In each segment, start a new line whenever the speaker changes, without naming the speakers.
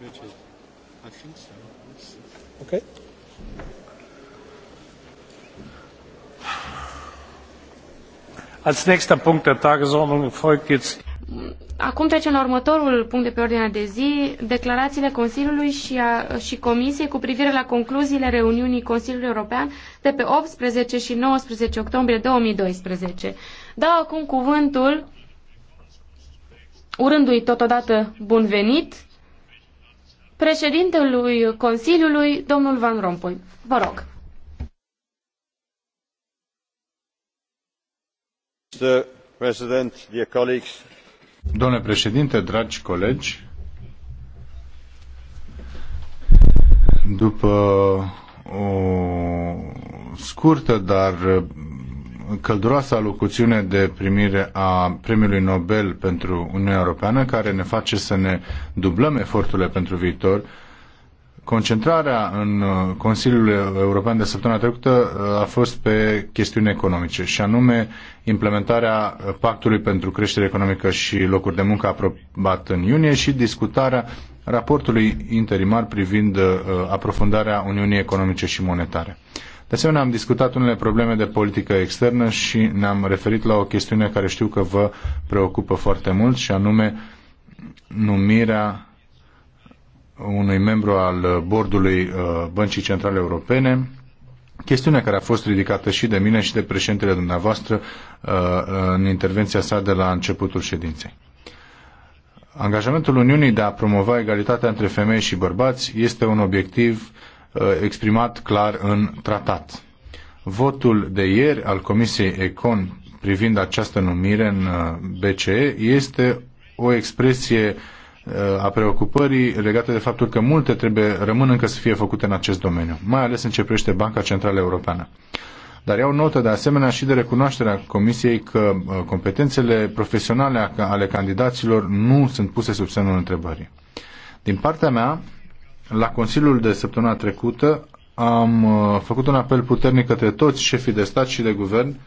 I think so. Okay. Als nächster Punkt der Tagesordnung folgt jetzt
Acum trecem la următorul punct de pe ordinea de zi, declarațiile Consiliului și, a, și Comisiei cu privire la concluziile reuniunii Consiliului European de pe 18 și 19 octombrie 2012. Dau acum cuvântul, urându-i totodată bun venit, președintelui Consiliului, domnul Van Rompuy. Vă rog.
Domnule președinte, dragi colegi, după o scurtă, dar călduroasa locuțiune de primire a Premiului Nobel pentru Uniunea Europeană, care ne face să ne dublăm eforturile pentru viitor. Concentrarea în uh, Consiliul European de săptămâna trecută uh, a fost pe chestiuni economice, și anume implementarea Pactului pentru Creștere Economică și Locuri de Muncă aprobat în iunie și discutarea raportului interimar privind uh, aprofundarea Uniunii Economice și Monetare. De asemenea, am discutat unele probleme de politică externă și ne-am referit la o chestiune care știu că vă preocupă foarte mult și anume numirea unui membru al bordului uh, Băncii Centrale Europene, chestiunea care a fost ridicată și de mine și de președintele dumneavoastră uh, în intervenția sa de la începutul ședinței. Angajamentul Uniunii de a promova egalitatea între femei și bărbați este un obiectiv Uh, exprimat clar în tratat. Votul de ieri al Comisiei Econ privind această numire în uh, BCE este o expresie uh, a preocupării legate de faptul că multe trebuie rămân încă să fie făcute în acest domeniu, mai ales în ce privește Banca Centrală Europeană. Dar iau notă de asemenea și de recunoașterea Comisiei că competențele profesionale ale candidaților nu sunt puse sub semnul întrebării. Din partea mea, la Consiliul de săptămâna trecută am uh, făcut un apel puternic către toți șefii de stat și de guvern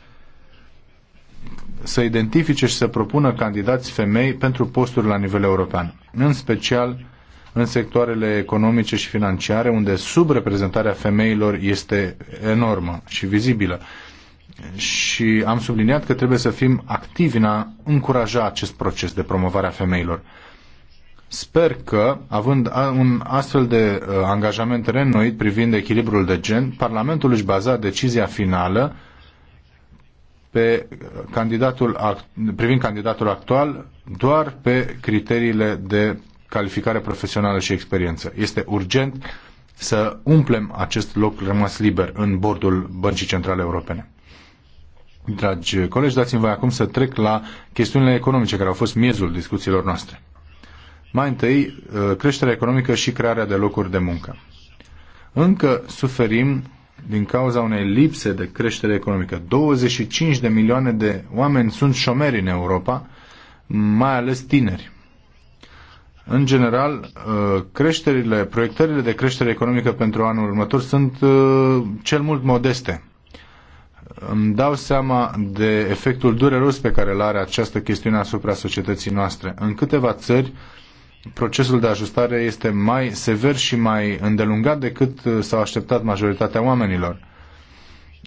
să identifice și să propună candidați femei pentru posturi la nivel european, în special în sectoarele economice și financiare, unde subreprezentarea femeilor este enormă și vizibilă. Și am subliniat că trebuie să fim activi în a încuraja acest proces de promovare a femeilor. Sper că, având un astfel de uh, angajament reînnoit privind echilibrul de gen, Parlamentul își baza decizia finală pe uh, candidatul act, privind candidatul actual doar pe criteriile de calificare profesională și experiență. Este urgent să umplem acest loc rămas liber în bordul Băncii Centrale Europene. Dragi colegi, dați-mi voi acum să trec la chestiunile economice care au fost miezul discuțiilor noastre. Mai întâi, uh, creșterea economică și crearea de locuri de muncă. Încă suferim din cauza unei lipse de creștere economică. 25 de milioane de oameni sunt șomeri în Europa, mai ales tineri. În general, uh, creșterile, proiectările de creștere economică pentru anul următor sunt uh, cel mult modeste. Îmi dau seama de efectul dureros pe care îl are această chestiune asupra societății noastre. În câteva țări, procesul de ajustare este mai sever și mai îndelungat decât uh, s-au așteptat majoritatea oamenilor.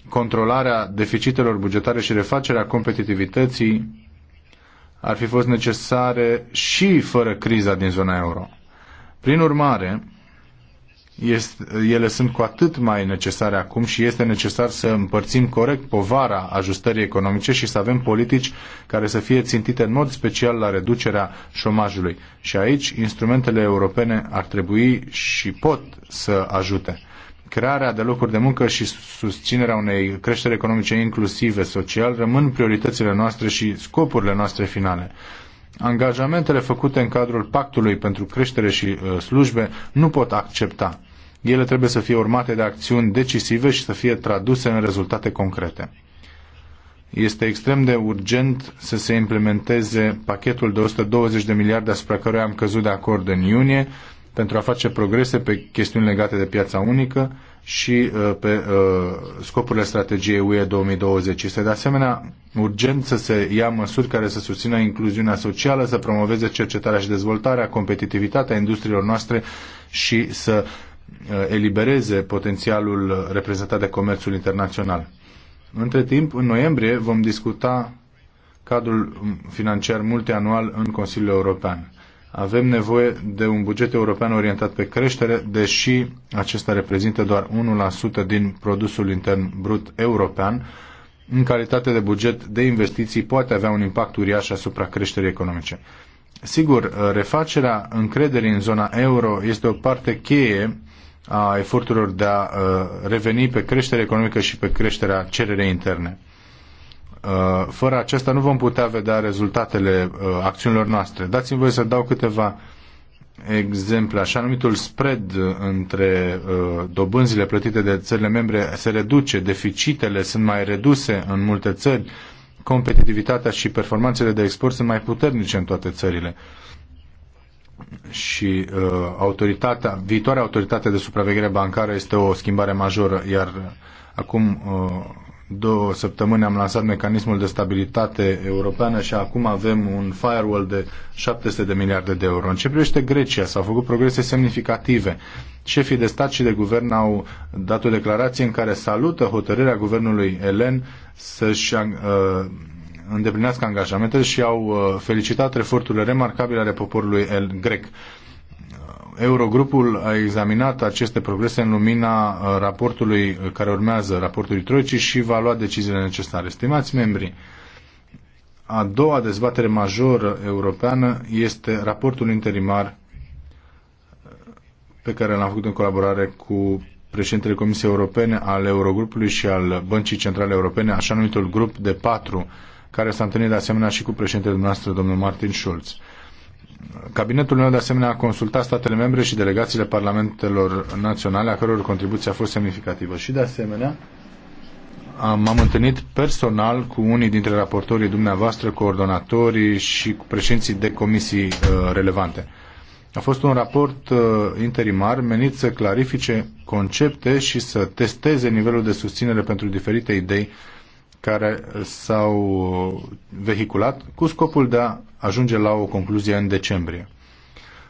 Controlarea deficitelor bugetare și refacerea competitivității ar fi fost necesare și fără criza din zona euro. Prin urmare, este, ele sunt cu atât mai necesare acum și este necesar să împărțim corect povara ajustării economice și să avem politici care să fie țintite în mod special la reducerea șomajului. Și aici instrumentele europene ar trebui și pot să ajute. Crearea de locuri de muncă și susținerea unei creșteri economice inclusive social rămân prioritățile noastre și scopurile noastre finale. Angajamentele făcute în cadrul Pactului pentru Creștere și uh, Slujbe nu pot accepta ele trebuie să fie urmate de acțiuni decisive și să fie traduse în rezultate concrete. Este extrem de urgent să se implementeze pachetul de 120 de miliarde asupra căruia am căzut de acord în iunie pentru a face progrese pe chestiuni legate de piața unică și uh, pe uh, scopurile strategiei UE 2020. Este de asemenea urgent să se ia măsuri care să susțină incluziunea socială, să promoveze cercetarea și dezvoltarea, competitivitatea industriilor noastre și să Uh, elibereze potențialul reprezentat de comerțul internațional. Între timp, în noiembrie vom discuta cadrul financiar multianual în Consiliul European. Avem nevoie de un buget european orientat pe creștere, deși acesta reprezintă doar 1% din produsul intern brut european, în calitate de buget de investiții poate avea un impact uriaș asupra creșterii economice. Sigur, uh, refacerea încrederii în zona euro este o parte cheie a eforturilor de a uh, reveni pe creșterea economică și pe creșterea cererei interne. Uh, fără aceasta nu vom putea vedea rezultatele uh, acțiunilor noastre. Dați-mi voie să dau câteva exemple. Așa numitul spread între dobânzile plătite de țările membre se reduce, deficitele sunt mai reduse în multe țări, competitivitatea și performanțele de export sunt mai puternice în toate țările. Uh, și uh, autoritatea, viitoarea autoritate de supraveghere bancară este o schimbare majoră, iar acum uh, două săptămâni am lansat mecanismul de stabilitate europeană și acum avem un firewall de 700 de miliarde de euro. În ce privește Grecia, s-au făcut progrese semnificative. Șefii de stat și de guvern au dat o declarație în care salută hotărârea guvernului Elen să-și uh, îndeplinească angajamentele și au uh, felicitat eforturile remarcabile ale poporului el grec. Uh, Eurogrupul a examinat aceste progrese în lumina uh, raportului care urmează, raportului Troicii, și va lua deciziile necesare. Stimați membri, a doua dezbatere majoră europeană este raportul interimar pe care l-am făcut în colaborare cu președintele Comisiei Europene, al Eurogrupului și al Băncii Centrale Europene, așa numitul grup de patru care s-a întâlnit de asemenea și cu președintele dumneavoastră, domnul Martin Schulz. Cabinetul meu, de asemenea, a consultat statele membre și delegațiile parlamentelor naționale, a căror contribuție a fost semnificativă. Și, de asemenea, m-am întâlnit personal cu unii dintre raportorii dumneavoastră, coordonatorii și cu președinții de comisii uh, relevante. A fost un raport uh, interimar menit să clarifice concepte și să testeze nivelul de susținere pentru diferite idei care s-au vehiculat cu scopul de a ajunge la o concluzie în decembrie.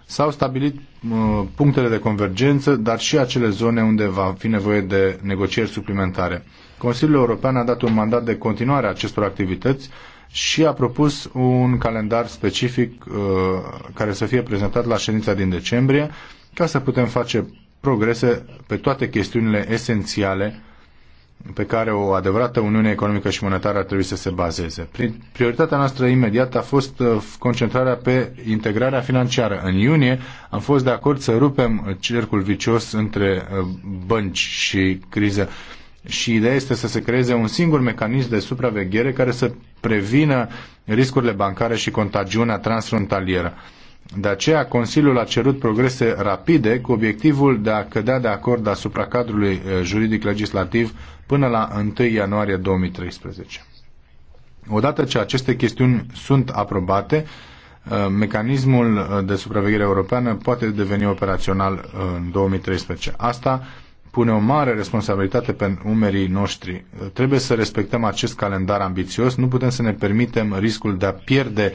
S-au stabilit uh, punctele de convergență, dar și acele zone unde va fi nevoie de negocieri suplimentare. Consiliul European a dat un mandat de continuare a acestor activități și a propus un calendar specific uh, care să fie prezentat la ședința din decembrie ca să putem face progrese pe toate chestiunile esențiale pe care o adevărată Uniune Economică și Monetară ar trebui să se bazeze. Prioritatea noastră imediată a fost uh, concentrarea pe integrarea financiară. În iunie am fost de acord să rupem uh, cercul vicios între uh, bănci și criză și ideea este să se creeze un singur mecanism de supraveghere care să prevină riscurile bancare și contagiunea transfrontalieră. De aceea, Consiliul a cerut progrese rapide cu obiectivul de a cădea de acord asupra cadrului juridic legislativ până la 1 ianuarie 2013. Odată ce aceste chestiuni sunt aprobate, uh, mecanismul uh, de supraveghere europeană poate deveni operațional uh, în 2013. Asta pune o mare responsabilitate pe umerii noștri. Trebuie să respectăm acest calendar ambițios, nu putem să ne permitem riscul de a pierde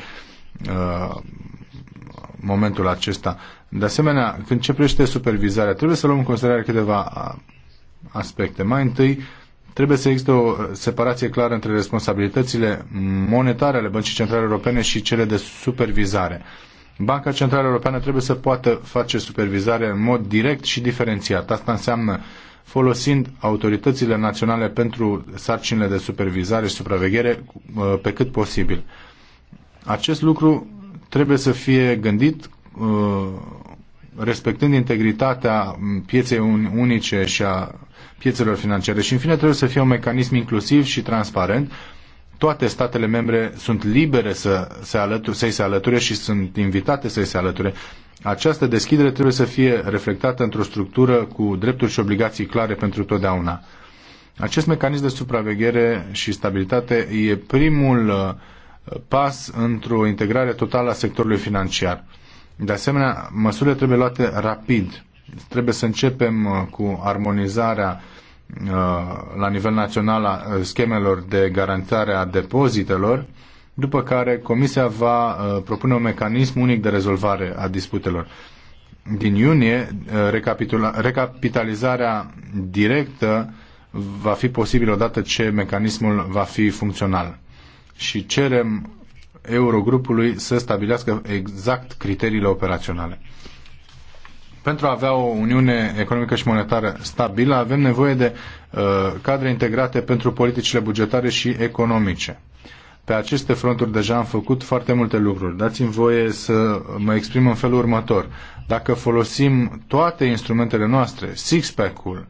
momentul acesta. De asemenea, când ce privește supervizarea, trebuie să luăm în considerare câteva aspecte. Mai întâi, uh, Trebuie să există o separație clară între responsabilitățile monetare ale Băncii Centrale Europene și cele de supervizare. Banca Centrală Europeană trebuie să poată face supervizare în mod direct și diferențiat. Asta înseamnă folosind autoritățile naționale pentru sarcinile de supervizare și supraveghere uh, pe cât posibil. Acest lucru trebuie să fie gândit uh, respectând integritatea pieței unice și a piețelor financiare. Și în fine trebuie să fie un mecanism inclusiv și transparent. Toate statele membre sunt libere să se alătur, să-i se alăture și sunt invitate să-i se alăture. Această deschidere trebuie să fie reflectată într-o structură cu drepturi și obligații clare pentru totdeauna. Acest mecanism de supraveghere și stabilitate e primul uh, pas într-o integrare totală a sectorului financiar. De asemenea, măsurile trebuie luate rapid. Trebuie să începem uh, cu armonizarea Uh, la nivel național a uh, schemelor de garantare a depozitelor, după care Comisia va uh, propune un mecanism unic de rezolvare a disputelor. Din iunie, recapitalizarea directă va fi posibilă odată ce mecanismul va fi funcțional. Și cerem Eurogrupului să stabilească exact criteriile operaționale pentru a avea o uniune economică și monetară stabilă, avem nevoie de uh, cadre integrate pentru politicile bugetare și economice. Pe aceste fronturi deja am făcut foarte multe lucruri. Dați-mi voie să mă exprim în felul următor. Dacă folosim toate instrumentele noastre, six-pack-ul,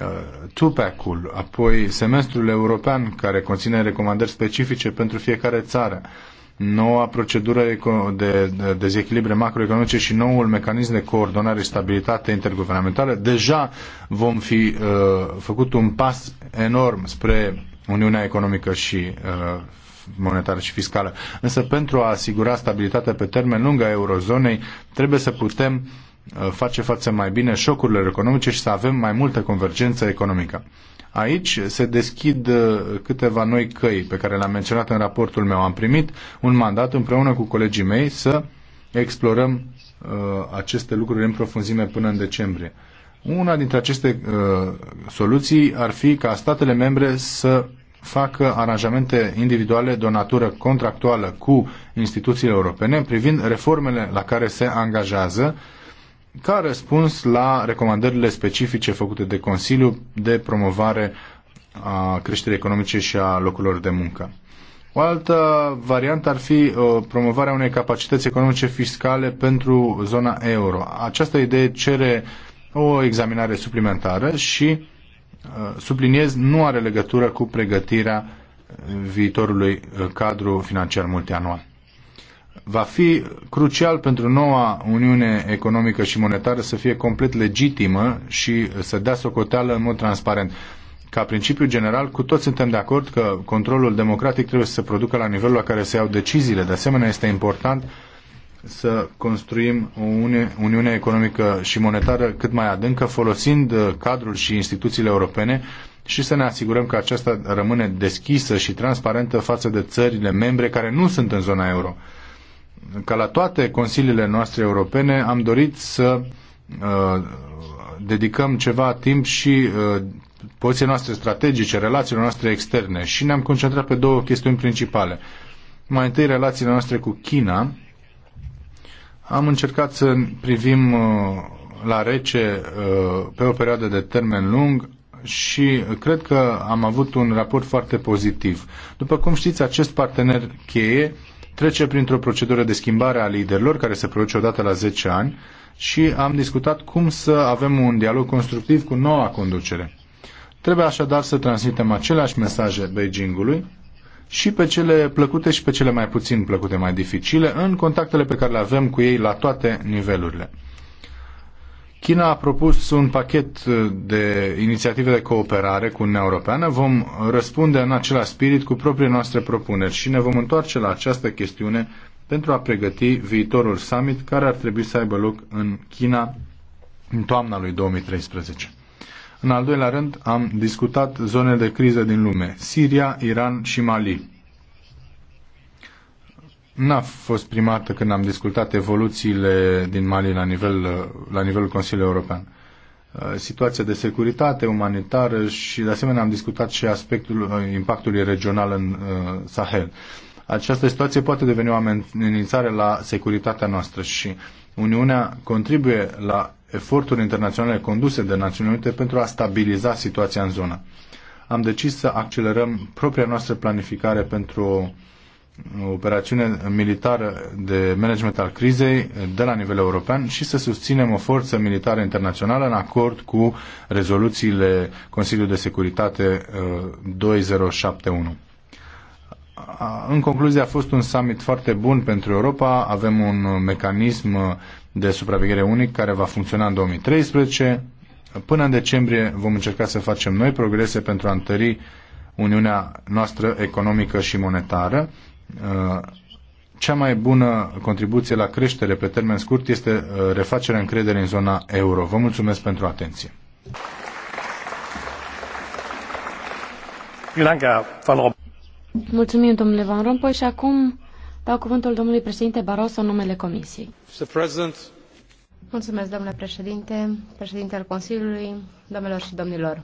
uh, two-pack-ul, apoi semestrul european care conține recomandări specifice pentru fiecare țară, uh, noua procedură de dezechilibre macroeconomice și noul mecanism de coordonare și stabilitate interguvernamentală, deja vom fi uh, făcut un pas enorm spre Uniunea Economică și uh, monetară și fiscală. Însă pentru a asigura stabilitatea pe termen lung a eurozonei, trebuie să putem uh, face față mai bine șocurilor economice și să avem mai multă convergență economică. Aici se deschid uh, câteva noi căi pe care le-am menționat în raportul meu. Am primit un mandat împreună cu colegii mei să explorăm uh, aceste lucruri în profunzime până în decembrie. Una dintre aceste uh, soluții ar fi ca statele membre să facă aranjamente individuale de o natură contractuală cu instituțiile europene privind reformele la care se angajează ca răspuns la recomandările specifice făcute de Consiliu de promovare a creșterii economice și a locurilor de muncă. O altă variantă ar fi uh, promovarea unei capacități economice fiscale pentru zona euro. Această idee cere o examinare suplimentară și, uh, subliniez, nu are legătură cu pregătirea viitorului uh, cadru financiar multianual va fi crucial pentru noua Uniune Economică și Monetară să fie complet legitimă și să dea socoteală în mod transparent. Ca principiu general, cu toți suntem de acord că controlul democratic trebuie să se producă la nivelul la care se iau deciziile. De asemenea, este important să construim o Uniune Economică și Monetară cât mai adâncă, folosind uh, cadrul și instituțiile europene și să ne asigurăm că aceasta rămâne deschisă și transparentă față de țările membre care nu sunt în zona euro ca la toate consiliile noastre europene am dorit să uh, dedicăm ceva timp și uh, poziții poziției noastre strategice, relațiile noastre externe și ne-am concentrat pe două chestiuni principale. Mai întâi relațiile noastre cu China. Am încercat să privim uh, la rece pe o perioadă de termen lung și cred că am avut un raport foarte pozitiv. După cum știți, acest partener cheie uh, trece printr-o procedură de schimbare a liderilor care se produce odată la 10 ani și am discutat cum să avem un dialog constructiv cu noua conducere. Trebuie așadar să transmitem aceleași mesaje Beijingului și pe cele plăcute și pe cele mai puțin plăcute, mai dificile, în contactele pe care le avem cu ei la toate nivelurile. China a propus un pachet uh, de inițiative de cooperare cu Uniunea Europeană. Vom răspunde în același spirit cu propriile noastre propuneri și ne vom întoarce la această chestiune pentru a pregăti viitorul summit care ar trebui să aibă loc în China în toamna lui 2013. În al doilea rând, am discutat zonele de criză din lume, Siria, Iran și Mali n-a fost prima dată când am discutat evoluțiile din Mali la, nivel, la nivelul Consiliului European. Uh, situația de securitate umanitară și, de asemenea, am discutat și aspectul uh, impactului regional în uh, Sahel. Această situație poate deveni o amenințare la securitatea noastră și Uniunea contribuie la eforturi internaționale conduse de Națiunile Unite pentru a stabiliza situația în zonă. Am decis să accelerăm propria noastră planificare pentru o operațiune militară de management al crizei de la nivel european și să susținem o forță militară internațională în acord cu rezoluțiile Consiliului de Securitate 2071. Uh, în concluzie, a fost un summit foarte bun pentru Europa. Avem un mecanism de supraveghere unic care va funcționa în 2013. Până în decembrie vom încerca să facem noi progrese pentru a întări Uniunea noastră economică și monetară Uh, cea mai bună contribuție la creștere pe termen scurt este uh, refacerea încrederii în zona euro. Vă mulțumesc pentru atenție.
Mulțumim, domnule Van Rompuy, și acum dau cuvântul domnului președinte Barroso în numele Comisiei. Mulțumesc, domnule președinte, președinte al Consiliului, domnilor și domnilor.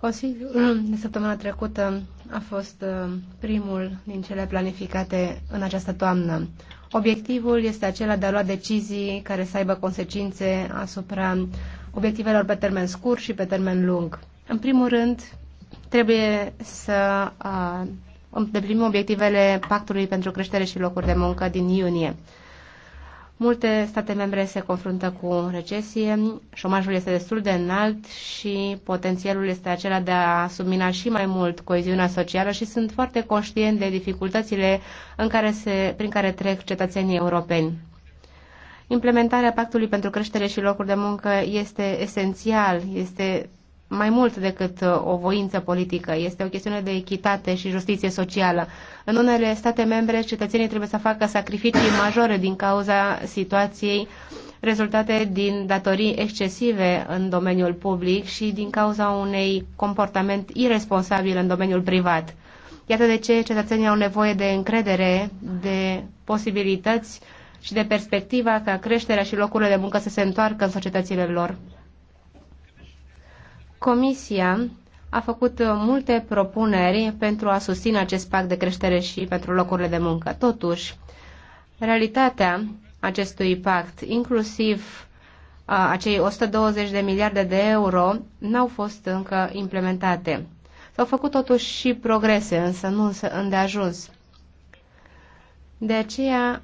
Consiliul de săptămâna trecută a fost uh, primul din cele planificate în această toamnă. Obiectivul este acela de a lua decizii care să aibă consecințe asupra obiectivelor pe termen scurt și pe termen lung. În primul rând, trebuie să uh, îndeplinim obiectivele Pactului pentru Creștere și Locuri de Muncă din iunie. Multe state membre se confruntă cu recesie, șomajul este destul de înalt și potențialul este acela de a submina și mai mult coeziunea socială și sunt foarte conștient de dificultățile în care se, prin care trec cetățenii europeni. Implementarea Pactului pentru Creștere și Locuri de Muncă este esențial, este mai mult decât uh, o voință politică. Este o chestiune de echitate și justiție socială. În unele state membre, cetățenii trebuie să facă sacrificii majore din cauza situației rezultate din datorii excesive în domeniul public și din cauza unei comportament irresponsabil în domeniul privat. Iată de ce cetățenii au nevoie de încredere, de posibilități și de perspectiva ca creșterea și locurile de muncă să se întoarcă în societățile lor. Comisia a făcut uh, multe propuneri pentru a susține acest pact de creștere și pentru locurile de muncă. Totuși, realitatea acestui pact, inclusiv uh, acei 120 de miliarde de euro, n-au fost încă implementate. S-au făcut totuși și progrese, însă nu îndeajuns. De aceea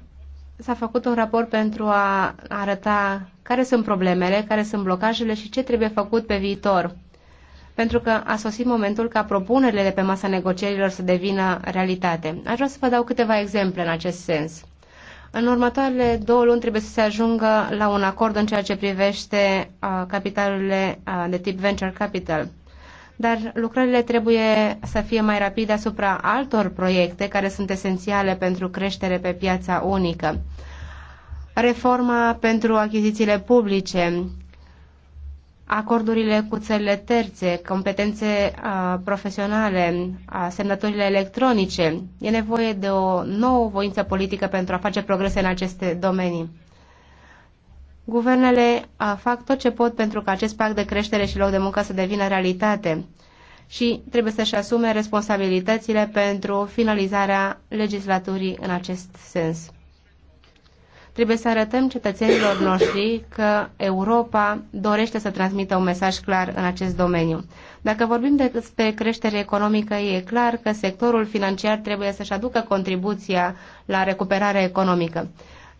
s-a făcut un raport pentru a arăta care sunt problemele, care sunt blocajele și ce trebuie făcut pe viitor pentru că a sosit momentul ca propunerile de pe masa negocierilor să devină realitate. Aș vrea să vă dau câteva exemple în acest sens. În următoarele două luni trebuie să se ajungă la un acord în ceea ce privește capitalurile de tip venture capital dar lucrările trebuie să fie mai rapide asupra altor proiecte care sunt esențiale pentru creștere pe piața unică. Reforma pentru achizițiile publice, acordurile cu țările terțe, competențe a, profesionale, a, semnăturile electronice. E nevoie de o nouă voință politică pentru a face progrese în aceste domenii. Guvernele a, fac tot ce pot pentru ca acest pact de creștere și loc de muncă să devină realitate și trebuie să-și asume responsabilitățile pentru finalizarea legislaturii în acest sens. Trebuie să arătăm cetățenilor noștri că Europa dorește să transmită un mesaj clar în acest domeniu. Dacă vorbim despre creștere economică, e clar că sectorul financiar trebuie să-și aducă contribuția la recuperarea economică.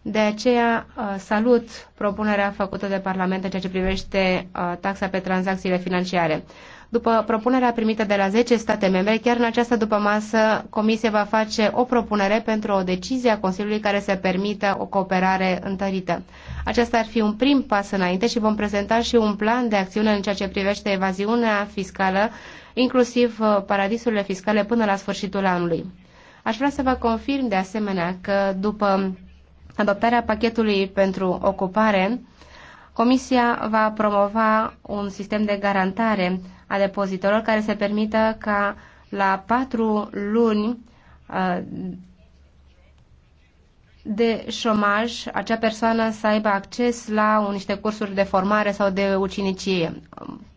De aceea uh, salut propunerea făcută de Parlament în ceea ce privește uh, taxa pe tranzacțiile financiare. După propunerea primită de la 10 state membre, chiar în această după masă, Comisia va face o propunere pentru o decizie a Consiliului care să permită o cooperare întărită. Aceasta ar fi un prim pas înainte și vom prezenta și un plan de acțiune în ceea ce privește evaziunea fiscală, inclusiv uh, paradisurile fiscale până la sfârșitul anului. Aș vrea să vă confirm de asemenea că după adoptarea pachetului pentru ocupare, Comisia va promova un sistem de garantare a depozitorilor care se permită ca la patru luni uh, de șomaj, acea persoană să aibă acces la niște cursuri de formare sau de ucinicie,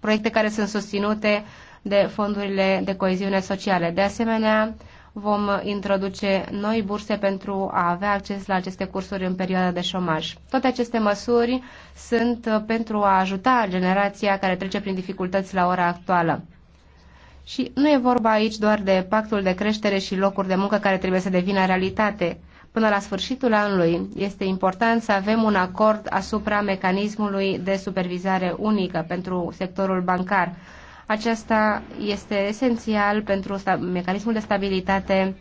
proiecte care sunt susținute de fondurile de coeziune sociale. De asemenea, vom introduce noi burse pentru a avea acces la aceste cursuri în perioada de șomaj. Toate aceste măsuri sunt pentru a ajuta generația care trece prin dificultăți la ora actuală. Și nu e vorba aici doar de pactul de creștere și locuri de muncă care trebuie să devină realitate. Până la sfârșitul anului este important să avem un acord asupra mecanismului de supervizare unică pentru sectorul bancar, aceasta este esențial pentru mecanismul de stabilitate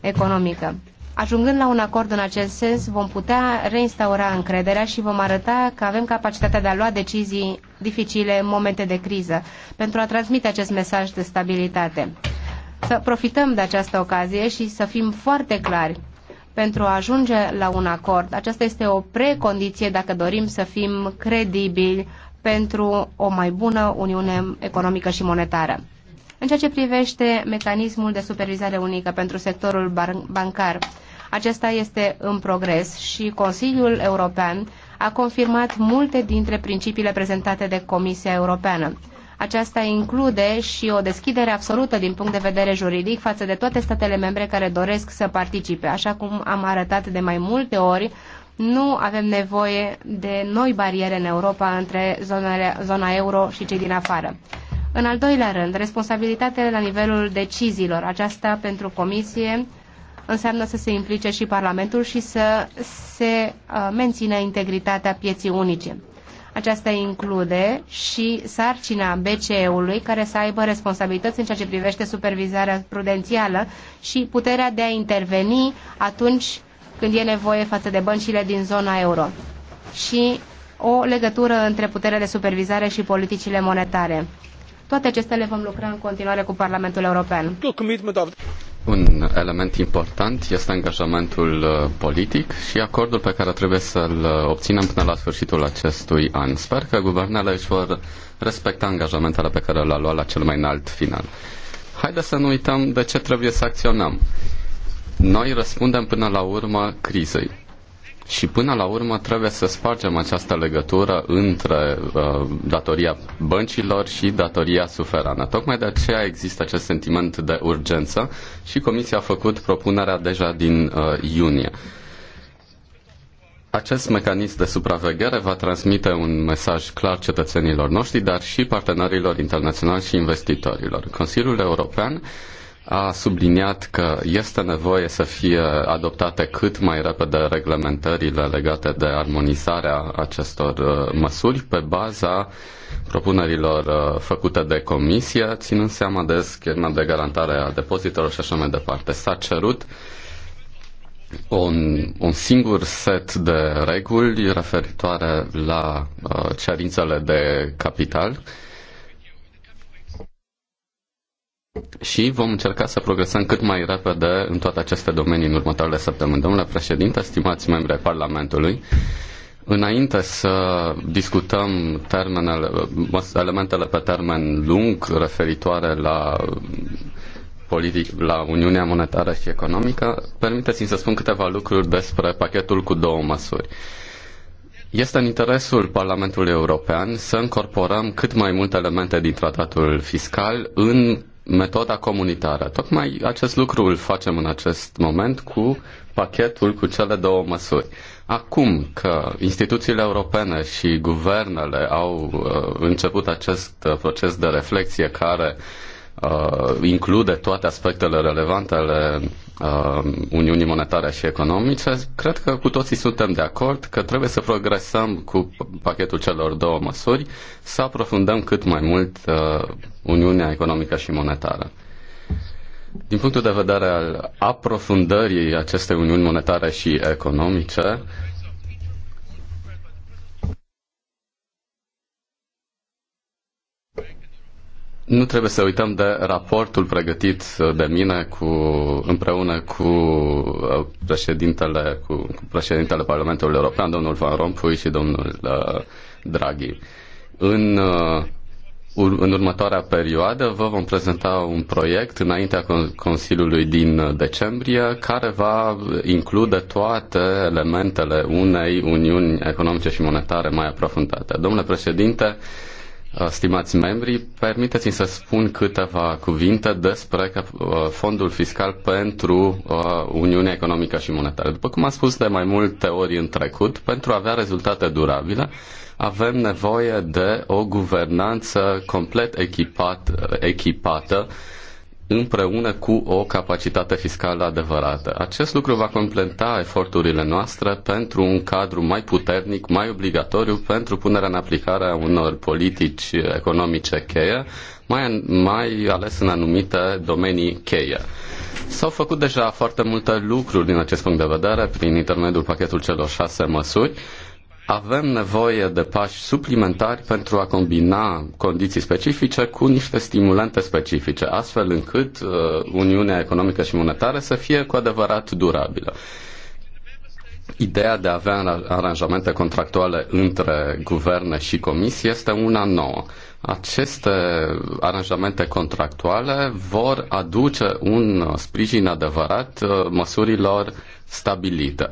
economică. Ajungând la un acord în acest sens, vom putea reinstaura încrederea și vom arăta că avem capacitatea de a lua decizii dificile în momente de criză, pentru a transmite acest mesaj de stabilitate. Să profităm de această ocazie și să fim foarte clari pentru a ajunge la un acord. Aceasta este o precondiție dacă dorim să fim credibili pentru o mai bună uniune economică și monetară. În ceea ce privește mecanismul de supervizare unică pentru sectorul bancar, acesta este în progres și Consiliul European a confirmat multe dintre principiile prezentate de Comisia Europeană. Aceasta include și o deschidere absolută din punct de vedere juridic față de toate statele membre care doresc să participe, așa cum am arătat de mai multe ori nu avem nevoie de noi bariere în Europa între zonele, zona euro și cei din afară. În al doilea rând, responsabilitatea la nivelul deciziilor. Aceasta pentru Comisie înseamnă să se implice și Parlamentul și să se uh, mențină integritatea pieții unice. Aceasta include și sarcina BCE-ului, care să aibă responsabilități în ceea ce privește supervizarea prudențială și puterea de a interveni atunci când e nevoie față de băncile din zona euro și o legătură între puterea de supervizare și politicile monetare. Toate acestea le vom lucra în continuare cu Parlamentul European.
Un element important este angajamentul uh, politic și acordul pe care trebuie să-l uh, obținem până la sfârșitul acestui an. Sper că guvernele își vor respecta angajamentele pe care le-a luat la cel mai înalt final. Haideți să nu uităm de ce trebuie să acționăm. Noi răspundem până la urmă crizei. Și până la urmă trebuie să spargem această legătură între uh, datoria băncilor și datoria suferană. Tocmai de aceea există acest sentiment de urgență și Comisia a făcut propunerea deja din uh, iunie. Acest mecanism de supraveghere va transmite un mesaj clar cetățenilor noștri, dar și partenerilor internaționali și investitorilor. Consiliul European uh, a subliniat că este nevoie să fie adoptate cât mai repede reglementările legate de armonizarea acestor uh, măsuri pe baza propunerilor uh, făcute de comisie, ținând seama de schema de garantare a depozitelor și așa mai departe. S-a cerut un, un singur set de reguli referitoare la uh, cerințele de capital uh, și vom încerca să progresăm cât mai repede în toate aceste domenii în următoarele săptămâni. Domnule președinte, stimați membri ai Parlamentului, Înainte să discutăm termenele, elementele pe termen lung referitoare la politic, la Uniunea Monetară și Economică, permiteți-mi să spun câteva lucruri despre pachetul cu două măsuri. Este în interesul Parlamentului European să încorporăm cât mai multe elemente din tratatul fiscal în metoda comunitară. Tocmai acest lucru îl facem în acest moment cu pachetul cu cele două măsuri. Acum că instituțiile europene și guvernele au uh, început acest uh, proces de reflexie care uh, uh, include toate aspectele relevante ale uh, Uniunii Monetare și Economice, cred că cu toții suntem de acord că trebuie să progresăm cu pachetul celor două măsuri, să aprofundăm cât mai mult uh, Uniunea Economică și Monetară. Din punctul de vedere al aprofundării acestei uniuni monetare și economice, Nu trebuie să uităm de raportul pregătit de mine cu, împreună cu uh, președintele, cu, cu președintele Parlamentului European, domnul Van Rompuy și domnul uh, Draghi. În, uh, în următoarea perioadă vă vom prezenta un proiect înaintea Consiliului din decembrie care va include toate elementele unei uniuni economice și monetare mai aprofundate. Domnule președinte, uh, Uh, stimați membri, permiteți-mi să spun câteva cuvinte despre uh, fondul fiscal pentru uh, Uniunea Economică și Monetară. După cum am spus de mai multe ori în trecut, pentru a avea rezultate durabile, avem nevoie de o guvernanță complet echipat, echipată împreună cu o capacitate fiscală adevărată. Acest lucru va completa eforturile noastre pentru un cadru mai puternic, mai obligatoriu pentru punerea în aplicare a unor politici economice cheie, mai, mai ales în anumite domenii cheie. S-au făcut deja foarte multe lucruri din acest punct de vedere prin intermediul pachetul celor șase măsuri avem nevoie de pași suplimentari pentru a combina condiții specifice cu niște stimulante specifice, astfel încât uh, Uniunea Economică și Monetară să fie cu adevărat durabilă. Ideea de a avea aranjamente contractuale între guverne și comisie este una nouă. Aceste aranjamente contractuale vor aduce un sprijin adevărat uh, măsurilor stabilite.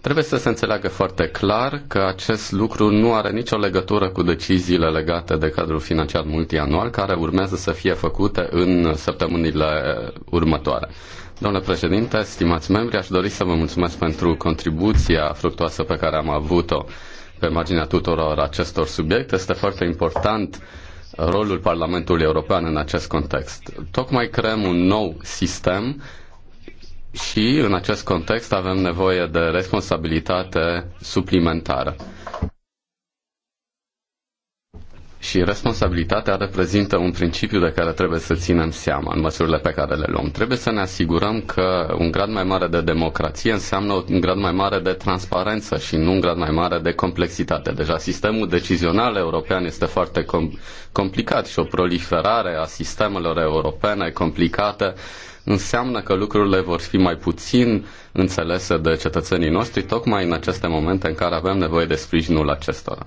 Trebuie să se înțeleagă foarte clar că acest lucru nu are nicio legătură cu deciziile legate de cadrul financiar multianual care urmează să fie făcute în săptămânile următoare. Domnule președinte, stimați membri, aș dori să vă mulțumesc pentru contribuția fructoasă pe care am avut-o pe marginea tuturor acestor subiecte. Este foarte important rolul Parlamentului European în acest context. Tocmai creăm un nou sistem și în acest context avem nevoie de responsabilitate suplimentară. Și responsabilitatea reprezintă un principiu de care trebuie să ținem seama în măsurile pe care le luăm. Trebuie să ne asigurăm că un grad mai mare de democrație înseamnă un grad mai mare de transparență și nu un grad mai mare de complexitate. Deja sistemul decizional european este foarte com- complicat și o proliferare a sistemelor europene complicate înseamnă că lucrurile vor fi mai puțin înțelese de cetățenii noștri, tocmai în aceste momente în care avem nevoie de sprijinul acestora.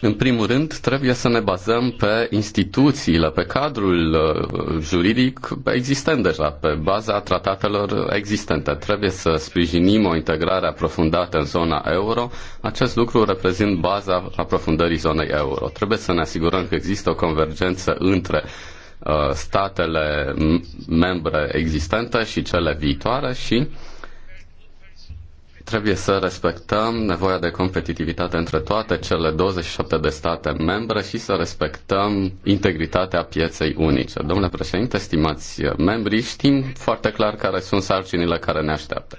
În primul rând, trebuie să ne bazăm pe instituțiile, pe cadrul uh, juridic existent deja, pe baza tratatelor existente. Trebuie să sprijinim o integrare aprofundată în zona euro. Acest lucru reprezintă baza aprofundării zonei euro. Trebuie să ne asigurăm că există o convergență între Uh, statele membre existente și cele viitoare și trebuie să respectăm nevoia de competitivitate între toate cele 27 de state membre și să respectăm integritatea pieței unice. Domnule președinte, stimați membri, știm foarte clar care sunt sarcinile care ne așteaptă.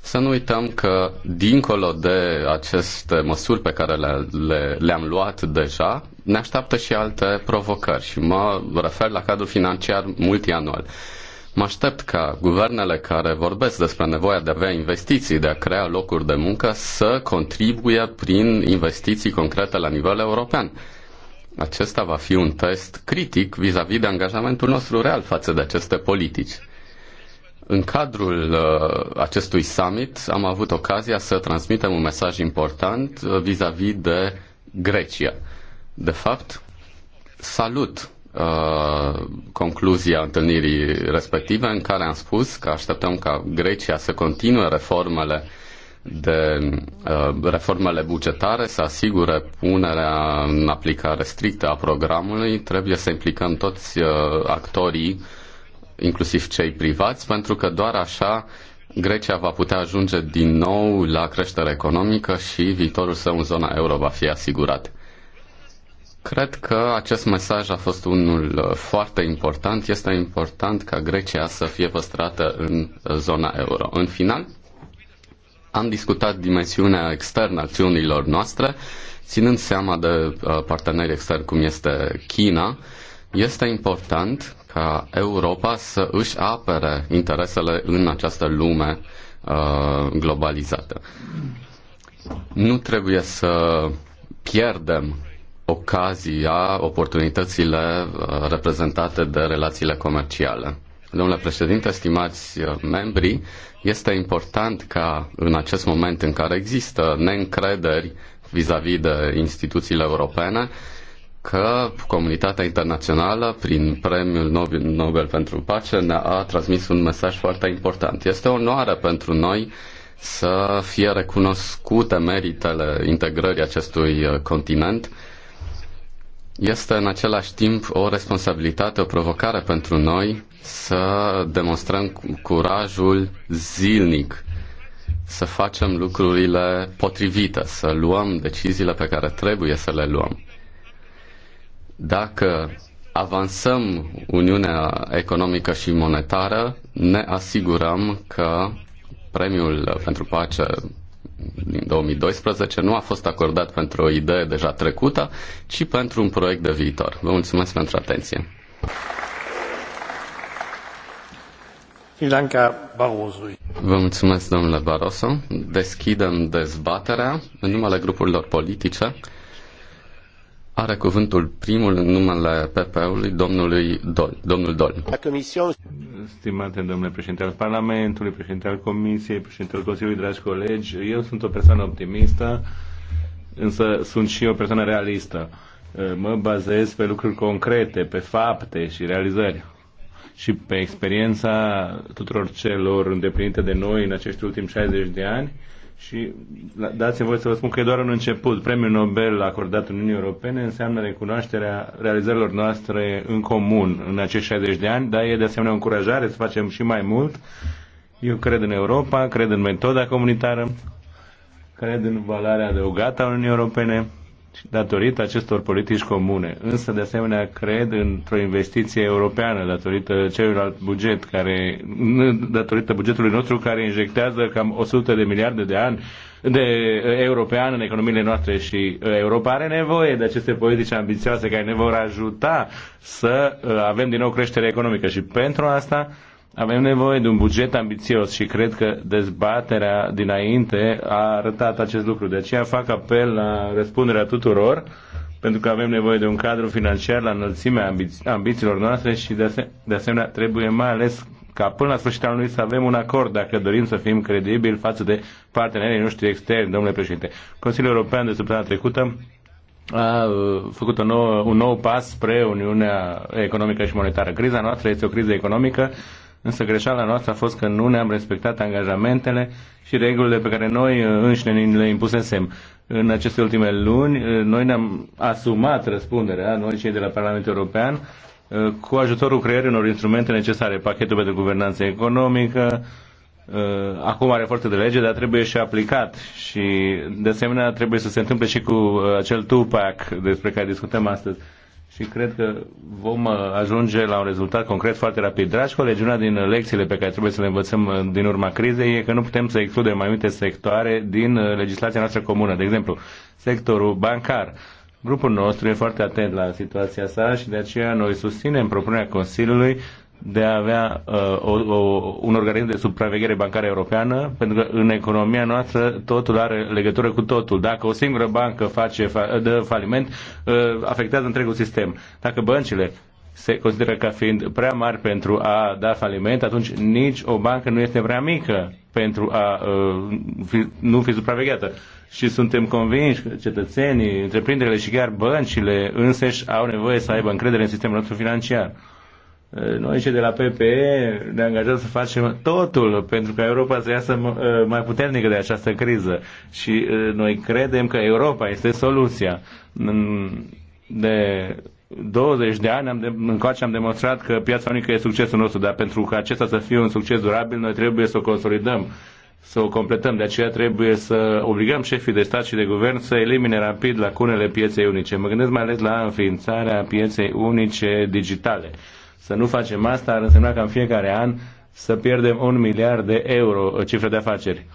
Să nu uităm că, dincolo de aceste măsuri pe care le, le, le-am luat deja, ne așteaptă și alte provocări și mă refer la cadrul financiar multianual. Mă aștept ca guvernele care vorbesc despre nevoia de a avea investiții, de a crea locuri de muncă, să contribuie prin investiții concrete la nivel european. Acesta va fi un test critic vis-a-vis -vis de angajamentul nostru real față de aceste politici. În cadrul uh, acestui summit am avut ocazia să transmitem un mesaj important uh, vis-a-vis -vis de Grecia. De fapt, salut uh, concluzia întâlnirii respective în care am spus că așteptăm ca Grecia să continue reformele de uh, reformele bugetare, să asigure punerea în aplicare strictă a programului, trebuie să implicăm toți uh, actorii, inclusiv cei privați, pentru că doar așa Grecia va putea ajunge din nou la creștere economică și viitorul său în zona euro va fi asigurat. Cred că acest mesaj a fost unul uh, foarte important. Este important ca Grecia să fie păstrată în uh, zona euro. În final, am discutat dimensiunea externă a acțiunilor noastre, ținând seama de uh, parteneri externi cum este China. Este important ca Europa să își apere interesele în această lume globalizată. Nu trebuie să pierdem ocazia, oportunitățile uh, reprezentate de relațiile comerciale. Domnule președinte, stimați uh, membri, este important ca în acest moment în care există neîncrederi vis-a-vis -vis de instituțiile europene, că comunitatea internațională, prin premiul Nobel pentru Pace, ne-a transmis un mesaj foarte important. Este o onoare pentru noi să fie recunoscute meritele integrării acestui uh, continent este în același timp o responsabilitate, o provocare pentru noi să demonstrăm curajul zilnic, să facem lucrurile potrivite, să luăm deciziile pe care trebuie să le luăm. Dacă avansăm Uniunea Economică și Monetară, ne asigurăm că premiul pentru pace din 2012 nu a fost acordat pentru o idee deja trecută, ci pentru un proiect de viitor. Vă mulțumesc pentru atenție. Vă mulțumesc, domnule Barroso. Deschidem dezbaterea în numele grupurilor politice. Are cuvântul primul în numele PP-ului, domnului Dol. Domnul Dol.
La comision... Stimate domnule președinte al Parlamentului, președinte al Comisiei, președinte al Consiliului, dragi colegi, eu sunt o persoană optimistă, însă sunt și o persoană realistă. Mă bazez pe lucruri concrete, pe fapte și realizări și pe experiența tuturor celor îndeplinite de noi în acești ultimi 60 de ani și dați-mi voi să vă spun că e doar un început. Premiul Nobel acordat Uniunii Europene înseamnă recunoașterea realizărilor noastre în comun în acești 60 de ani, dar e de asemenea o încurajare să facem și mai mult. Eu cred în Europa, cred în metoda comunitară, cred în valoarea adăugată a Uniunii Europene datorită acestor politici comune. Însă, de asemenea, cred într-o investiție europeană datorită celuilalt buget, care, datorită bugetului nostru care injectează cam 100 de miliarde de ani de eh, european în economiile noastre și eh, Europa are nevoie de aceste politici ambițioase care ne vor ajuta să eh, avem din nou creștere economică și pentru asta avem nevoie de un buget ambițios și cred că dezbaterea dinainte a arătat acest lucru. De aceea fac apel la răspunderea tuturor, pentru că avem nevoie de un cadru financiar la înălțimea ambi- ambițiilor noastre și de, ase- de asemenea trebuie mai ales ca până la sfârșitul anului să avem un acord dacă dorim să fim credibili față de partenerii noștri externi, domnule președinte. Consiliul European de săptămâna trecută a uh, făcut un nou, un nou pas spre Uniunea Economică și Monetară. Criza noastră este o criză economică Însă greșeala noastră a fost că nu ne-am respectat angajamentele și regulile pe care noi uh, înșine le impusesem. În aceste ultime luni, uh, noi ne-am asumat răspunderea, noi cei de la Parlamentul European, uh, cu ajutorul creierii unor instrumente necesare, pachetul pentru guvernanță economică, acum are forță de lege, dar trebuie și aplicat și de asemenea trebuie să se întâmple și cu acel two-pack despre care discutăm astăzi și cred că vom uh, ajunge la un rezultat concret foarte rapid. Dragi colegi, una din lecțiile pe care trebuie să le învățăm uh, din urma crizei e că nu putem să excludem mai multe sectoare din uh, legislația noastră comună. De exemplu, sectorul bancar. Grupul nostru e foarte atent la situația sa și de aceea noi susținem propunerea Consiliului de a avea uh, o, o, un organism de supraveghere bancară europeană, pentru că în economia noastră totul are legătură cu totul. Dacă o singură bancă face dă faliment, uh, afectează întregul sistem. Dacă băncile se consideră ca fiind prea mari pentru a da faliment, atunci nici o bancă nu este prea mică pentru a uh, fi, nu fi supravegheată. Și suntem convinși că cetățenii, întreprinderile și chiar băncile însăși au nevoie să aibă încredere în sistemul nostru financiar. Eh, noi cei de la PPE ne angajăm să facem totul pentru ca Europa să iasă eh, mai puternică de această criză și eh, noi credem că Europa este soluția. De 20 de ani am de, încoace am demonstrat că piața unică e succesul nostru, dar pentru ca acesta să fie un succes durabil, noi trebuie să o consolidăm să o completăm. De aceea trebuie să obligăm șefii de stat și de guvern să elimine rapid lacunele pieței unice. Mă gândesc mai ales la înființarea pieței unice digitale. Să nu facem asta ar însemna ca în fiecare an să pierdem un miliard de euro cifre de afaceri.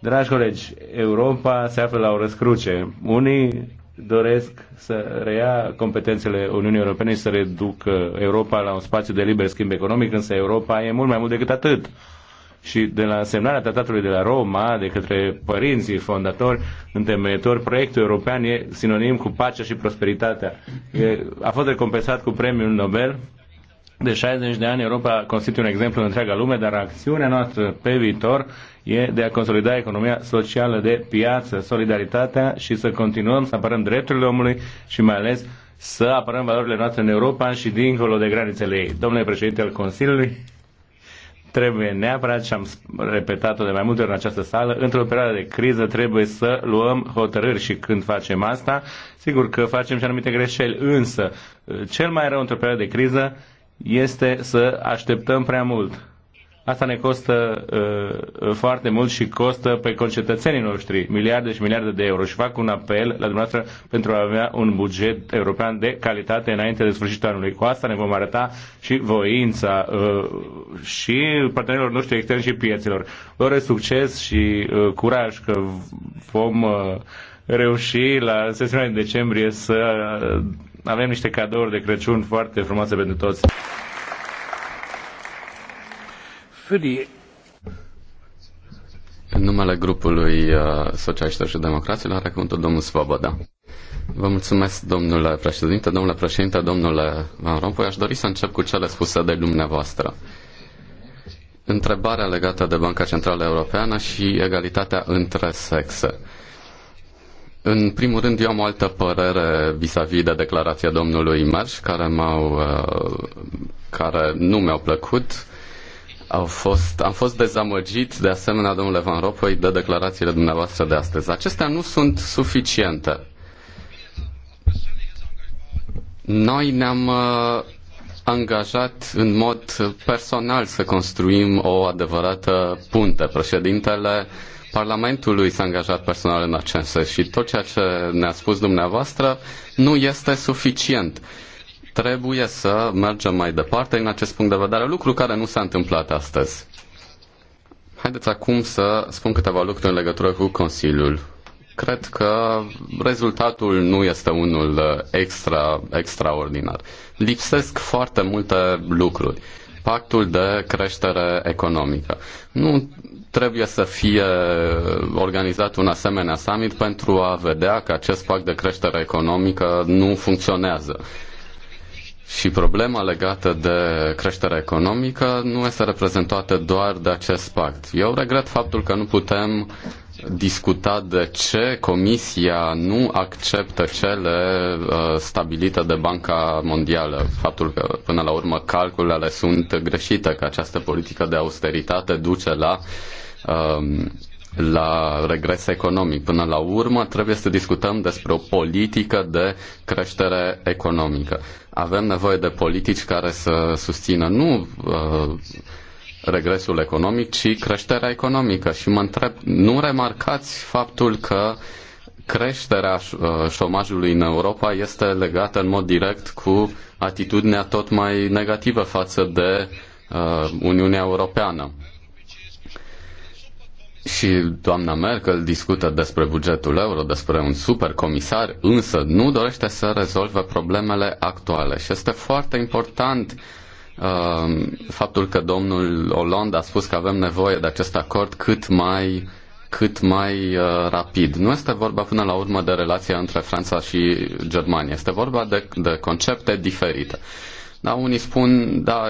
Dragi colegi, Europa se află la o răscruce. Unii doresc să reia competențele Uniunii Europene și să reducă Europa la un spațiu de liber schimb economic, însă Europa e mult mai mult decât atât. Și de la semnarea tratatului de la Roma, de către părinții fondatori, întemeietori, proiectul european e sinonim cu pacea și prosperitatea. E, a fost recompensat cu premiul Nobel de 60 de ani Europa constituie un exemplu în întreaga lume, dar acțiunea noastră pe viitor e de a consolida economia socială de piață, solidaritatea și să continuăm să apărăm drepturile omului și mai ales să apărăm valorile noastre în Europa și dincolo de granițele ei. Domnule președinte al Consiliului, trebuie neapărat, și am repetat-o de mai multe ori în această sală, într-o perioadă de criză trebuie să luăm hotărâri și când facem asta, sigur că facem și anumite greșeli, însă cel mai rău într-o perioadă de criză este să așteptăm prea mult. Asta ne costă uh, uh, foarte mult și costă pe concetățenii noștri miliarde și miliarde de euro. Și fac un apel la dumneavoastră pentru a avea un buget european de calitate înainte de sfârșitul anului. Cu asta ne vom arăta și voința uh, și partenerilor noștri externi și piețelor. Vă urez succes și uh, curaj că vom uh, reuși la sesiunea de decembrie să. Uh, avem niște cadouri de Crăciun foarte frumoase pentru toți. Fârie.
În numele grupului uh, Socialiștilor și Democraților are cuvântul domnul Svoboda. Vă mulțumesc, domnule președinte, domnule președinte, domnule Van Rompuy. Aș dori să încep cu cele spuse de dumneavoastră. Întrebarea legată de Banca Centrală Europeană și egalitatea între sexe. În primul rând, eu am o altă părere vis-a-vis -vis de declarația domnului Merș, care, m-au, uh, care nu mi-au plăcut. Au fost, am fost dezamăgit, de asemenea, domnule Van Ropoi, de declarațiile dumneavoastră de astăzi. Acestea nu sunt suficiente. Noi ne-am uh, angajat în mod personal să construim o adevărată punte. Președintele Parlamentului s-a angajat personal în acest sens și tot ceea ce ne-a spus dumneavoastră nu este suficient. Trebuie să mergem mai departe în acest punct de vedere, lucru care nu s-a întâmplat astăzi. Haideți acum să spun câteva lucruri în legătură cu Consiliul. Cred că rezultatul nu este unul extra, extraordinar. Lipsesc foarte multe lucruri pactul de creștere economică. Nu trebuie să fie organizat un asemenea summit pentru a vedea că acest pact de creștere economică nu funcționează. Și problema legată de creșterea economică nu este reprezentată doar de acest pact. Eu regret faptul că nu putem Discutat de ce Comisia nu acceptă cele uh, stabilite de Banca Mondială. Faptul că, până la urmă, calculele sunt greșite, că această politică de austeritate duce la um, la regres economic. Până la urmă, trebuie să discutăm despre o politică de creștere economică. Avem nevoie de politici care să susțină nu uh, regresul economic, ci creșterea economică. Și mă întreb, nu remarcați faptul că creșterea uh, șomajului în Europa este legată în mod direct cu atitudinea tot mai negativă față de uh, Uniunea Europeană. Și doamna Merkel discută despre bugetul euro, despre un supercomisar, însă nu dorește să rezolve problemele actuale. Și este foarte important uh, Um, faptul că domnul Hollande a spus că avem nevoie de acest acord cât mai cât mai uh, rapid. Nu este vorba până la urmă de relația între Franța și Germania. Este vorba de, de concepte diferite. Da, unii spun, da,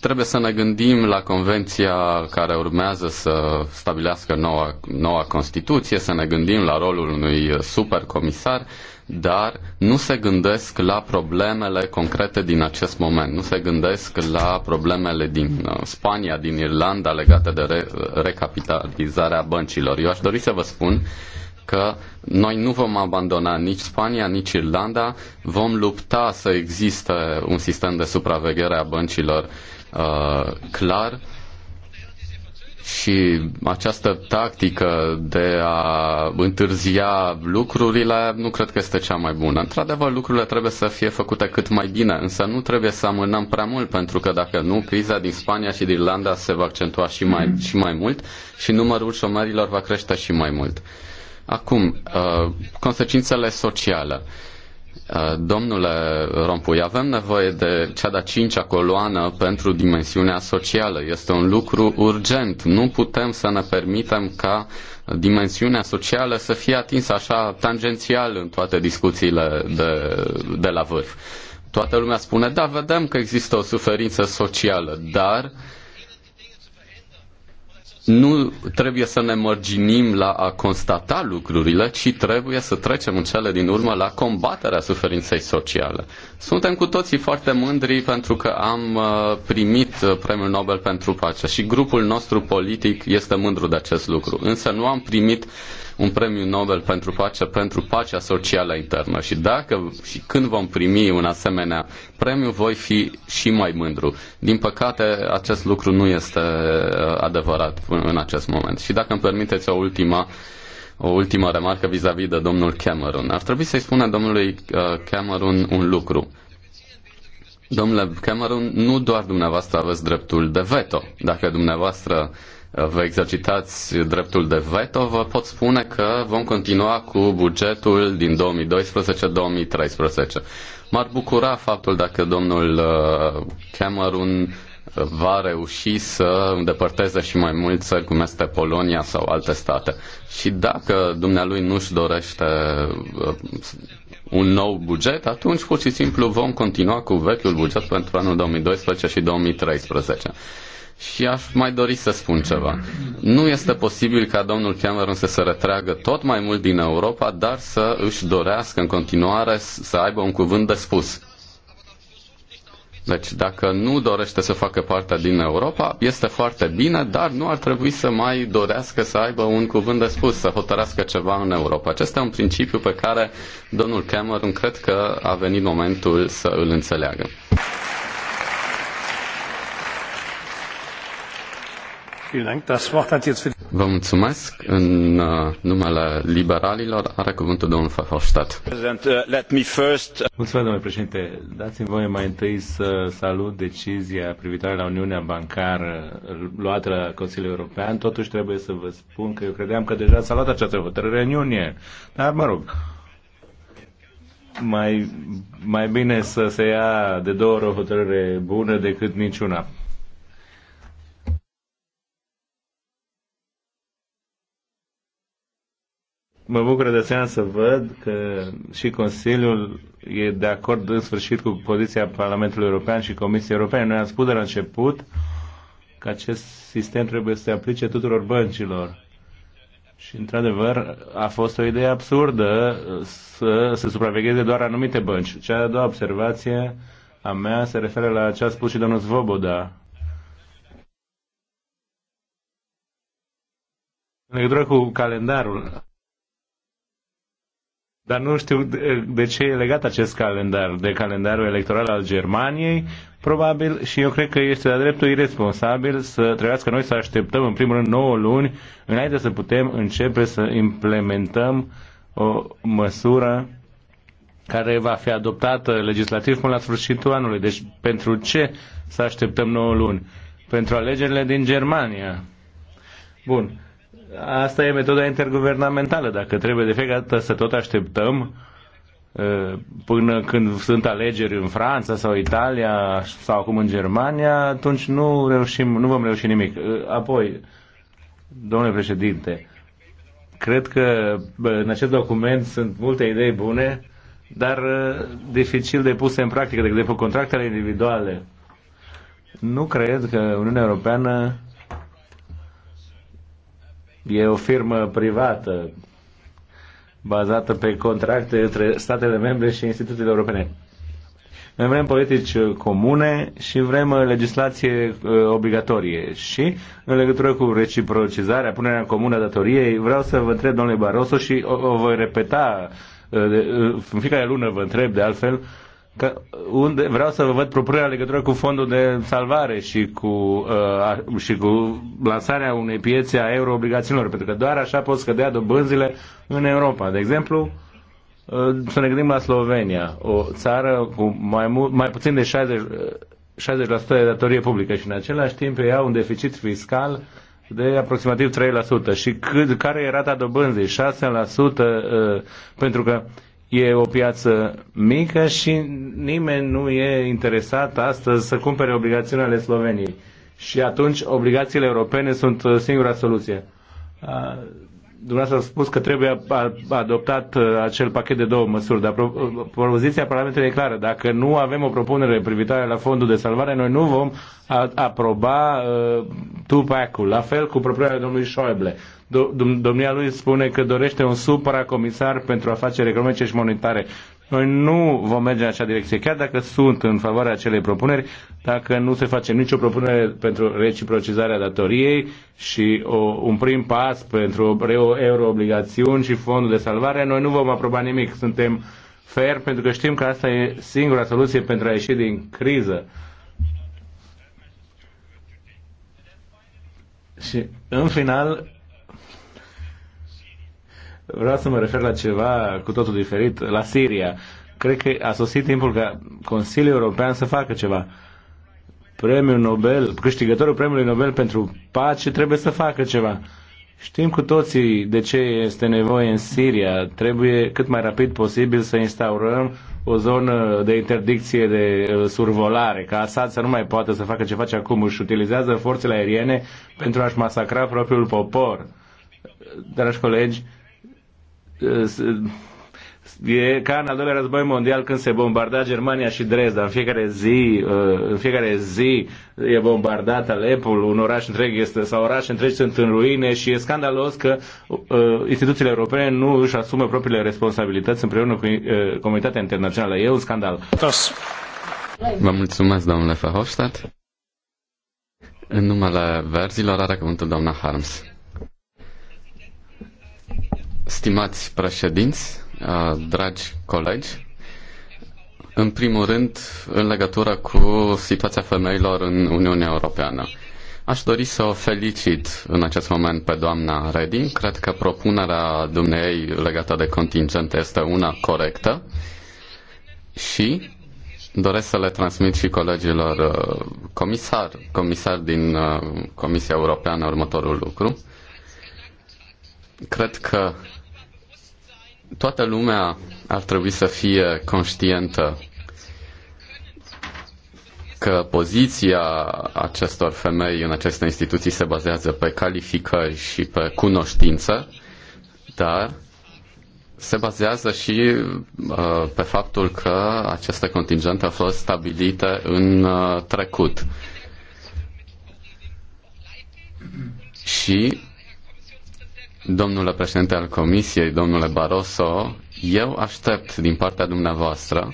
trebuie să ne gândim la convenția care urmează să stabilească noua, noua Constituție, să ne gândim la rolul unui supercomisar, dar nu se gândesc la problemele concrete din acest moment. Nu se gândesc la problemele din uh, Spania, din Irlanda legate de re- recapitalizarea băncilor. Eu aș dori să vă spun că noi nu vom abandona nici Spania, nici Irlanda, vom lupta să existe un sistem de supraveghere a băncilor uh, clar și această tactică de a întârzia lucrurile nu cred că este cea mai bună. Într-adevăr, lucrurile trebuie să fie făcute cât mai bine, însă nu trebuie să amânăm prea mult, pentru că dacă nu, criza din Spania și din Irlanda se va accentua și mai, și mai mult și numărul șomerilor va crește și mai mult. Acum, uh, consecințele sociale. Uh, Uh, domnule Rompuy, avem nevoie de cea de-a cincea coloană pentru dimensiunea socială. Este un lucru urgent. Nu putem să ne permitem ca dimensiunea socială să fie atinsă așa tangențial în toate discuțiile de, de la vârf. Toată lumea spune, da, vedem că există o suferință socială, dar uh, nu trebuie să ne mărginim la a constata lucrurile, ci trebuie să trecem în cele din urmă la combaterea suferinței sociale. Suntem cu toții foarte mândri pentru că am uh, primit uh, Premiul Nobel pentru Pace și grupul nostru politic este mândru de acest lucru. Însă nu am primit uh, un premiu Nobel pentru pace, pentru pacea socială internă și dacă și când vom primi un asemenea premiu, voi fi și mai mândru. Din păcate, acest lucru nu este uh, adevărat în acest moment. Și dacă îmi permiteți o ultima o ultimă remarcă vis-a-vis -vis de domnul Cameron. Ar trebui să-i spune domnului uh, Cameron un lucru. Domnule Cameron, nu doar dumneavoastră aveți dreptul de veto. Dacă dumneavoastră uh, vă exercitați dreptul de veto, vă pot spune că vom continua cu bugetul din 2012-2013. M-ar bucura faptul dacă domnul uh, Cameron uh, va reuși să îndepărteze și mai mult țări cum este Polonia sau alte state. Și dacă dumnealui nu-și dorește uh, un nou buget, atunci pur și simplu vom continua cu vechiul buget pentru anul 2012 și 2013. Și aș mai dori să spun ceva. Nu este posibil ca domnul Cameron să se retragă tot mai mult din Europa, dar să își dorească în continuare să aibă un cuvânt de spus. Deci dacă nu dorește să facă parte din Europa, este foarte bine, dar nu ar trebui să mai dorească să aibă un cuvânt de spus, să hotărască ceva în Europa. Acesta e un principiu pe care domnul Cameron cred că a venit momentul să îl înțeleagă. Vă mulțumesc. În uh, numele liberalilor are cuvântul domnul Verhofstadt.
Uh, uh, mulțumesc, domnule președinte. Dați-mi voie mai întâi să salut decizia privitoare la Uniunea Bancară luată la Consiliul European. Totuși trebuie să vă spun că eu credeam că deja s-a luat această hotărâre în iunie. Dar, mă rog, mai, mai bine să se ia de două ori o hotărâre bună decât niciuna. Mă bucur de asemenea să văd că și Consiliul e de acord în sfârșit cu poziția Parlamentului European și Comisiei Europene. Noi am spus de la început că acest sistem trebuie să se aplice tuturor băncilor. Și, într-adevăr, a fost o idee absurdă să se supravegheze doar anumite bănci. Cea de-a doua observație a mea se referă la ce a spus și domnul Svoboda. În legătură cu calendarul, dar nu știu de ce e legat acest calendar de calendarul electoral al Germaniei, probabil, și eu cred că este de dreptul irresponsabil să trebuiască noi să așteptăm în primul rând 9 luni înainte să putem începe să implementăm o măsură care va fi adoptată legislativ până la sfârșitul anului. Deci pentru ce să așteptăm 9 luni? Pentru alegerile din Germania. Bun. Asta e metoda interguvernamentală. Dacă trebuie de fiecare dată să tot așteptăm până când sunt alegeri în Franța sau Italia sau acum în Germania, atunci nu reușim, nu vom reuși nimic. Apoi, domnule președinte, cred că în acest document sunt multe idei bune, dar dificil de puse în practică, de exemplu, contractele individuale. Nu cred că Uniunea Europeană E o firmă privată bazată pe contracte între statele membre și instituțiile europene. Noi vrem politici comune și vrem legislație uh, obligatorie. Și în legătură cu reciprocizarea, punerea comună a datoriei, vreau să vă întreb, domnule Barroso, și o, o voi repeta, uh, de, uh, în fiecare lună vă întreb de altfel, că unde vreau să vă văd propunerea legătură cu fondul de salvare și cu, uh, și cu lansarea unei piețe a euroobligațiilor, pentru că doar așa pot scădea dobânzile în Europa. De exemplu, uh, să ne gândim la Slovenia, o țară cu mai, mult, mai puțin de 60, 60% de datorie publică și în același timp ei au un deficit fiscal de aproximativ 3%. Și cât, care e rata dobânzii? 6% uh, pentru că uh, E o piață mică și nimeni nu e interesat astăzi să cumpere obligațiunile ale Sloveniei. Și atunci obligațiile europene sunt singura soluție dumneavoastră a spus că trebuie adoptat uh, acel pachet de două măsuri, dar uh, propoziția Parlamentului e clară. Dacă nu avem o propunere privitoare la fondul de salvare, noi nu vom aproba uh, Tupac-ul, la fel cu propunerea domnului Schäuble. Domnia lui spune că dorește un supracomisar pentru afaceri economice și monetare. Noi nu vom merge în acea direcție, chiar dacă sunt în favoarea acelei propuneri, dacă nu se face nicio propunere pentru reciprocizarea datoriei și o, un prim pas pentru euroobligațiuni și fondul de salvare, noi nu vom aproba nimic. Suntem fer pentru că știm că asta e singura soluție pentru a ieși din criză. Și în final, Vreau să mă refer la ceva cu totul diferit, la Siria. Cred că a sosit timpul ca Consiliul European să facă ceva. Premiul Nobel, câștigătorul Premiului Nobel pentru pace trebuie să facă ceva. Știm cu toții de ce este nevoie în Siria. Trebuie cât mai rapid posibil să instaurăm o zonă de interdicție de uh, survolare, ca Assad să nu mai poată să facă ce face acum. Își utilizează forțele aeriene pentru a-și masacra propriul popor. Dragi colegi, E ca în al doilea război mondial când se bombarda Germania și Dresda. În fiecare zi, uh, în fiecare zi e bombardat Alepul, un oraș întreg este, sau oraș întreg sunt în ruine și e scandalos că uh, instituțiile europene nu își asumă propriile responsabilități împreună cu uh, comunitatea internațională. E un scandal.
Vă mulțumesc, domnule Verhofstadt. În numele verzilor are cuvântul doamna Harms. Stimați președinți, uh, dragi colegi, în primul rând, în legătură cu situația femeilor în Uniunea Europeană. Aș dori să o felicit în acest moment pe doamna Reding. Cred că propunerea dumneei legată de contingent este una corectă și doresc să le transmit și colegilor uh, comisar, comisar din uh, Comisia Europeană următorul lucru. Cred că toată lumea ar trebui să fie conștientă că poziția acestor femei în aceste instituții se bazează pe calificări și pe cunoștință, dar se bazează și uh, pe faptul că aceste contingente au fost stabilite în uh, trecut. Și Domnule președinte al Comisiei, domnule Barroso, eu aștept din partea dumneavoastră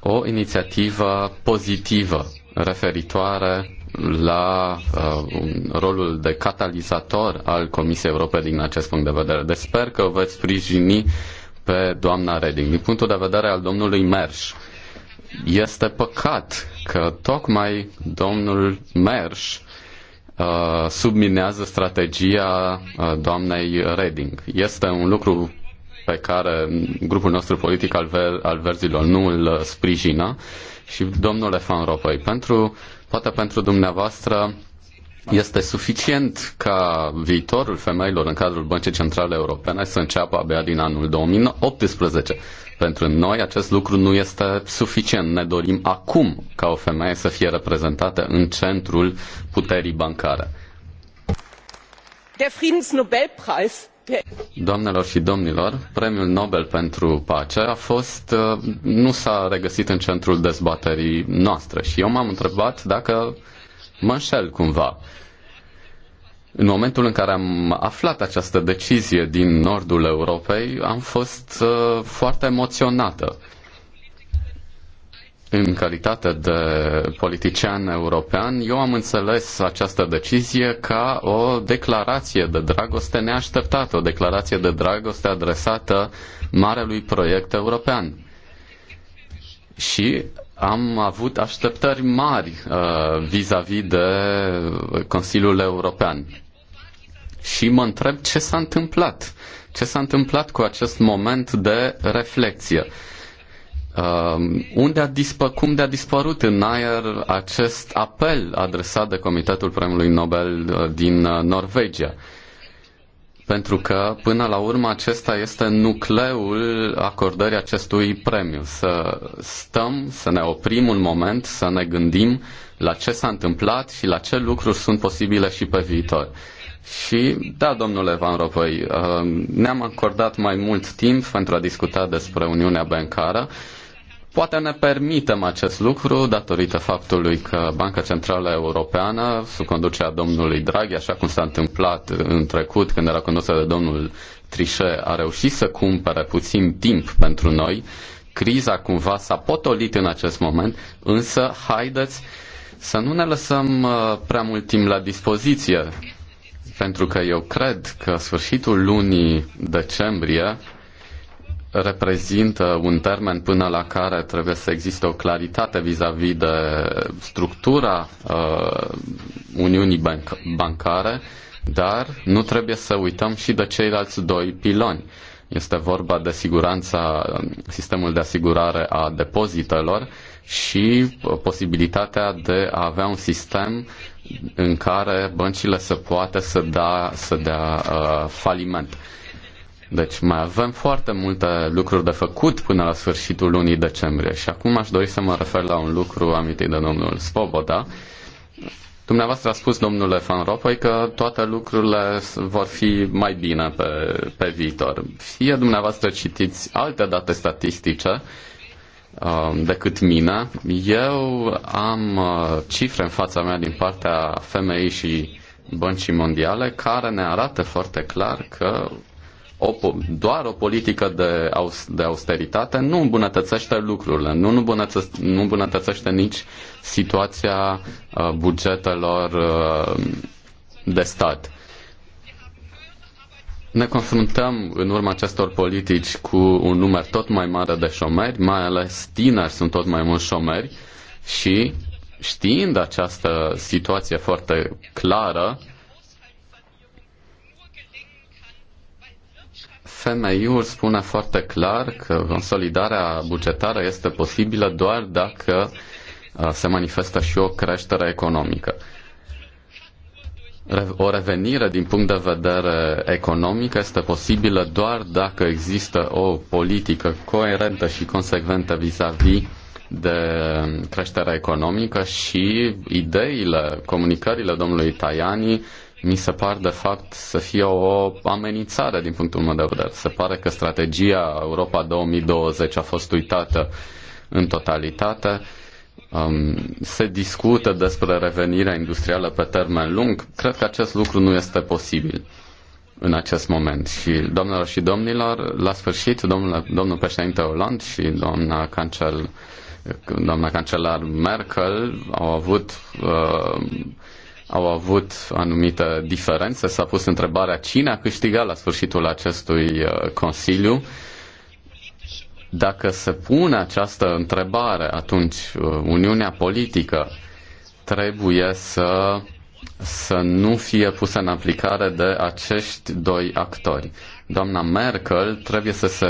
o inițiativă pozitivă referitoare la uh, rolul de catalizator al Comisiei Europene din acest punct de vedere. Deci sper că veți sprijini pe doamna Reding. Din punctul de vedere al domnului Merș, este păcat că tocmai domnul Merș Uh, subminează strategia uh, doamnei Reding. Este un lucru pe care grupul nostru politic al, ver- al verzilor nu îl uh, sprijină și domnule Fan Ropăi, pentru, poate pentru dumneavoastră este suficient ca viitorul femeilor în cadrul Băncii Centrale Europene să înceapă abia din anul 2018. Pentru noi acest lucru nu este suficient. Ne dorim acum ca o femeie să fie reprezentată în centrul puterii bancare. Der Doamnelor și domnilor, premiul Nobel pentru pace a fost, uh, nu s-a regăsit în centrul dezbaterii noastre și eu m-am întrebat dacă mă înșel cumva. În momentul în care am aflat această decizie din nordul Europei, am fost uh, foarte emoționată. În calitate de politician european, eu am înțeles această decizie ca o declarație de dragoste neașteptată, o declarație de dragoste adresată marelui proiect european. Și am avut așteptări mari uh, vis-a-vis -vis de Consiliul European. Și mă întreb ce s-a întâmplat. Ce s-a întâmplat cu acest moment de reflexie? Uh, unde a dispă, cum de-a dispărut în aer acest apel adresat de Comitetul Premiului Nobel uh, din uh, Norvegia? Uh, pentru că, până la urmă, acesta este nucleul acordării acestui premiu. Să stăm, să ne oprim un moment, să ne gândim la ce s-a întâmplat și la ce lucruri sunt posibile și pe viitor. Și, da, domnule Van Ropăi, uh, ne-am acordat mai mult timp pentru a discuta despre Uniunea Bancară Poate ne permitem acest lucru datorită faptului că Banca Centrală Europeană, sub conducerea domnului Draghi, așa cum s-a întâmplat în trecut când era condusă de domnul Trichet, a reușit să cumpere puțin timp pentru noi. Criza cumva s-a potolit în acest moment, însă haideți să nu ne lăsăm uh, prea mult timp la dispoziție, pentru că eu cred că sfârșitul lunii decembrie reprezintă un termen până la care trebuie să existe o claritate vis-a-vis de structura uh, Uniunii banc- bancare, dar nu trebuie să uităm și de ceilalți doi piloni. Este vorba de siguranța, sistemul de asigurare a depozitelor și uh, posibilitatea de a avea un sistem în care băncile să poată să, da, să dea uh, faliment. Deci mai avem foarte multe lucruri de făcut până la sfârșitul lunii decembrie și acum aș dori să mă refer la un lucru amintit de domnul Spoboda. Dumneavoastră a spus, domnule Van Ropoi că toate lucrurile vor fi mai bine pe, pe viitor. Fie dumneavoastră citiți alte date statistice um, decât mine, eu am uh, cifre în fața mea din partea femeii și băncii mondiale care ne arată foarte clar că o, doar o politică de, aus, de austeritate nu îmbunătățește lucrurile, nu, îmbunătățește, nu îmbunătățește nici situația uh, bugetelor uh, de stat. Ne confruntăm în urma acestor politici cu un număr tot mai mare de șomeri, mai ales tineri sunt tot mai mulți șomeri și știind această situație foarte clară, FMI-ul spune foarte clar că consolidarea bugetară este posibilă doar dacă uh, se manifestă și o creștere economică. O revenire din punct de vedere economic este posibilă doar dacă există o politică coerentă și consecventă vis-a-vis -vis de creșterea economică și ideile, comunicările domnului Tajani mi se par de fapt să fie o amenințare din punctul meu de vedere. Se pare că strategia Europa 2020 a fost uitată în totalitate. Um, se discută despre revenirea industrială pe termen lung. Cred că acest lucru nu este posibil în acest moment. Și domnilor și domnilor, la sfârșit, domnule, domnul președinte Oland și doamna cancel, doamna cancelar Merkel au avut uh, au avut anumită diferențe. S-a pus întrebarea cine a câștigat la sfârșitul acestui uh, Consiliu. Dacă se pune această întrebare, atunci uh, Uniunea Politică trebuie să, să nu fie pusă în aplicare de acești doi actori. Doamna Merkel trebuie să se,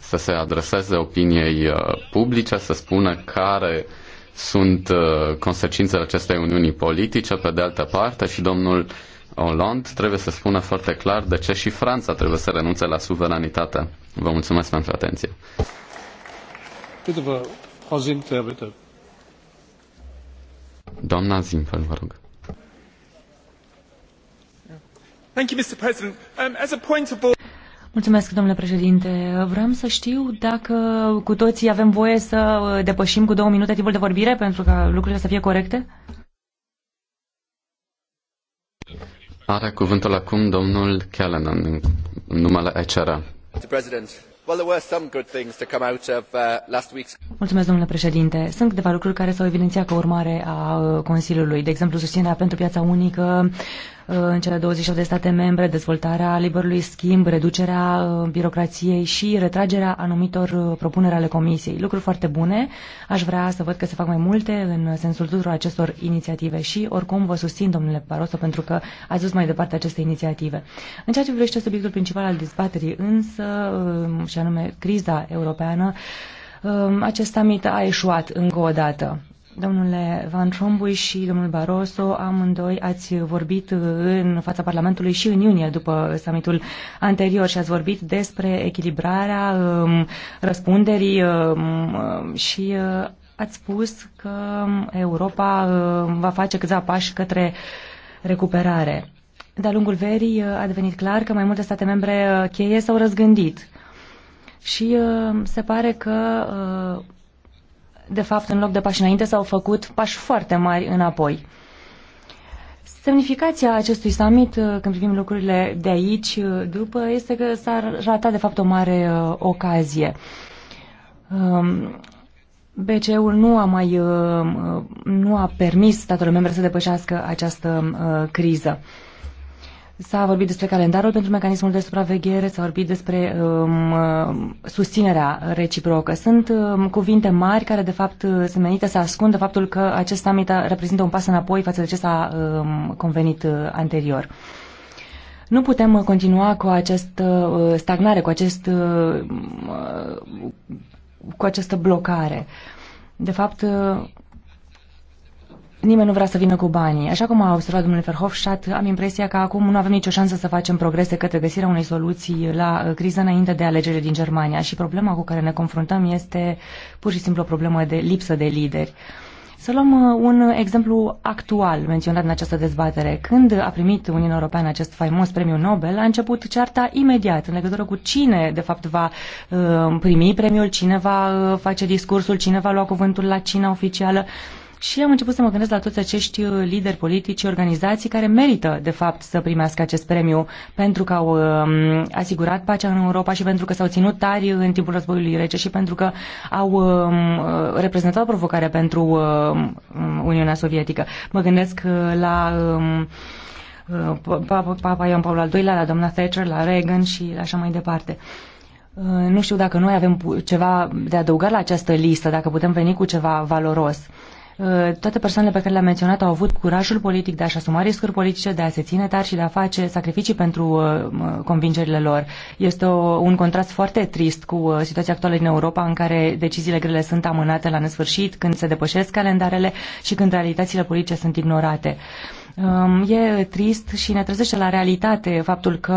să se adreseze opiniei uh, publice, să spună care uh, sunt uh, consecințele acestei uniuni politice, pe de altă parte, și domnul Hollande trebuie să spună foarte clar de ce și Franța trebuie să renunțe la suveranitate. Vă mulțumesc pentru atenție. Doamna Zimfel, vă rog.
Thank you, Mr. President. Um, as a point of Mulțumesc, domnule președinte. Vreau să știu dacă cu toții avem voie să uh, depășim cu două minute timpul de vorbire pentru ca lucrurile să fie corecte?
Are cuvântul acum domnul Callanan în numele ECR.
Uh, Mulțumesc, domnule președinte. Sunt câteva lucruri care s-au evidențiat ca urmare a uh, Consiliului. De exemplu, susținerea pentru piața unică, Uh, în cele 28 de state membre, dezvoltarea liberului schimb, reducerea uh, birocrației și retragerea anumitor uh, propuneri ale Comisiei. Lucruri foarte bune. Aș vrea să văd că se fac mai multe în sensul tuturor acestor inițiative și oricum vă susțin, domnule Barroso, pentru că ați dus mai departe aceste inițiative. În ceea ce privește subiectul principal al dezbaterii, însă, um, și anume criza europeană, um, acest summit a eșuat încă o dată. Domnule Van Rompuy și domnul Barroso, amândoi ați vorbit în fața Parlamentului și în iunie după summitul anterior și ați vorbit despre echilibrarea um, răspunderii um, și uh, ați spus că Europa uh, va face câțiva pași către recuperare. De-a lungul verii uh, a devenit clar că mai multe state membre cheie s-au răzgândit. Și se pare că de fapt, în loc de pași înainte, s-au făcut pași foarte mari înapoi. Semnificația acestui summit, uh, când privim lucrurile de aici, uh, după, este că s-a ratat, de fapt, o mare uh, ocazie. Um, BCE-ul nu a mai uh, uh, nu a permis statelor membre să depășească această uh, criză. Uh, S-a vorbit despre calendarul pentru mecanismul de supraveghere, s-a vorbit despre um, susținerea reciprocă. Sunt um, cuvinte mari care, de fapt, uh, sunt menite să ascundă faptul că acest summit reprezintă un pas înapoi față de ce s-a um, convenit uh, anterior. Nu putem uh, continua cu această uh, stagnare, cu, acest, uh, cu această blocare. De fapt, uh, nimeni nu vrea să vină cu banii. Așa cum a observat domnul Verhofstadt, am impresia că acum nu avem nicio șansă să facem progrese către găsirea unei soluții la uh, criză înainte de alegerile din Germania și problema cu care ne confruntăm este pur și simplu o problemă de lipsă de lideri. Să luăm uh, un exemplu actual menționat în această dezbatere. Când a primit Uniunea Europeană acest faimos premiu Nobel, a început cearta imediat în legătură cu cine, de fapt, va uh, primi premiul, cine va face discursul, cine va lua cuvântul la cina oficială. Și am început să mă gândesc la toți acești uh, lideri politici și organizații care merită, de fapt, să primească acest premiu pentru că au um, asigurat pacea în Europa și pentru că s-au ținut tari în timpul războiului rece și pentru că au um, uh, reprezentat o provocare pentru uh, um, Uniunea Sovietică. Mă gândesc la um, Papa Ioan Paul al II-lea, la doamna Thatcher, la Reagan și așa mai departe. Nu știu dacă noi avem ceva de adăugat la această listă, dacă putem veni cu ceva valoros. Eh, toate persoanele pe care le-am menționat au avut curajul politic de a-și asuma riscuri politice, de a se ține tari și de a face sacrificii pentru eh, convingerile lor. Este o, un contrast foarte trist cu eh, situația actuală din Europa în care deciziile grele sunt amânate la nesfârșit, când se depășesc calendarele și când realitățile politice sunt ignorate. Uh, Um, e trist și ne trezește la realitate faptul că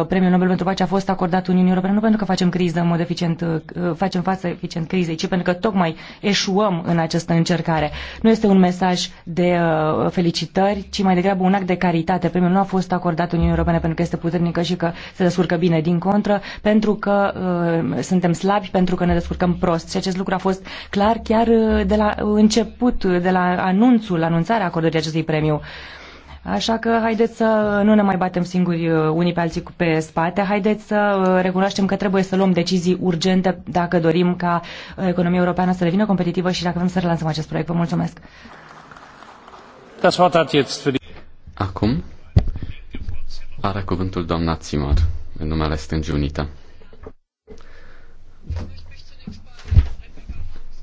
uh, Premiul Nobel pentru Pace a fost acordat Uniunii Europene nu pentru că facem criză în mod eficient, uh, facem față eficient crizei, ci pentru că tocmai eșuăm în această încercare. Nu este un mesaj de uh, felicitări, ci mai degrabă un act de caritate. Premiul nu a fost acordat Uniunii Europene pentru că este puternică și că se descurcă bine din contră, pentru că suntem slabi, pentru că ne descurcăm prost. Și acest lucru a fost clar chiar de la început, de la anunțul, anunțarea acordării acestui premiu. Așa că haideți să nu ne mai batem singuri uh, unii pe alții pe spate, haideți să uh, recunoaștem că trebuie să luăm decizii urgente dacă dorim ca economia europeană să devină competitivă și dacă vrem să relansăm acest proiect. Vă mulțumesc!
Acum are cuvântul doamna Țimor în numele Stângii Unite.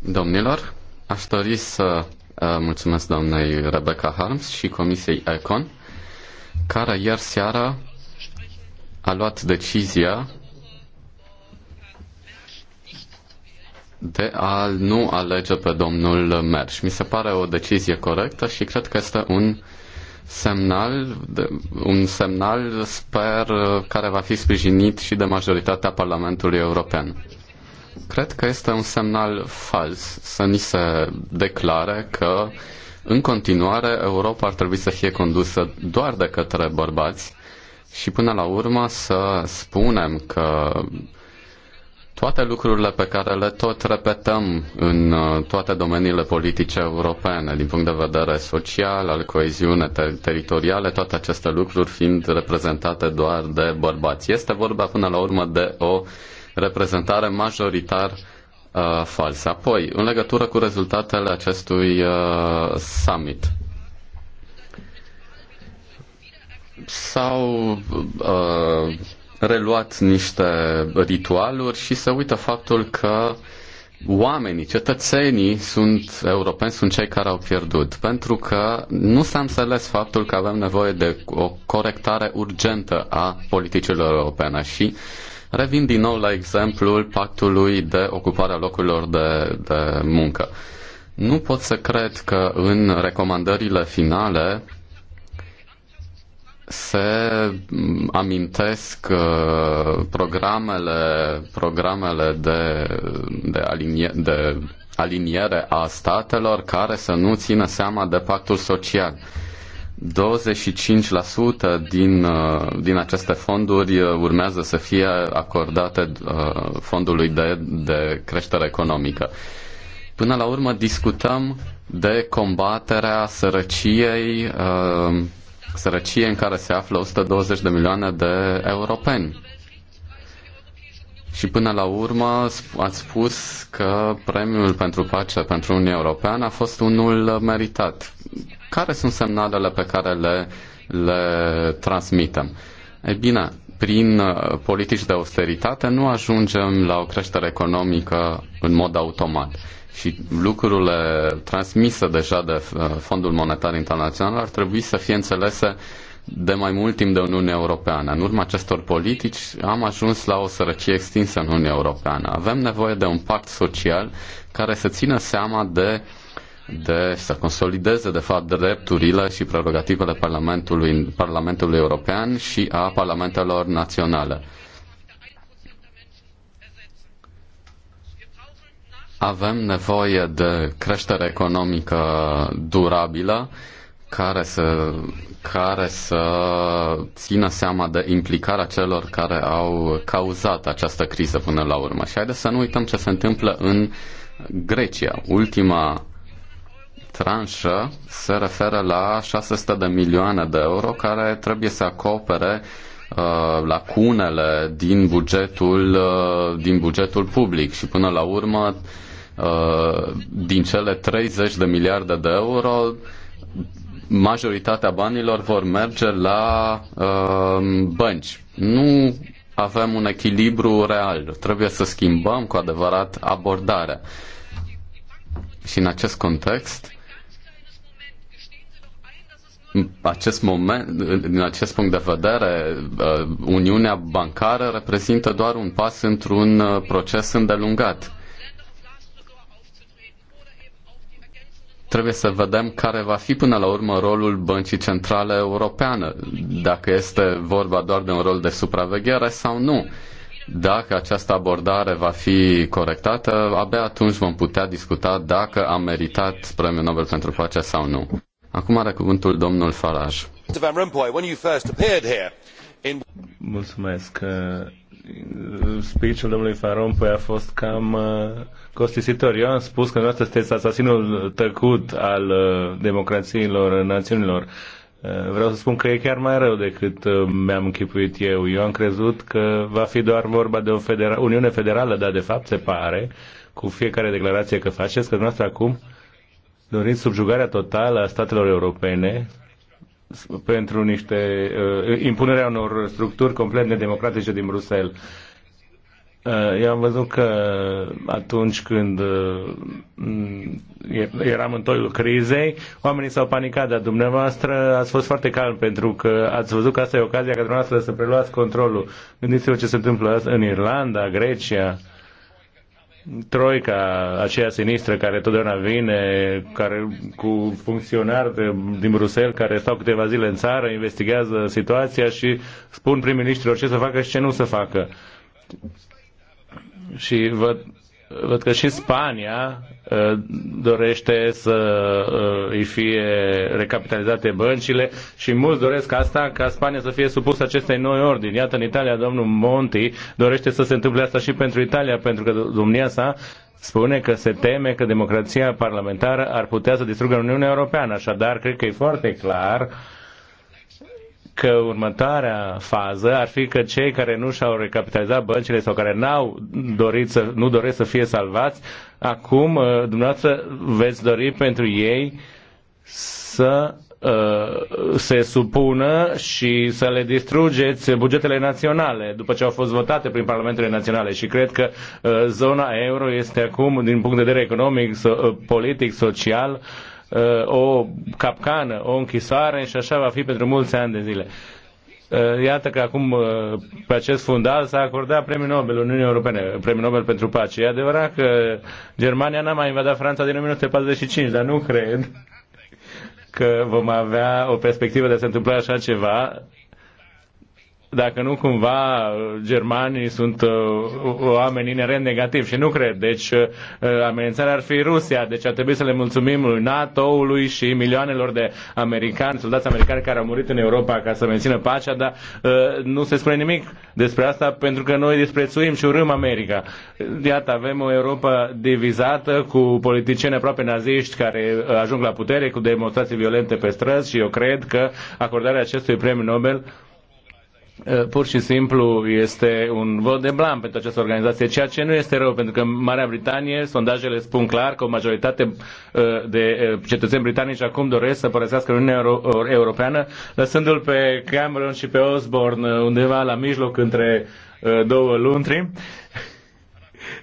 Domnilor, aș dori să Uh, mulțumesc doamnei Rebecca Harms și Comisiei ECON, care ieri seara a luat decizia de a nu alege pe domnul Merș. Mi se pare o decizie corectă și cred că este un semnal, un semnal, sper, care va fi sprijinit și de majoritatea Parlamentului European. Cred că este un semnal fals să ni se declare că în continuare Europa ar trebui să fie condusă doar de către bărbați și până la urmă să spunem că toate lucrurile pe care le tot repetăm în uh, toate domeniile politice europene, din punct de vedere social, al coeziune ter- teritoriale, toate aceste lucruri fiind reprezentate doar de bărbați. Este vorba până la urmă de o reprezentare majoritar uh, falsă. Apoi, în legătură cu rezultatele acestui uh, summit, s-au uh, reluat niște ritualuri și se uită faptul că oamenii, cetățenii sunt europeni, sunt cei care au pierdut, pentru că nu s-a înțeles faptul că avem nevoie de o corectare urgentă a politicilor europene și Revin din nou la exemplul pactului de ocupare a locurilor de, de muncă. Nu pot să cred că în recomandările finale se amintesc uh, programele, programele de, de, alinie, de aliniere a statelor care să nu țină seama de pactul social. Uh, 25% din, uh, din aceste fonduri uh, urmează să fie acordate uh, fondului de, de creștere economică. Până la urmă discutăm de combaterea sărăciei, sărăciei în care se află 120 de milioane de europeni. Și până la urmă ați spus că premiul pentru pace pentru Uniunea Europeană a fost unul meritat. Care sunt semnalele pe care le, le transmitem? E bine, prin uh, politici de austeritate nu ajungem la o creștere economică în mod automat. Și lucrurile transmise deja de uh, Fondul Monetar Internațional ar trebui să fie înțelese uh, de mai mult timp de Uniunea Europeană. În urma acestor politici am ajuns la o sărăcie extinsă în Uniunea Europeană. Avem nevoie de un pact social care să țină seama de de să consolideze de fapt drepturile și prerogativele Parlamentului, Parlamentului European și a parlamentelor naționale. Avem nevoie de creștere economică durabilă care să, care să țină seama de implicarea celor care au cauzat această criză până la urmă. Și haideți să nu uităm ce se întâmplă în Grecia. Ultima tranșă se referă la 600 de milioane de euro care trebuie să acopere uh, lacunele din bugetul, uh, din bugetul public și până la urmă uh, din cele 30 de miliarde de euro majoritatea banilor vor merge la uh, bănci. Nu avem un echilibru real. Trebuie să schimbăm cu adevărat abordarea. Și în acest context, acest moment, din acest punct de vedere, uh, Uniunea Bancară reprezintă doar un pas într-un uh, proces îndelungat trebuie să vedem care va fi până la urmă rolul Băncii Centrale Europeană, dacă este vorba doar de un rol de supraveghere sau nu. Dacă această abordare va fi corectată, abia atunci vom putea discuta dacă a meritat premiul Nobel pentru pace sau nu. Acum are cuvântul domnul Farage.
Mulțumesc speech domnului domnului Farompe a fost cam uh, costisitor. Eu am spus că dumneavoastră sunteți asasinul tăcut al uh, democrațiilor națiunilor. Uh, vreau să spun că e chiar mai rău decât mi-am închipuit eu. Eu am crezut că va fi doar vorba de o federa- Uniune Federală, dar de fapt se pare, cu fiecare declarație că faceți, că dumneavoastră acum doriți subjugarea totală a statelor europene, pentru niște uh, impunerea unor structuri complet nedemocratice din Bruxelles. Uh, eu am văzut că atunci când uh, eram în toiul crizei, oamenii s-au panicat, dar dumneavoastră ați fost foarte calm pentru că ați văzut că asta e ocazia ca dumneavoastră să preluați controlul. Gândiți-vă ce se întâmplă în Irlanda, Grecia, troica aceea sinistră care totdeauna vine, care cu funcționari de, din Bruxelles care stau câteva zile în țară, investigează situația și spun prim-ministrilor ce să facă și ce nu să facă. Și vă Văd că și Spania uh, dorește să uh, îi fie recapitalizate băncile și mulți doresc asta ca Spania să fie supusă acestei noi ordini. Iată, în Italia, domnul Monti dorește să se întâmple asta și pentru Italia, pentru că domnia sa spune că se teme că democrația parlamentară ar putea să distrugă Uniunea Europeană. Așadar, cred că e foarte clar uh, că următoarea fază ar fi că cei care nu și-au recapitalizat băncile sau care n-au dorit să, nu doresc să fie salvați, acum uh, dumneavoastră veți dori pentru ei să uh, se supună și să le distrugeți bugetele naționale după ce au fost votate prin parlamentele naționale și cred că uh, zona euro este acum din punct de vedere economic, politic, social Uh, o capcană, o închisoare și așa va fi pentru mulți ani de zile. Uh, iată că acum uh, pe acest fundal s-a acordat premiul Nobel Uniunii Europene, premiul Nobel pentru pace. E adevărat că Germania n-a mai invadat Franța din 1945, dar nu cred că vom avea o perspectivă de a se întâmpla așa ceva dacă nu cumva germanii sunt uh, oameni inerent negativ și nu cred. Deci uh, uh, amenințarea ar fi Rusia, deci ar trebui să le mulțumim lui NATO-ului și milioanelor de americani, soldați americani care au murit în Europa ca să mențină pacea, dar uh, nu se spune nimic despre asta pentru că noi disprețuim și urâm America. Iată, avem o Europa divizată cu politicieni aproape naziști care uh, ajung la putere cu demonstrații violente pe străzi și eu cred că acordarea acestui premiu Nobel Eh, pur și simplu este un vot de blam pentru această organizație, ceea ce nu este rău, pentru că în Marea Britanie sondajele spun clar că o majoritate eh, de eh, cetățeni britanici acum doresc să părăsească Uniunea Euro- Europeană, lăsându-l pe Cameron și pe Osborne undeva la mijloc între două luntri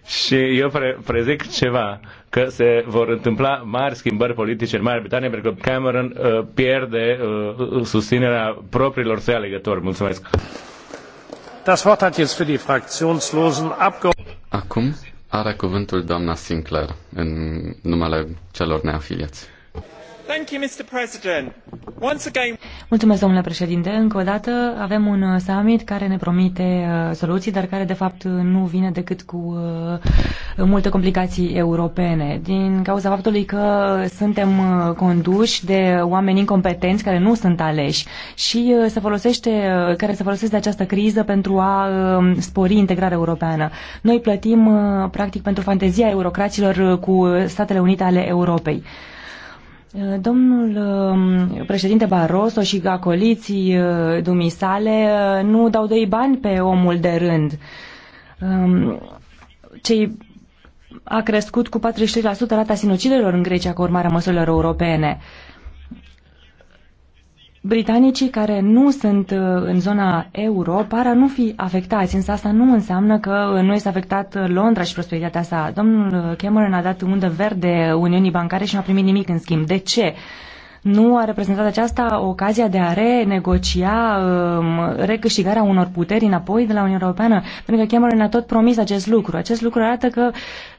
și eu pre- prezic ceva, că se vor întâmpla mari schimbări politice în Marea Britanie, pentru că Cameron uh, pierde uh, uh susținerea propriilor săi alegători. Mulțumesc! Das Wort hat jetzt für die fraktionslosen
Acum are cuvântul doamna Sinclair în numele celor neafiliați.
Mulțumesc, domnule președinte. Încă o dată avem un uh, summit care ne promite uh, soluții, dar care de fapt uh, nu vine decât cu multe complicații europene. Din cauza faptului că suntem conduși de oameni incompetenți care nu sunt aleși și se folosește, care se folosesc de această criză pentru a um, spori integrarea europeană. Noi plătim practic pentru fantezia eurocraților cu Statele Unite ale Europei. Domnul um, președinte Barroso și acoliții uh, dumisale uh, nu dau doi bani pe omul de rând. Um, cei a crescut cu 43% rata sinuciderilor în Grecia cu urmarea măsurilor europene. Britanicii care nu sunt uh, în zona euro par a nu fi afectați, însă asta nu înseamnă că uh, nu este afectat uh, Londra și prosperitatea sa. Domnul Cameron a dat undă verde Uniunii Bancare și nu a primit nimic în schimb. De ce? Nu a reprezentat aceasta ocazia de a renegocia um, recâștigarea unor puteri înapoi de la Uniunea Europeană? Pentru că Cameron a tot promis acest lucru. Acest lucru arată că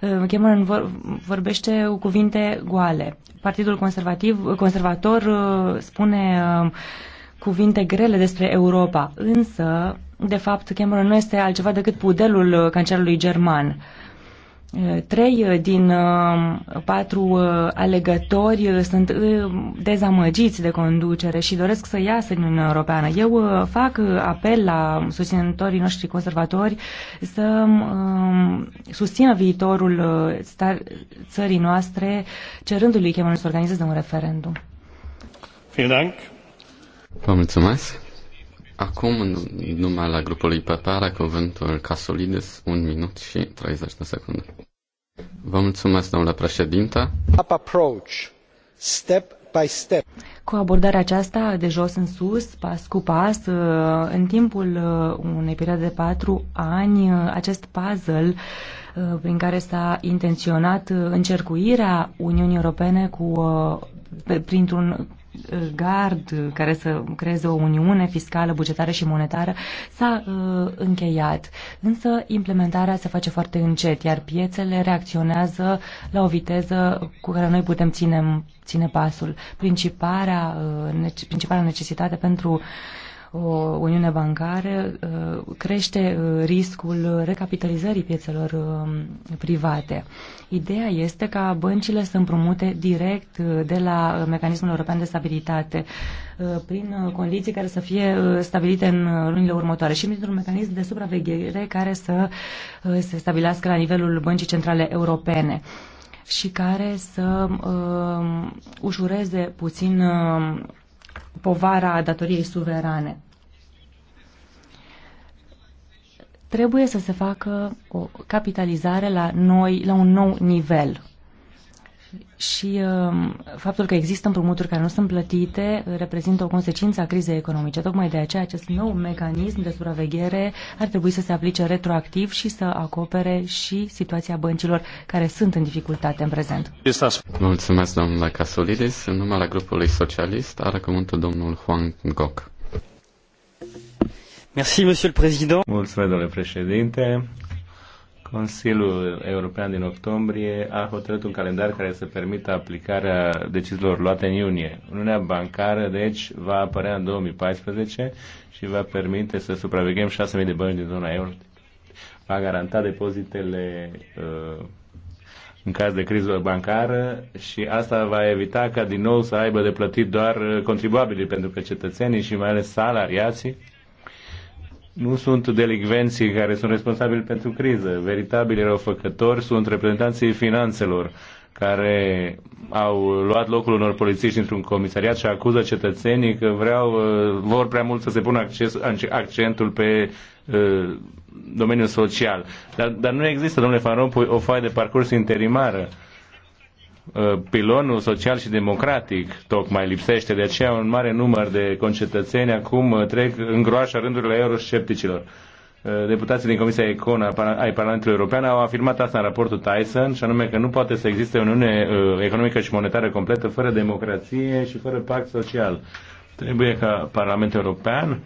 um, Cameron vor, vorbește cu cuvinte goale. Partidul conservativ, conservator uh, spune um, cuvinte grele despre Europa, însă, de fapt, Cameron nu este altceva decât pudelul uh, cancerului german. Trei din uh, patru uh, alegători uh, sunt dezamăgiți de conducere și doresc să iasă din Uniunea Europeană. Eu fac apel la susținătorii noștri conservatori să um, susțină viitorul țării noastre, cerându-lui chemul să organizeze un referendum.
Vă mulțumesc. Acum, în numele grupului PP, are cuvântul Casolidis, un minut și 30 de secunde. Vă mulțumesc, domnule președinte.
Approach,
step by step. Cu abordarea aceasta, de jos în sus, pas cu pas, uh, în timpul uh, unei perioade de patru ani, uh, acest puzzle prin care s-a intenționat încercuirea Uniunii Europene cu printr-un gard care să creeze o uniune fiscală, bugetară și monetară s-a uh, încheiat. Însă implementarea se face foarte încet, iar piețele reacționează la o viteză cu care noi putem ține, ține pasul. Principarea, uh, nece, principala necesitate pentru uh, o uniune bancară uh, crește uh, riscul recapitalizării piețelor um, private. Ideea este ca băncile să împrumute direct uh, de la Mecanismul European de Stabilitate prin condiții care să fie stabilite în lunile următoare și printr-un mecanism de supraveghere care să se stabilească la nivelul Băncii Centrale Europene și care să uh, ușureze puțin uh, povara datoriei suverane. Trebuie să se facă o capitalizare la, noi, la un nou nivel și um, faptul că există împrumuturi care nu sunt plătite uh, reprezintă o consecință a crizei economice. Tocmai de aceea acest nou mecanism de supraveghere ar trebui să se aplice retroactiv și să acopere și situația băncilor care sunt în dificultate în prezent.
Mulțumesc, domnule Casolidis. În numele grupului socialist are cuvântul domnul Juan Goc.
Mulțumesc, domnule președinte. Consiliul European din octombrie a hotărât un calendar care să permită aplicarea deciziilor luate în iunie. Uniunea bancară, deci, va apărea în 2014 și va permite să supraveghem 6.000 de bănci din zona euro. Va garanta depozitele uh, în caz de criză bancară și asta va evita ca din nou să aibă de plătit doar uh, contribuabilii, pentru că cetățenii și mai ales salariații nu sunt delicvenții care sunt responsabili pentru criză. Veritabili răufăcători sunt reprezentanții finanțelor care au luat locul unor polițiști într-un comisariat și acuză cetățenii că vreau, uh, vor prea mult să se pună acces, accentul pe uh, domeniul social. Dar, dar nu există, domnule Fan o foaie de parcurs interimară. Uh, Uh, pilonul social și democratic tocmai lipsește, de aceea un mare număr de concetățeni acum uh, trec în groașa rândurile euroscepticilor. Uh, deputații din Comisia Econ ai Parlamentului European au afirmat asta în raportul Tyson, și anume că nu poate să existe o uniune economică și monetară completă fără democrație și fără pact social. Trebuie ca Parlamentul European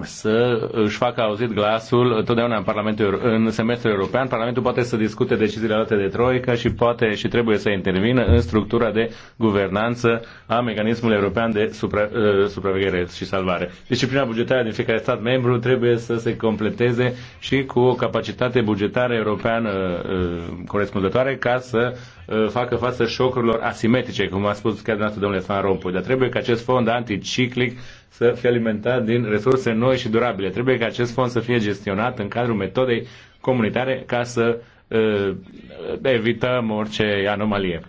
să își facă auzit glasul întotdeauna în Parlamentul în semestrul european. Parlamentul poate să discute deciziile luate de Troică și poate și trebuie să intervină în structura de guvernanță a mecanismului european de supra, uh, supraveghere și salvare. Disciplina bugetară din fiecare stat membru trebuie să se completeze și cu o capacitate bugetară europeană uh, corespunzătoare ca să uh, facă față șocurilor asimetrice, cum a spus chiar dumneavoastră domnule Fan Rompuy. Dar trebuie ca acest fond anticiclic să fie alimentat din resurse noi și durabile. Trebuie ca acest fond să fie gestionat în cadrul metodei comunitare ca să uh, evităm orice anomalie.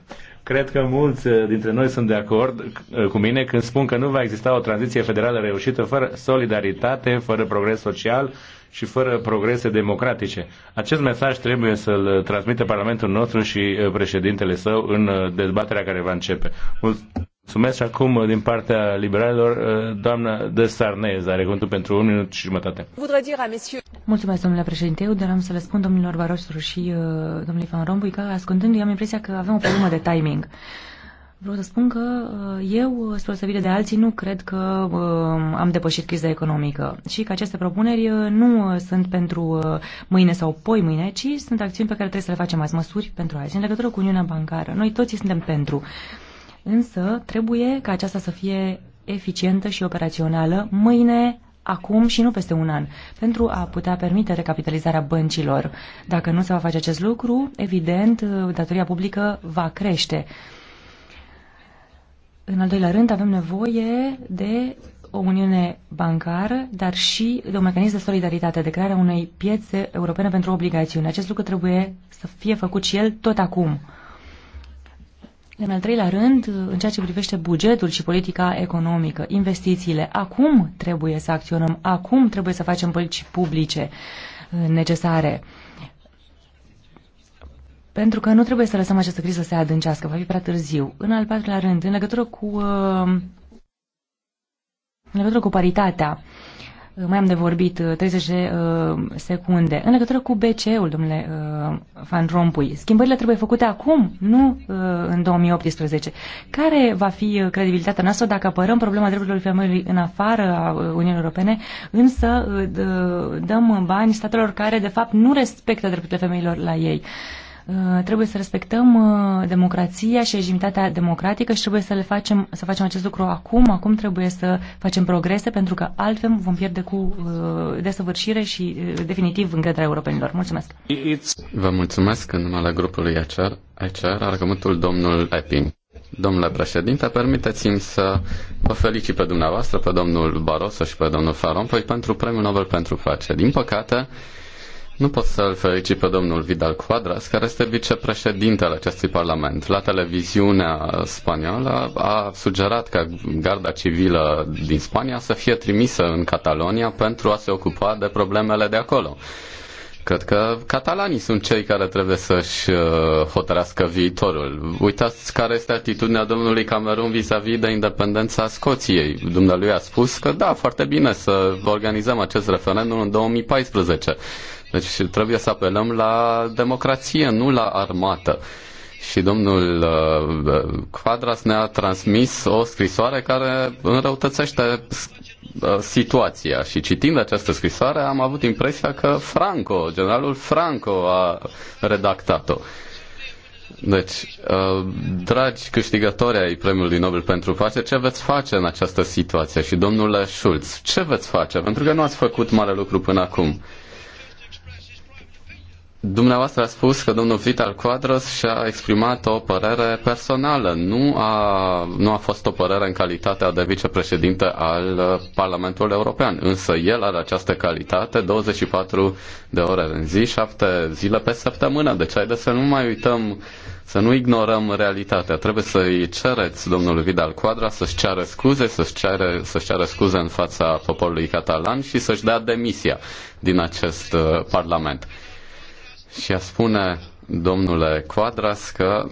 Cred că mulți dintre noi sunt de acord cu mine când spun că nu va exista o tranziție federală reușită fără solidaritate, fără progres social și fără progrese democratice. Acest mesaj trebuie să-l transmită Parlamentul nostru și președintele său în dezbaterea care va începe. Mul- Mulțumesc acum uh, din partea liberalilor, uh, doamna de Sarnez, are cuvântul pentru un minut și jumătate.
Mulțumesc, domnule președinte. Eu doream să le spun domnilor Barosru și uh, domnului Van Rompuy că, ascultându-i, am impresia că avem o problemă de timing. Vreau să spun că eu, spre osebire de alții, nu cred că am depășit criza economică și că aceste propuneri nu sunt pentru mâine sau poi mâine, ci sunt acțiuni pe care trebuie să le facem azi, măsuri pentru azi. În legătură cu Uniunea Bancară, noi toți suntem pentru. Însă trebuie ca aceasta să fie eficientă și operațională mâine, acum și nu peste un an, pentru a putea permite recapitalizarea băncilor. Dacă nu se va face acest lucru, evident, datoria publică va crește. În al doilea rând, avem nevoie de o uniune bancară, dar și de un mecanism de solidaritate, de crearea unei piețe europene pentru obligațiuni. Acest lucru trebuie să fie făcut și el tot acum. În al treilea rând, în ceea ce privește bugetul și politica economică, investițiile, acum trebuie să acționăm, acum trebuie să facem politici publice uh, necesare. Pentru că nu trebuie să lăsăm această criză să se adâncească, va fi prea târziu. În al patrulea rând, în legătură cu, uh, în legătură cu paritatea, mai am de vorbit 30 uh, de uh, secunde. În legătură cu BCE-ul, domnule uh, Van Rompuy, schimbările trebuie făcute acum, nu uh, în 2018. Care va fi uh, credibilitatea noastră dacă apărăm problema drepturilor femeilor în afara Uniunii Europene, însă uh, dăm bani statelor care, de fapt, nu respectă drepturile femeilor la ei? Uh, Uh, trebuie să respectăm uh, democrația și regimitatea democratică și trebuie să, le facem, să facem acest lucru acum. Acum trebuie să facem progrese pentru că altfel vom pierde cu uh, desăvârșire și definitiv încrederea europenilor. Mulțumesc!
Vă mulțumesc în numele grupului ACER. ACER argumentul domnul Epping. Domnule președinte, permiteți-mi să vă felicit pe dumneavoastră, pe domnul Barroso și pe domnul Faron, păi, pentru Premiul Nobel pentru face. Din păcate, nu pot să-l felicit pe domnul Vidal Quadras, care este vicepreședintele acestui parlament. La televiziunea spaniolă a sugerat ca garda civilă din Spania să fie trimisă în Catalonia pentru a se ocupa de problemele de acolo. Cred că catalanii sunt cei care trebuie să-și uh, hotărească viitorul. Uitați care este atitudinea domnului Camerun vis-a-vis de independența Scoției. Dumnealui a spus că da, foarte bine să organizăm acest referendum în 2014. Deci trebuie să apelăm la democrație, nu la armată. Și domnul uh, Quadras ne-a transmis o scrisoare care înrăutățește uh, situația și citind această scrisoare am avut impresia că Franco, generalul Franco a redactat-o. Deci, uh, dragi câștigători ai Premiului Nobel pentru Pace, ce veți face în această situație? Și domnule Schulz, ce veți face? Pentru că nu ați făcut mare lucru până acum. Dumneavoastră a spus că domnul Vital Quadras și-a exprimat o părere personală. Nu a, nu a fost o părere în calitatea de vicepreședinte al uh, Parlamentului European, însă el are această calitate 24 de ore în zi, 7 zile pe săptămână. Deci haideți să nu mai uităm, să nu ignorăm realitatea. Trebuie să-i cereți domnului Vidal Quadras să-și ceară scuze, să-și ceară, să ceară scuze în fața poporului catalan și să-și dea demisia din acest uh, Parlament și a spune domnule Quadras că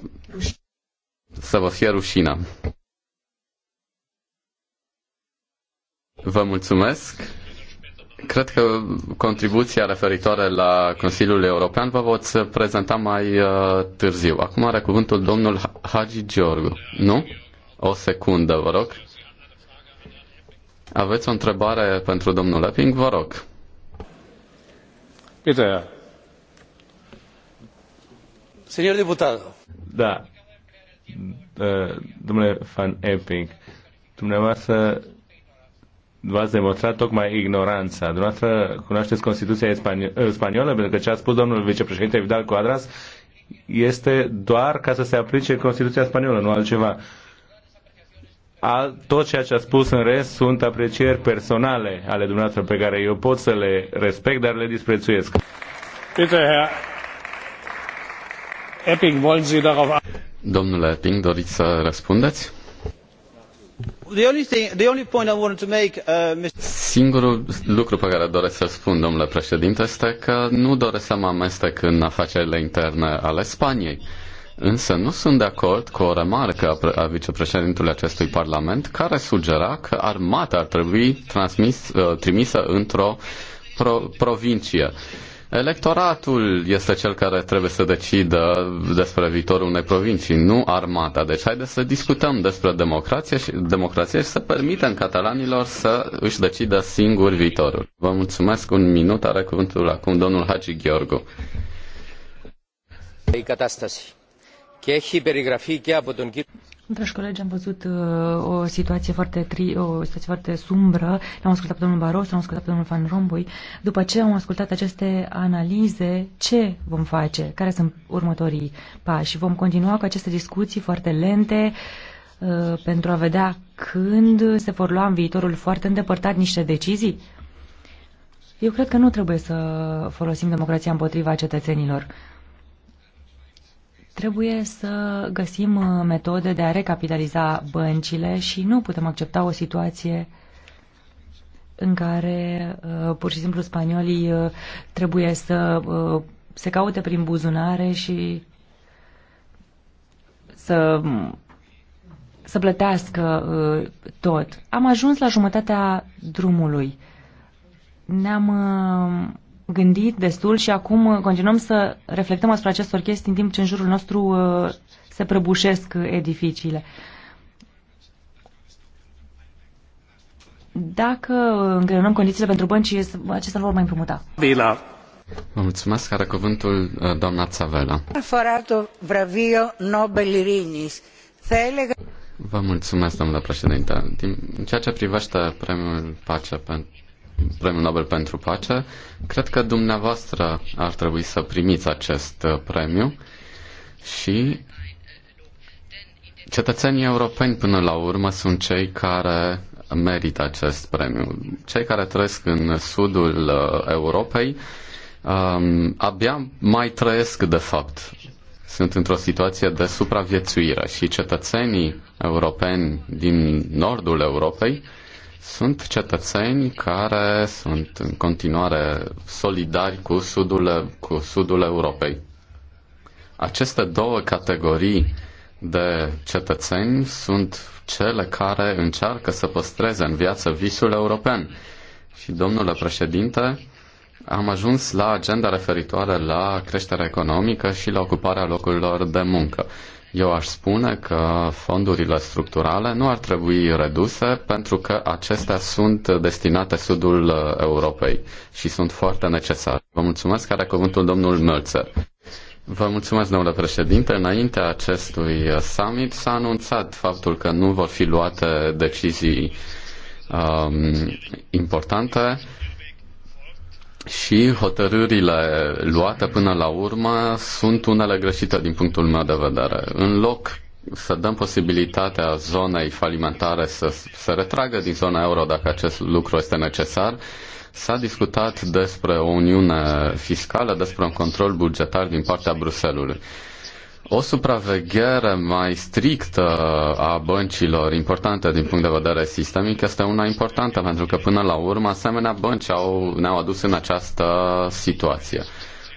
să vă fie rușină. Vă mulțumesc. Cred că contribuția referitoare la Consiliul European vă voți prezenta mai uh, târziu. Acum are cuvântul domnul Hagi Georgu. Nu? O secundă, vă rog. Aveți o întrebare pentru domnul Leping? Vă rog.
Senior deputat. Da. da. Domnule Van Epping, dumneavoastră v-ați demonstrat tocmai ignoranța. Dumneavoastră cunoașteți Constituția eh, spaniolă, pentru că ce a spus domnul vicepreședinte Vidal Cuadras este doar ca să se aplice Constituția spaniolă, nu altceva. A, tot ceea ce a spus în rest sunt aprecieri personale ale dumneavoastră pe care eu pot să le respect, dar le disprețuiesc. Bitte, Herr
Epping, wollen Sie darauf...
Domnule Epping, doriți să răspundeți? Uh, Singurul lucru pe care doresc să-l spun, domnule președinte, este că nu doresc să mă amestec în afacerile interne ale Spaniei. Însă nu sunt de acord cu o remarcă a vicepreședintului acestui parlament care sugera că armata ar trebui transmis, uh, trimisă într-o pro- provincie. Electoratul este cel care trebuie să decidă despre viitorul unei provincii, nu armata. Deci haideți să discutăm despre democrație și, democrație și să permitem catalanilor să își decidă singur viitorul. Vă mulțumesc. Un minut are cuvântul acum domnul Hagi Gheorgu. Η κατάσταση. Και έχει περιγραφεί και από τον κύριο...
Dragi colegi, am văzut uh, o situație foarte tri, o situație foarte sumbră. L-am ascultat pe domnul Baros, l-am ascultat pe domnul Van Rompuy. După ce am ascultat aceste analize, ce vom face? Care sunt următorii pași? Vom continua cu aceste discuții foarte lente uh, pentru a vedea când se vor lua în viitorul foarte îndepărtat niște decizii? Eu cred că nu trebuie să folosim democrația împotriva cetățenilor. Uh, Trebuie să găsim uh, metode de a recapitaliza băncile și nu putem accepta o situație în care uh, pur și simplu spaniolii uh, trebuie să se caute prin buzunare și să, să plătească tot. Am ajuns la jumătatea drumului. Ne-am gândit destul și acum uh, continuăm să reflectăm asupra acestor chestii în timp ce în jurul nostru uh, se prăbușesc uh, edificiile. Dacă îngreunăm condițiile pentru bănci, acestea vor mai împrumuta.
Vila. Vă mulțumesc, are cuvântul doamna Țavela. Vă mulțumesc, domnule președinte. În ceea ce privește premiul Pace pentru Premiul Nobel pentru Pace. Cred că dumneavoastră ar trebui să primiți acest uh, premiu și cetățenii europeni până la urmă sunt cei care merită acest premiu. Cei care trăiesc în sudul uh, Europei um, abia mai trăiesc de fapt. Sunt într-o situație de supraviețuire și cetățenii europeni din nordul Europei sunt cetățeni care sunt în continuare solidari cu sudul, cu sudul Europei. Aceste două categorii de cetățeni sunt cele care încearcă să păstreze în viață visul european. Și, domnule președinte, am ajuns la agenda referitoare la creșterea economică și la ocuparea locurilor de muncă. Eu aș spune că fondurile structurale nu ar trebui reduse pentru că acestea sunt destinate sudul uh, Europei și sunt foarte necesare. Vă mulțumesc, are cuvântul domnul Mölzer. Vă mulțumesc, domnule președinte. Înaintea acestui uh, summit s-a anunțat faptul că nu vor fi luate decizii um, importante și hotărârile luate până la urmă sunt unele greșite din punctul meu de vedere. În loc să dăm posibilitatea zonei falimentare să se retragă din zona euro dacă acest lucru este necesar, S-a discutat despre o uniune fiscală, despre un control bugetar din partea Bruselului. O supraveghere mai strictă a băncilor importante din punct de vedere sistemic este una importantă pentru că până la urmă asemenea bănci au, ne-au adus în această situație.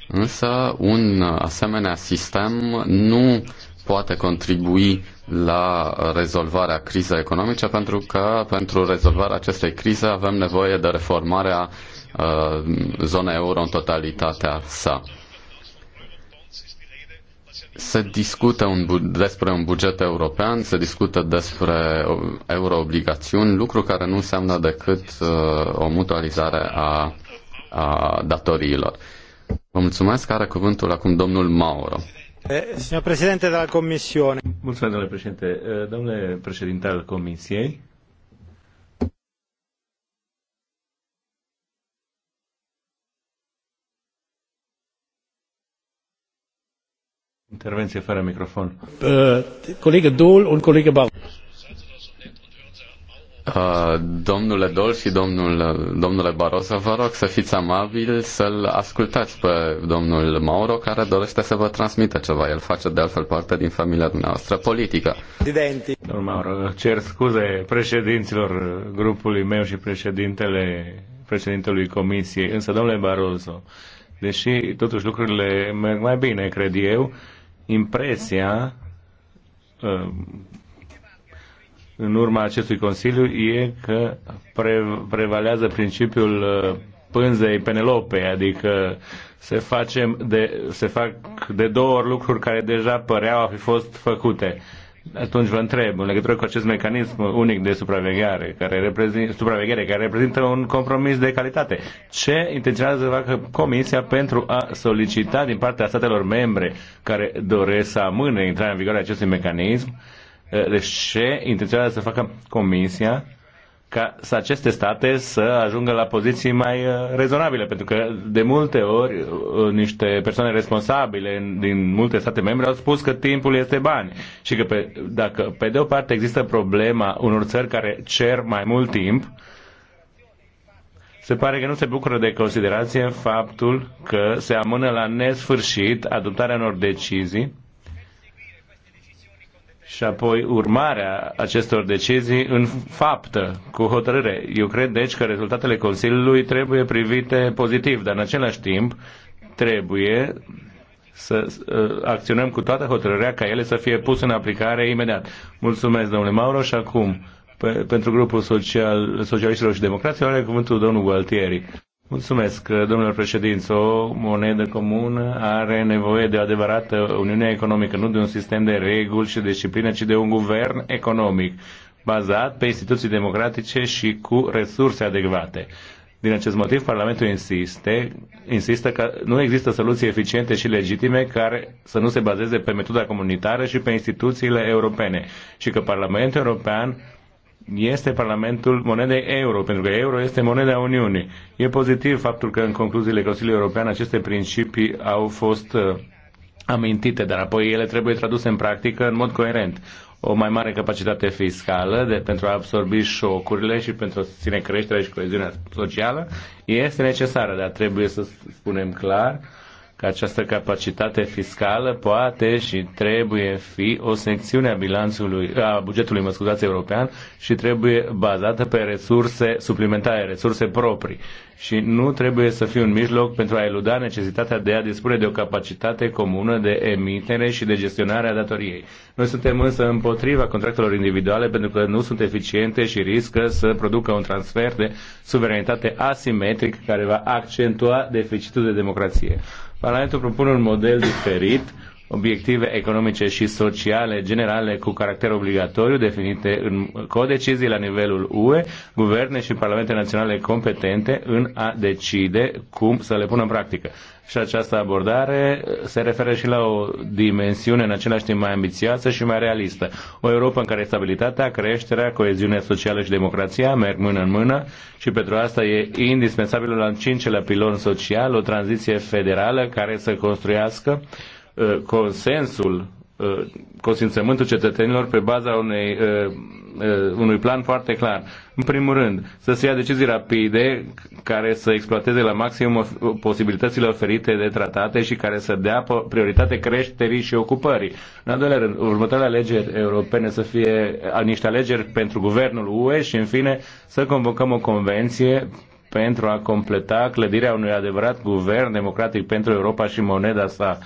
Însă un asemenea sistem nu poate contribui la rezolvarea crizei economice pentru că pentru rezolvarea acestei crize avem nevoie de reformarea uh, zonei euro în totalitatea sa se discută un, despre un buget european, se discută despre euroobligațiuni, lucru care nu înseamnă decât uh, o mutualizare a, a datoriilor. Vă mulțumesc, are cuvântul acum domnul Mauro.
Signor președinte de la Comisiune. Mulțumesc, domnule președinte. Domnule președinte al Comisiei, Intervenție fără microfon. Uh, colegă Dol, un colegă
Bauer. Uh, domnule Dol și domnul, domnule Barosa, vă rog să fiți amabil să-l ascultați pe domnul Mauro, care dorește să vă transmită ceva. El face de altfel parte din familia dumneavoastră politică.
Domnul Mauro, cer scuze președinților grupului meu și președintele, președintelui comisiei, însă domnule Barosa, deși totuși lucrurile merg mai bine, cred eu, impresia ă, în urma acestui Consiliu e că prevalează principiul ă, pânzei Penelope, adică se, facem de, se fac de două ori lucruri care deja păreau a fi fost făcute. Atunci vă întreb, în legătură cu acest mecanism unic de supraveghere care, reprezintă, supraveghere, care reprezintă un compromis de calitate, ce intenționează să facă Comisia pentru a solicita din partea statelor membre care doresc să amâne intrarea în vigoare acestui mecanism, deci ce intenționează să facă Comisia ca să aceste state să ajungă la poziții mai uh, rezonabile, pentru că de multe ori uh, niște persoane responsabile din multe state membre au spus că timpul este bani și că pe, dacă pe de o parte există problema unor țări care cer mai mult timp, se pare că nu se bucură de considerație faptul că se amână la nesfârșit adoptarea unor decizii și apoi urmarea acestor decizii în faptă, cu hotărâre. Eu cred, deci, că rezultatele Consiliului trebuie privite pozitiv, dar în același timp trebuie să uh, acționăm cu toată hotărârea ca ele să fie puse în aplicare imediat. Mulțumesc, domnule Mauro, și acum pe, pentru grupul social, socialiștilor și democraților are cuvântul domnul Gualtieri. Mulțumesc, domnule președinte. O monedă comună are nevoie de o adevărată uniune economică, nu de un sistem de reguli și disciplină, ci de un guvern economic bazat pe instituții democratice și cu resurse adecvate. Din acest motiv, Parlamentul insiste, insistă că nu există soluții eficiente și legitime care să nu se bazeze pe metoda comunitară și pe instituțiile europene și că Parlamentul European este Parlamentul monedei euro, pentru că euro este moneda Uniunii. E pozitiv faptul că în concluziile Consiliului European aceste principii au fost uh, amintite, dar apoi ele trebuie traduse în practică în mod coerent. O mai mare capacitate fiscală de, pentru a absorbi șocurile și pentru a ține creșterea și coeziunea socială este necesară, dar trebuie să spunem clar uh, că această capacitate fiscală poate și trebuie fi o secțiune a bilanțului, a bugetului, mă scuzați, european și trebuie bazată pe resurse suplimentare, resurse proprii. Și nu trebuie să fie un mijloc pentru a eluda necesitatea de a dispune de o capacitate comună de emitere și de gestionare a datoriei. Noi suntem însă împotriva contractelor individuale pentru că nu sunt eficiente și riscă să producă un transfer de suveranitate asimetric care va accentua deficitul de democrație. Parlamentul propune un model diferit obiective economice și sociale generale cu caracter obligatoriu definite în codecizii la nivelul UE, guverne și parlamente naționale competente în a decide cum să le pună în practică. Și această abordare se referă și la o dimensiune în același timp mai ambițioasă și mai realistă. O Europa în care stabilitatea, creșterea, coeziunea socială și democrația merg mână în mână și pentru asta e indispensabil la al cincelea pilon social, o tranziție federală care să construiască uh, Uh, consensul, uh, consimțământul cetățenilor pe baza unei, uh, unui plan foarte clar. În primul rând, să se ia decizii rapide care să exploateze la maxim posibilitățile oferite de tratate și care să dea prioritate creșterii și ocupării. În al doilea rând, următoarele alegeri europene să fie niște alegeri pentru guvernul UE și, în fine, să convocăm o convenție pentru a completa clădirea unui adevărat guvern democratic pentru Europa și moneda sa.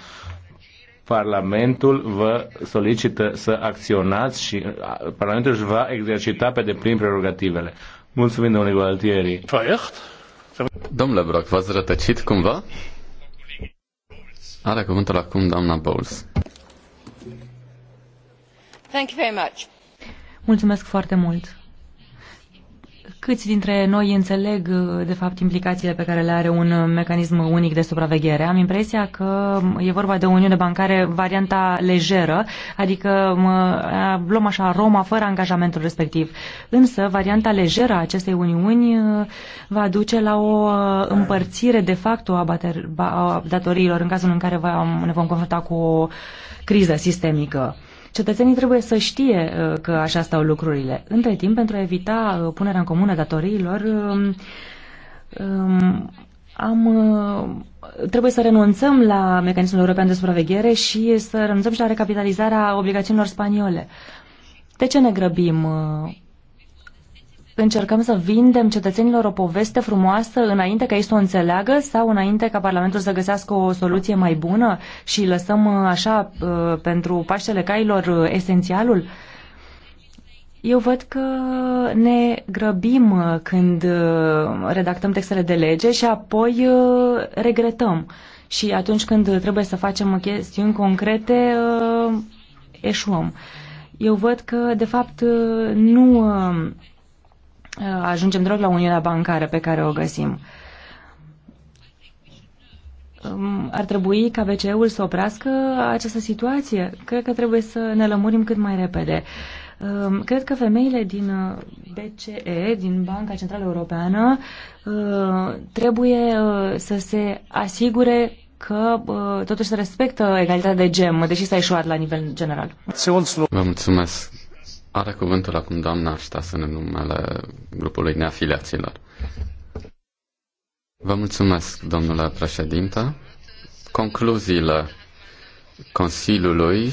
Parlamentul vă solicită să acționați și uh, Parlamentul își va exercita pe deplin prerogativele. Mulțumim, domnule Gualtieri.
Domnule Brock, v-ați rătăcit cumva? Are cuvântul acum doamna Bowles.
Thank you very much.
Mulțumesc foarte mult. Câți dintre noi înțeleg, uh, de fapt, implicațiile pe care le are un uh, mecanism unic de supraveghere? Am impresia că uh, e vorba de o uniune bancare, varianta lejeră, adică mă, luăm așa Roma fără angajamentul respectiv. Însă, varianta lejeră a acestei uniuni va duce la o împărțire de fapt, a, a datoriilor în cazul în care ne vom confrunta cu o criză sistemică. Cetățenii trebuie să știe uh, că așa stau lucrurile. Între timp, pentru a evita uh, punerea în comună datoriilor, um, um, am, uh, trebuie să renunțăm la mecanismul european de supraveghere și să renunțăm și la recapitalizarea obligațiunilor spaniole. De ce ne grăbim? încercăm să vindem cetățenilor o poveste frumoasă înainte ca ei să o înțeleagă sau înainte ca Parlamentul să găsească o soluție mai bună și lăsăm uh, așa uh, pentru paștele cailor uh, esențialul? Eu văd că ne grăbim când redactăm textele de lege și apoi regretăm. Și atunci când trebuie să facem chestiuni concrete, eșuăm. Eu văd că, de fapt, nu Uh, ajungem drog la Uniunea Bancară pe care o găsim. Um, ar trebui ca BCE-ul să oprească această situație. Cred că trebuie să ne lămurim cât mai repede. Um, cred că femeile din uh, BCE, din Banca Centrală Europeană, uh, trebuie să se asigure că totuși se respectă egalitatea de gem, deși s-a ieșuat la nivel general.
Vă mulțumesc. Are cuvântul acum doamna Ștasen în numele grupului neafiliaților. Vă mulțumesc, domnule președinte. Concluziile Consiliului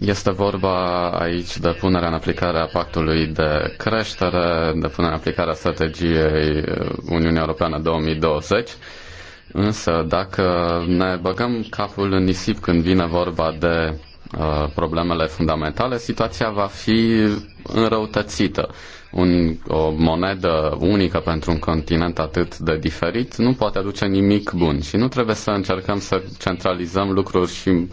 este vorba aici de punerea în aplicare a pactului de creștere, de punerea în aplicare a strategiei Uniunii Europeană 2020. Însă, dacă ne băgăm capul în nisip când vine vorba de Uh, problemele fundamentale, situația va fi înrăutățită. Un, o monedă unică pentru un continent atât de diferit nu poate aduce nimic bun și nu trebuie să încercăm să centralizăm lucruri și uh,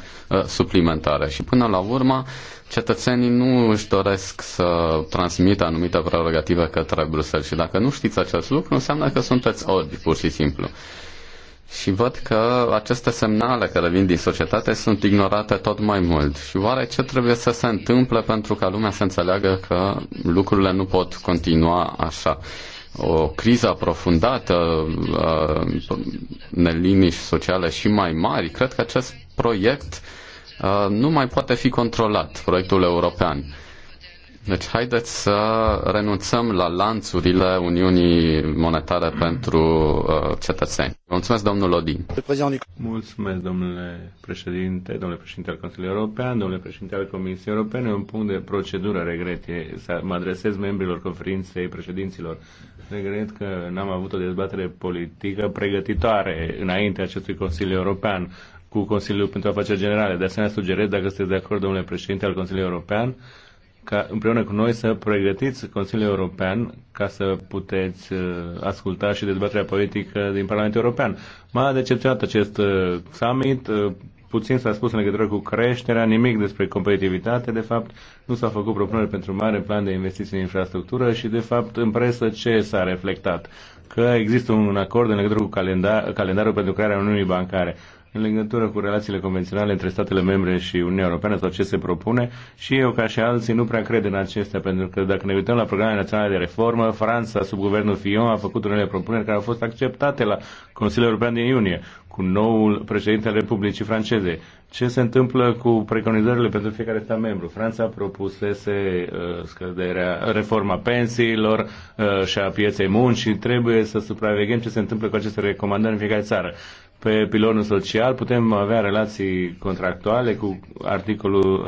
suplimentare. Și până la urmă, cetățenii nu își doresc să transmită anumite prerogative către Bruxelles și dacă nu știți acest lucru, înseamnă că sunteți orbi, pur și simplu. Uh, și văd că aceste semnale care vin din societate sunt ignorate tot mai mult. Și oare ce trebuie să se întâmple pentru ca lumea să înțeleagă că lucrurile nu pot continua așa? O criză aprofundată, uh, neliniști sociale și mai mari, cred că acest proiect uh, nu mai poate fi controlat, proiectul european deci haideți să renunțăm la lanțurile Uniunii Monetare pentru uh, cetățeni. Mulțumesc, domnul Odin.
Mulțumesc, domnule președinte, domnule președinte al Consiliului European, domnule președinte al Comisiei Europene. Un punct de procedură, regret, e să mă adresez membrilor conferinței președinților. Regret că n-am avut o dezbatere politică pregătitoare înainte acestui Consiliu European cu Consiliul pentru Afaceri Generale. De asemenea, sugerez, dacă sunteți de acord, domnule președinte al Consiliului European, ca împreună cu noi să pregătiți Consiliul European ca să puteți uh, asculta și dezbaterea politică din Parlamentul European. M-a decepționat acest uh, summit, uh, puțin s-a spus în legătură cu creșterea, nimic despre competitivitate, de fapt nu s-a făcut propuneri pentru mare plan de investiții în infrastructură și de fapt în presă ce s-a reflectat? Că există un acord în legătură cu calendar, calendarul pentru crearea Uniunii Bancare în legătură cu relațiile convenționale între statele membre și Uniunea Europeană sau ce se propune și eu ca și alții nu prea cred în acestea pentru că dacă ne uităm la programele naționale de reformă, Franța sub guvernul Fillon a făcut unele propuneri care au fost acceptate la Consiliul European din iunie cu noul președinte al Republicii Franceze. Ce se întâmplă cu preconizările pentru fiecare stat membru? Franța propusese uh, scăderea, reforma pensiilor uh, și a pieței muncii. Trebuie să supraveghem ce se întâmplă cu aceste recomandări în fiecare țară. Pe pilonul social putem avea relații contractuale cu articolul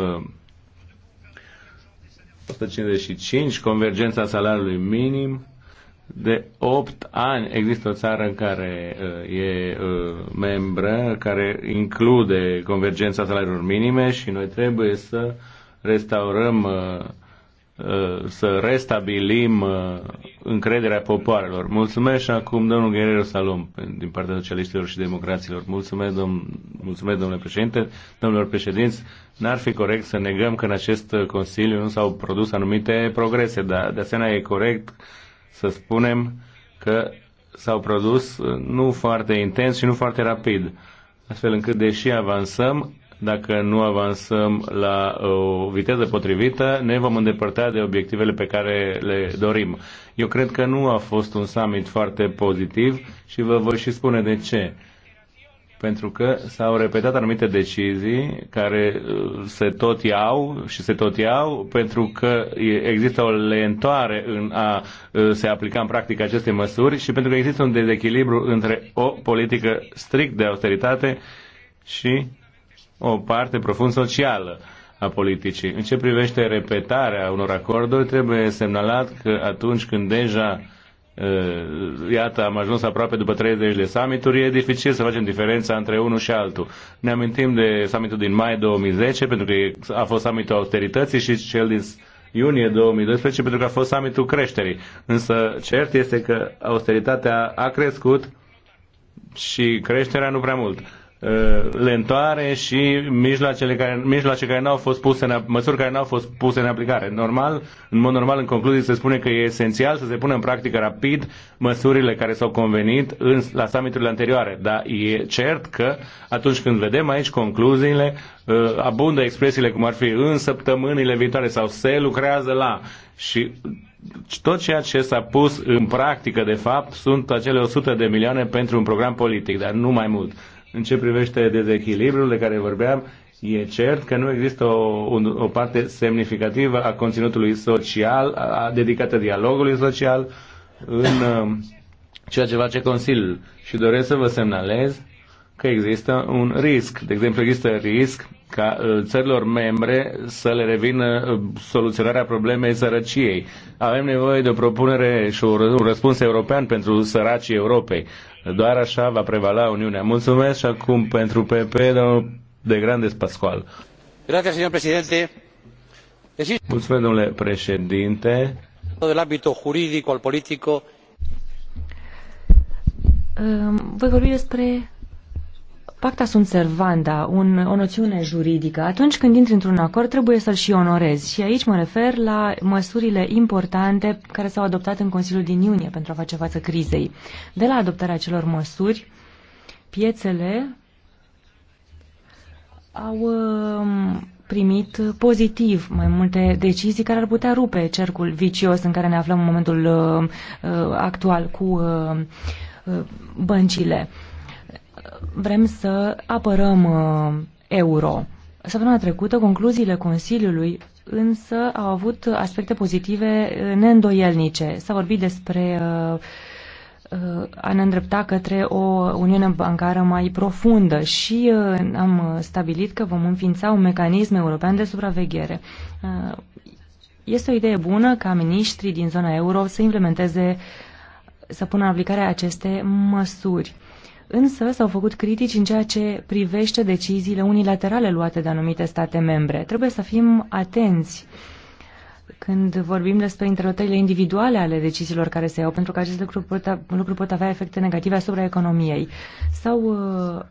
155, uh, convergența salariului minim. De 8 ani există o țară în care uh, e uh, membră, care include convergența salariului minime și noi trebuie să restaurăm uh, Uh, să restabilim uh, încrederea popoarelor. Mulțumesc și acum domnul Guerrero Salom din partea socialiștilor și democraților. Mulțumesc, domn, mulțumesc domnule președinte, domnilor președinți. N-ar fi corect să negăm că în acest Consiliu nu s-au produs anumite progrese, dar de asemenea e corect să spunem că s-au produs uh, nu foarte intens și nu foarte rapid. Astfel încât, deși avansăm, dacă nu avansăm la uh, o viteză potrivită, ne vom îndepărta de obiectivele pe care le dorim. Eu cred că nu a fost un summit foarte pozitiv și vă voi și spune de ce pentru că s-au repetat anumite decizii care uh, se tot iau și se tot iau pentru că există o lentoare în a uh, se aplica în practică aceste măsuri și pentru că există un dezechilibru între o politică strict de austeritate și o parte profund socială a politicii. În ce privește repetarea unor acorduri, trebuie semnalat că atunci când deja uh, iată, am ajuns aproape după 30 de summituri, e dificil să facem diferența între unul și altul. Ne amintim de summitul din mai 2010, pentru că a fost summitul austerității și cel din iunie 2012, pentru că a fost summitul creșterii. Însă, cert este că austeritatea a crescut și creșterea nu prea mult. Uh, lentoare și mijloacele care, mijloace care n-au fost puse în, măsuri care n-au fost puse în aplicare. Normal, în mod normal, în concluzie se spune că e esențial să se pună în practică rapid măsurile care s-au convenit în, la summiturile anterioare, dar e cert că atunci când vedem aici concluziile, uh, abundă expresiile cum ar fi în săptămânile viitoare sau se lucrează la și tot ceea ce s-a pus în practică, de fapt, sunt acele 100 de milioane pentru un program politic, dar nu mai mult. În ce privește dezechilibrul de care vorbeam, e cert că nu există o, o parte semnificativă a conținutului social, a, dedicată dialogului social, în um, ceea ce face Consiliul. Și doresc să vă semnalez că există un risc. De exemplu, există risc ca uh, țărilor membre să le revină uh, soluționarea problemei sărăciei. Avem nevoie de o propunere și un răspuns european pentru săracii Europei. Doar așa va prevala Uniunea. Mulțumesc și acum pentru PP, domnul de grande Pascual. Gracias, Mulțumesc, domnule președinte. Del ámbito juridico
al politico.
Voi vorbi despre pacta sunt servanda, un, o noțiune juridică. Atunci când intri într-un acord, trebuie să-l și onorezi. Și aici mă refer la măsurile importante care s-au adoptat în Consiliul din iunie pentru a face față crizei. De la adoptarea acelor măsuri, piețele au um, primit pozitiv mai multe decizii care ar putea rupe cercul vicios în care ne aflăm în momentul uh, uh, actual cu uh, băncile vrem să apărăm uh, euro. Săptămâna trecută, concluziile Consiliului însă au avut aspecte pozitive uh, neîndoielnice. S-a vorbit despre uh, uh, a ne îndrepta către o uniune bancară mai profundă și am stabilit că vom înființa un mecanism european de supraveghere. Este o idee bună ca miniștrii din zona euro să implementeze, să pună în aplicare aceste măsuri. Însă s-au făcut critici în ceea ce privește deciziile unilaterale luate de anumite state membre. Trebuie să fim atenți când vorbim despre interlocutările individuale ale deciziilor care se iau, pentru că acest lucru pot, lucru pot avea efecte negative asupra economiei. Sau uh,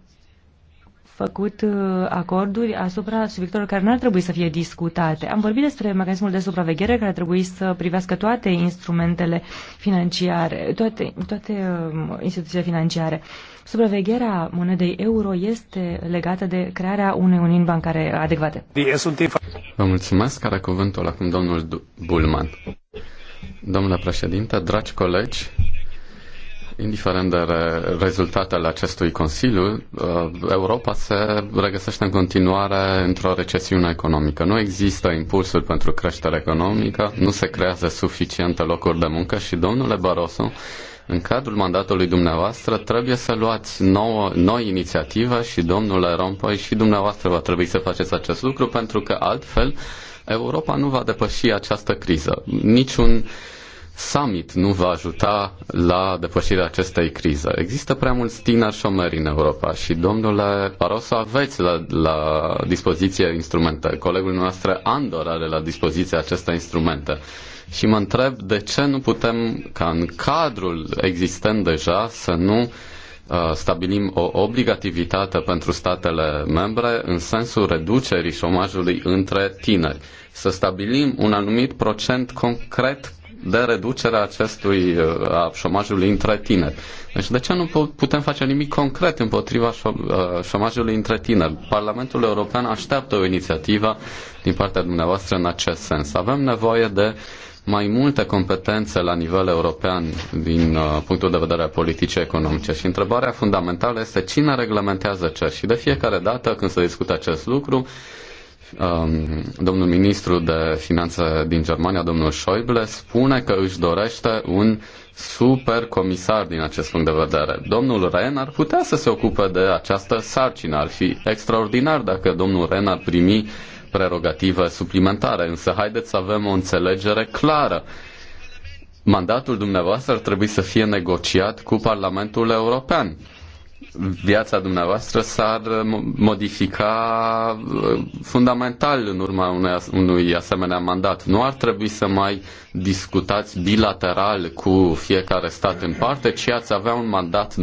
făcut uh, acorduri asupra subiectelor care nu ar trebui să fie discutate. Am vorbit despre mecanismul de supraveghere care ar trebui să privească toate instrumentele financiare, toate, toate uh, instituțiile financiare. Supravegherea monedei euro este legată de crearea unei uniuni bancare adecvate.
Vă mulțumesc. Care cuvântul acum domnul Bulman. Domnule președinte, dragi colegi, indiferent de rezultatele acestui Consiliu, uh, Europa se regăsește în continuare într-o recesiune economică. Nu există impulsuri pentru creștere economică, nu se creează suficiente locuri de muncă și, domnule Barroso, în cadrul mandatului dumneavoastră trebuie să luați nouă, noi inițiative și, domnule Rompoi, și dumneavoastră va trebui să faceți acest lucru pentru că altfel Europa nu va depăși această criză. Niciun uh, summit nu va ajuta la depășirea acestei crize. Există prea mulți tineri șomeri în Europa și, domnule Paroso, aveți la, la dispoziție instrumente. Colegul nostru Andor are la dispoziție aceste instrumente. Și mă întreb de ce nu putem, ca în cadrul existent deja, să nu uh, stabilim o obligativitate pentru statele membre în sensul reducerii șomajului între tineri. Să stabilim un anumit procent concret de reducerea acestui uh, a șomajului între tineri. Deci de ce nu putem face nimic concret împotriva uh, șomajului între tineri? Parlamentul European așteaptă o inițiativă din partea dumneavoastră în acest sens. Avem nevoie de mai multe competențe la nivel european din uh, punctul de vedere al politicii economice. Și întrebarea fundamentală este cine reglementează ce. Și de fiecare dată când se discută acest lucru, Um, domnul ministru de finanțe din Germania, domnul Schäuble, spune că își dorește un super comisar din acest punct de vedere. Domnul Ren ar putea să se ocupe de această sarcină. Ar fi extraordinar dacă domnul Ren ar primi prerogative suplimentare, însă haideți să avem o înțelegere clară. Mandatul dumneavoastră ar trebui să fie negociat cu Parlamentul European viața dumneavoastră s-ar modifica uh, fundamental în urma unei, unui asemenea mandat. Nu ar trebui să mai discutați bilateral cu fiecare stat în parte, ci ați avea un mandat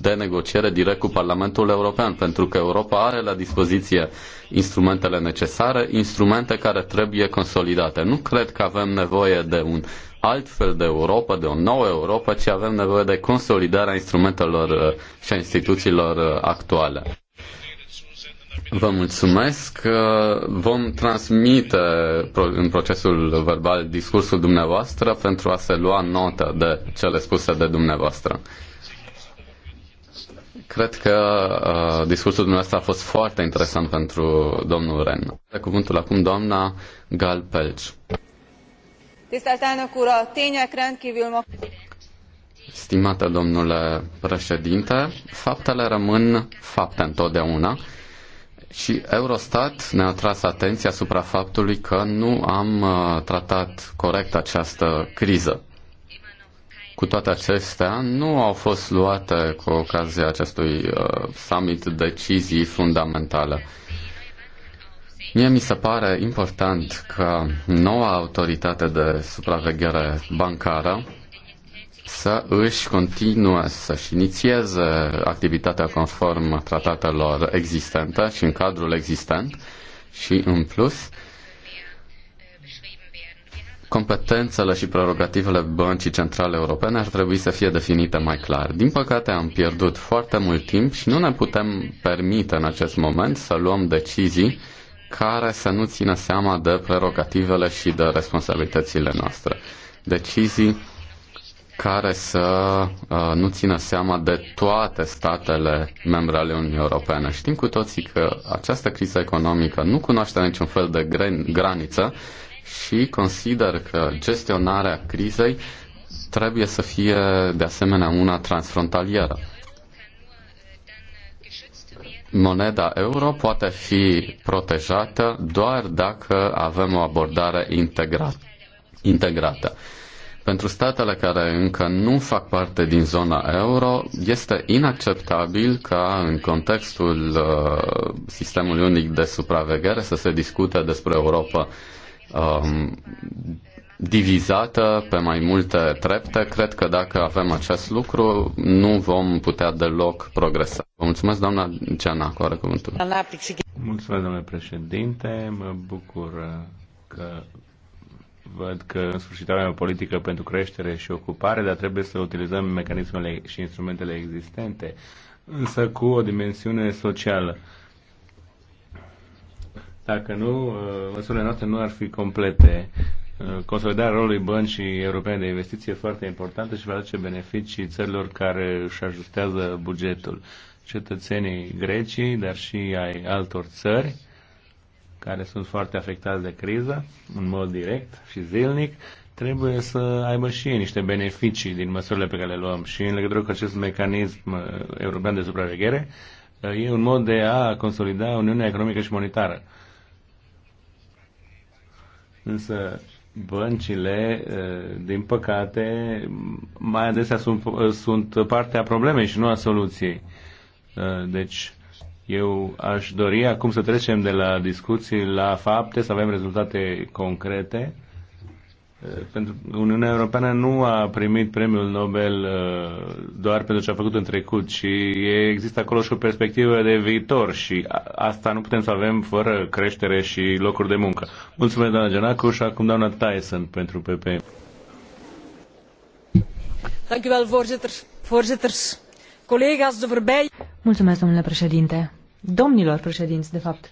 de negociere direct cu Parlamentul European, pentru că Europa are la dispoziție instrumentele necesare, instrumente care trebuie consolidate. Nu cred că avem nevoie de un altfel de Europa, de o nouă Europa, ci avem nevoie de consolidarea instrumentelor uh, și a instituțiilor uh, actuale. Vă mulțumesc. Uh, vom transmite în procesul verbal discursul dumneavoastră pentru a se lua notă de cele spuse de dumneavoastră. Cred că discursul dumneavoastră a fost foarte interesant pentru domnul Ren. cuvântul acum doamna Gal Pelci.
Tisztelt elnök úr, a tények rendkívül ma...
Stimată domnule președinte, faptele rămân fapte întotdeauna și Eurostat ne-a tras atenția asupra faptului că nu am uh, tratat corect această criză. Cu toate acestea, nu au fost luate cu ocazia acestui uh, summit decizii fundamentale Mie mi se pare important că noua autoritate de supraveghere bancară să își continue să-și inițieze activitatea conform tratatelor existente și în cadrul existent și, în plus, competențele și prerogativele Băncii Centrale Europene ar trebui să fie definite mai clar. Din păcate am pierdut foarte mult timp și nu ne putem permite în acest moment să luăm decizii care să nu țină seama de prerogativele și de responsabilitățile noastre. Decizii care să uh, nu țină seama de toate statele membre ale Uniunii Europene. Știm cu toții că această criză economică nu cunoaște niciun fel de graniță și consider că gestionarea crizei trebuie să fie de asemenea una transfrontalieră moneda euro poate fi protejată doar dacă avem o abordare integrat, integrată. Pentru statele care încă nu fac parte din zona euro, este inacceptabil ca în contextul uh, sistemului unic de supraveghere să se discute despre Europa um, divizată pe mai multe trepte. Cred că dacă avem acest lucru, nu vom putea deloc progresa. Vă mulțumesc, doamna Geana, cu are cuvântul.
Mulțumesc, domnule președinte. Mă bucur că văd că în sfârșit avem o politică pentru creștere și ocupare, dar trebuie să utilizăm mecanismele și instrumentele existente, însă cu o dimensiune socială. Dacă nu, măsurile noastre nu ar fi complete. Uh, consolidarea rolului băncii europene de investiție e foarte importantă și va aduce beneficii țărilor care își ajustează bugetul. Cetățenii grecii, dar și ai altor țări care sunt foarte afectați de criză, în mod direct și zilnic, trebuie să aibă și ei niște beneficii din măsurile pe care le luăm. Și în legătură cu acest mecanism uh, european de supraveghere, uh, e un mod de a consolida Uniunea Economică și Monetară. Însă băncile, eh, din păcate, mai adesea sunt, sunt partea problemei și nu a soluției. Eh, deci, eu aș dori acum să trecem de la discuții la fapte, să avem rezultate concrete pentru că Uniunea Europeană nu a primit premiul Nobel uh, doar pentru ce a făcut în trecut, ci există acolo și o perspectivă de viitor și asta nu putem să avem fără creștere și locuri de muncă. Mulțumesc, doamna Genacu, și acum doamna Tyson pentru PP.
Mulțumesc, domnule președinte. Domnilor președinți, de fapt.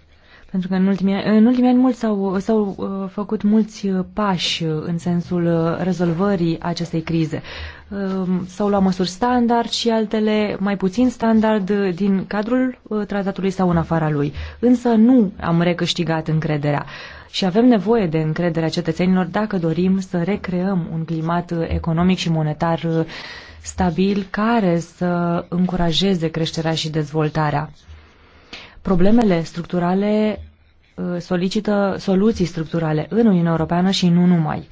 Pentru că în ultimii, în ultimii ani mulți s-au, s-au uh, făcut mulți uh, pași uh, în sensul rezolvării acestei crize. Um, s-au luat măsuri standard și altele mai puțin standard din cadrul tratatului sau în afara lui. Însă nu am recâștigat încrederea și avem nevoie de încrederea cetățenilor dacă dorim să recreăm un climat economic și monetar stabil care să încurajeze creșterea și dezvoltarea. Problemele structurale uh, solicită soluții structurale în Uniunea Europeană și nu numai.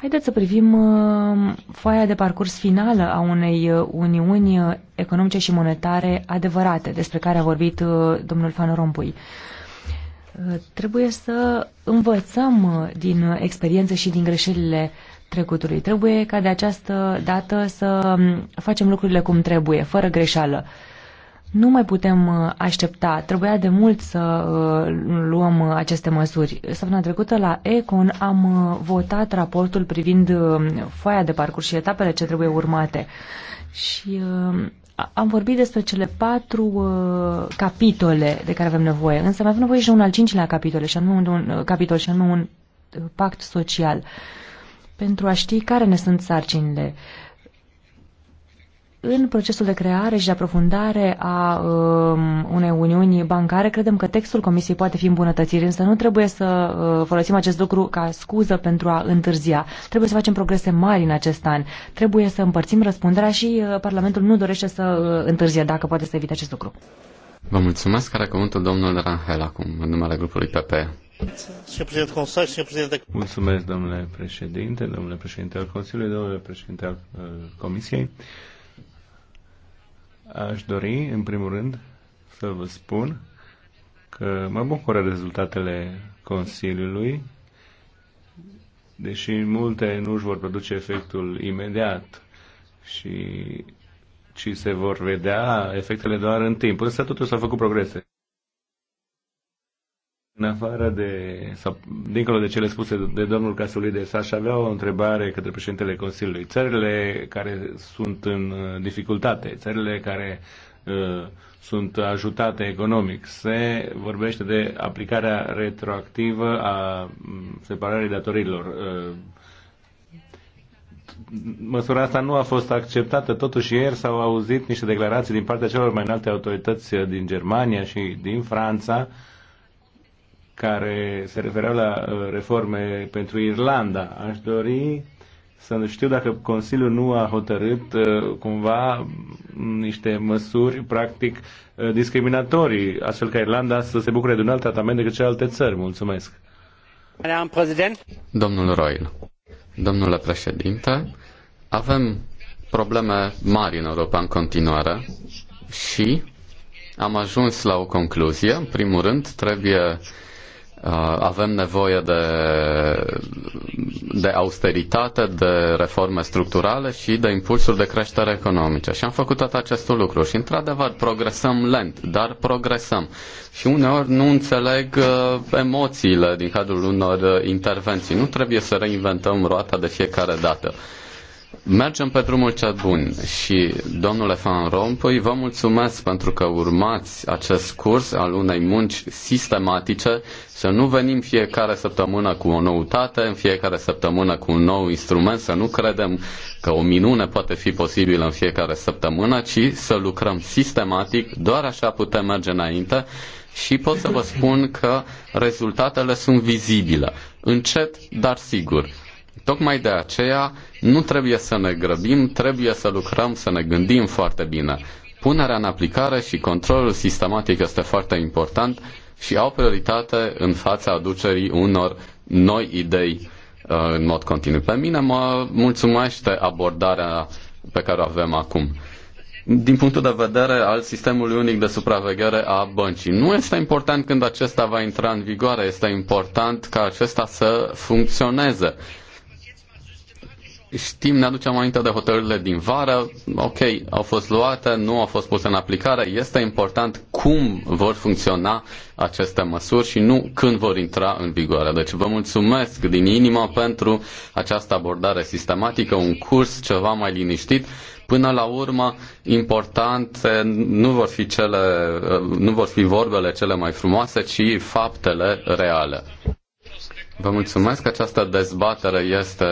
Haideți să privim uh, foaia de parcurs finală a unei uh, uniuni economice și monetare adevărate, despre care a vorbit domnul Van Rompuy. Trebuie să învățăm din experiențe și din greșelile trecutului. Trebuie ca de această dată să um, facem lucrurile cum trebuie, fără greșeală. Nu mai putem uh, aștepta. Trebuia de mult să uh, luăm uh, aceste măsuri. Săptămâna trecută la Econ am votat raportul privind foaia de parcurs și etapele ce trebuie urmate. Și am vorbit despre cele patru capitole de care avem nevoie, însă mai avem nevoie și de un al cincilea capitol, și anume un, un capitol, și anume un pact social, pentru a ști care ne sunt sarcinile. În procesul de creare și de aprofundare a um, unei uniuni bancare, credem că textul Comisiei poate fi îmbunătățit, însă nu trebuie să uh, folosim acest lucru ca scuză pentru a întârzia. Trebuie să facem progrese mari în acest an. Trebuie să împărțim răspunderea și uh, Parlamentul nu dorește să uh, întârzie, dacă poate să evite acest lucru.
Vă mulțumesc. Care cuvântul domnul Rangel acum, în numele grupului PP.
Mulțumesc, domnule președinte, domnule președinte al Consiliului, domnule președinte al uh, Comisiei. Aș dori, în primul rând, să vă spun că mă bucură rezultatele Consiliului, deși multe nu își vor produce efectul imediat și ci se vor vedea efectele doar în timp. Însă totuși s a făcut progrese. În afară de, sau dincolo de cele spuse de domnul de aș avea o întrebare către președintele Consiliului. Țările care sunt în uh, dificultate, țările care uh, sunt ajutate economic, se vorbește de aplicarea retroactivă a mm, separării datorilor. Uh, măsura asta nu a fost acceptată. Totuși ieri s-au auzit niște declarații din partea celor mai înalte autorități din Germania și din Franța uh, care se refereau la uh, reforme pentru Irlanda. Aș dori să știu dacă Consiliul nu a hotărât uh, cumva niște măsuri practic uh, discriminatorii, astfel ca Irlanda să se bucure de un alt tratament decât celelalte țări. Mulțumesc.
Domnul Royal, domnule președinte, avem probleme mari în Europa în continuare și am ajuns la o concluzie. În primul rând, trebuie Uh, avem nevoie de, de austeritate, de reforme structurale și de impulsuri de creștere economice. Și am făcut tot acest lucru. Și, într-adevăr, progresăm lent, dar progresăm. Și uneori nu înțeleg uh, emoțiile din cadrul unor uh, intervenții. Nu trebuie să reinventăm roata de fiecare dată. Uh, Mergem pe drumul cel bun și, domnule Van Rompuy, vă mulțumesc pentru că urmați acest curs al unei munci sistematice, să nu venim fiecare săptămână cu o noutate, în fiecare săptămână cu un nou instrument, să nu credem că o minune poate fi posibilă în fiecare săptămână, ci să lucrăm sistematic, doar așa putem merge înainte și pot să vă spun că rezultatele sunt vizibile, încet, dar sigur. Tocmai de aceea nu trebuie să ne grăbim, trebuie să lucrăm, să ne gândim foarte bine. Punerea în aplicare și controlul sistematic este foarte important și au prioritate în fața aducerii unor noi idei uh, în mod continuu. Pe mine mă mulțumește abordarea pe care o avem acum din punctul de vedere al sistemului unic de supraveghere a băncii. Nu este important când acesta va intra în vigoare, este important ca acesta să funcționeze. Știm, ne aducem aminte de hotărârile din vară, ok, au fost luate, nu au fost puse în aplicare, este important cum vor funcționa aceste măsuri și nu când vor intra în vigoare. Deci vă mulțumesc din inimă pentru această abordare sistematică, un curs ceva mai liniștit. Până la urmă, important, nu vor fi, cele, nu vor fi vorbele cele mai frumoase, ci faptele reale. Vă mulțumesc. Această dezbatere este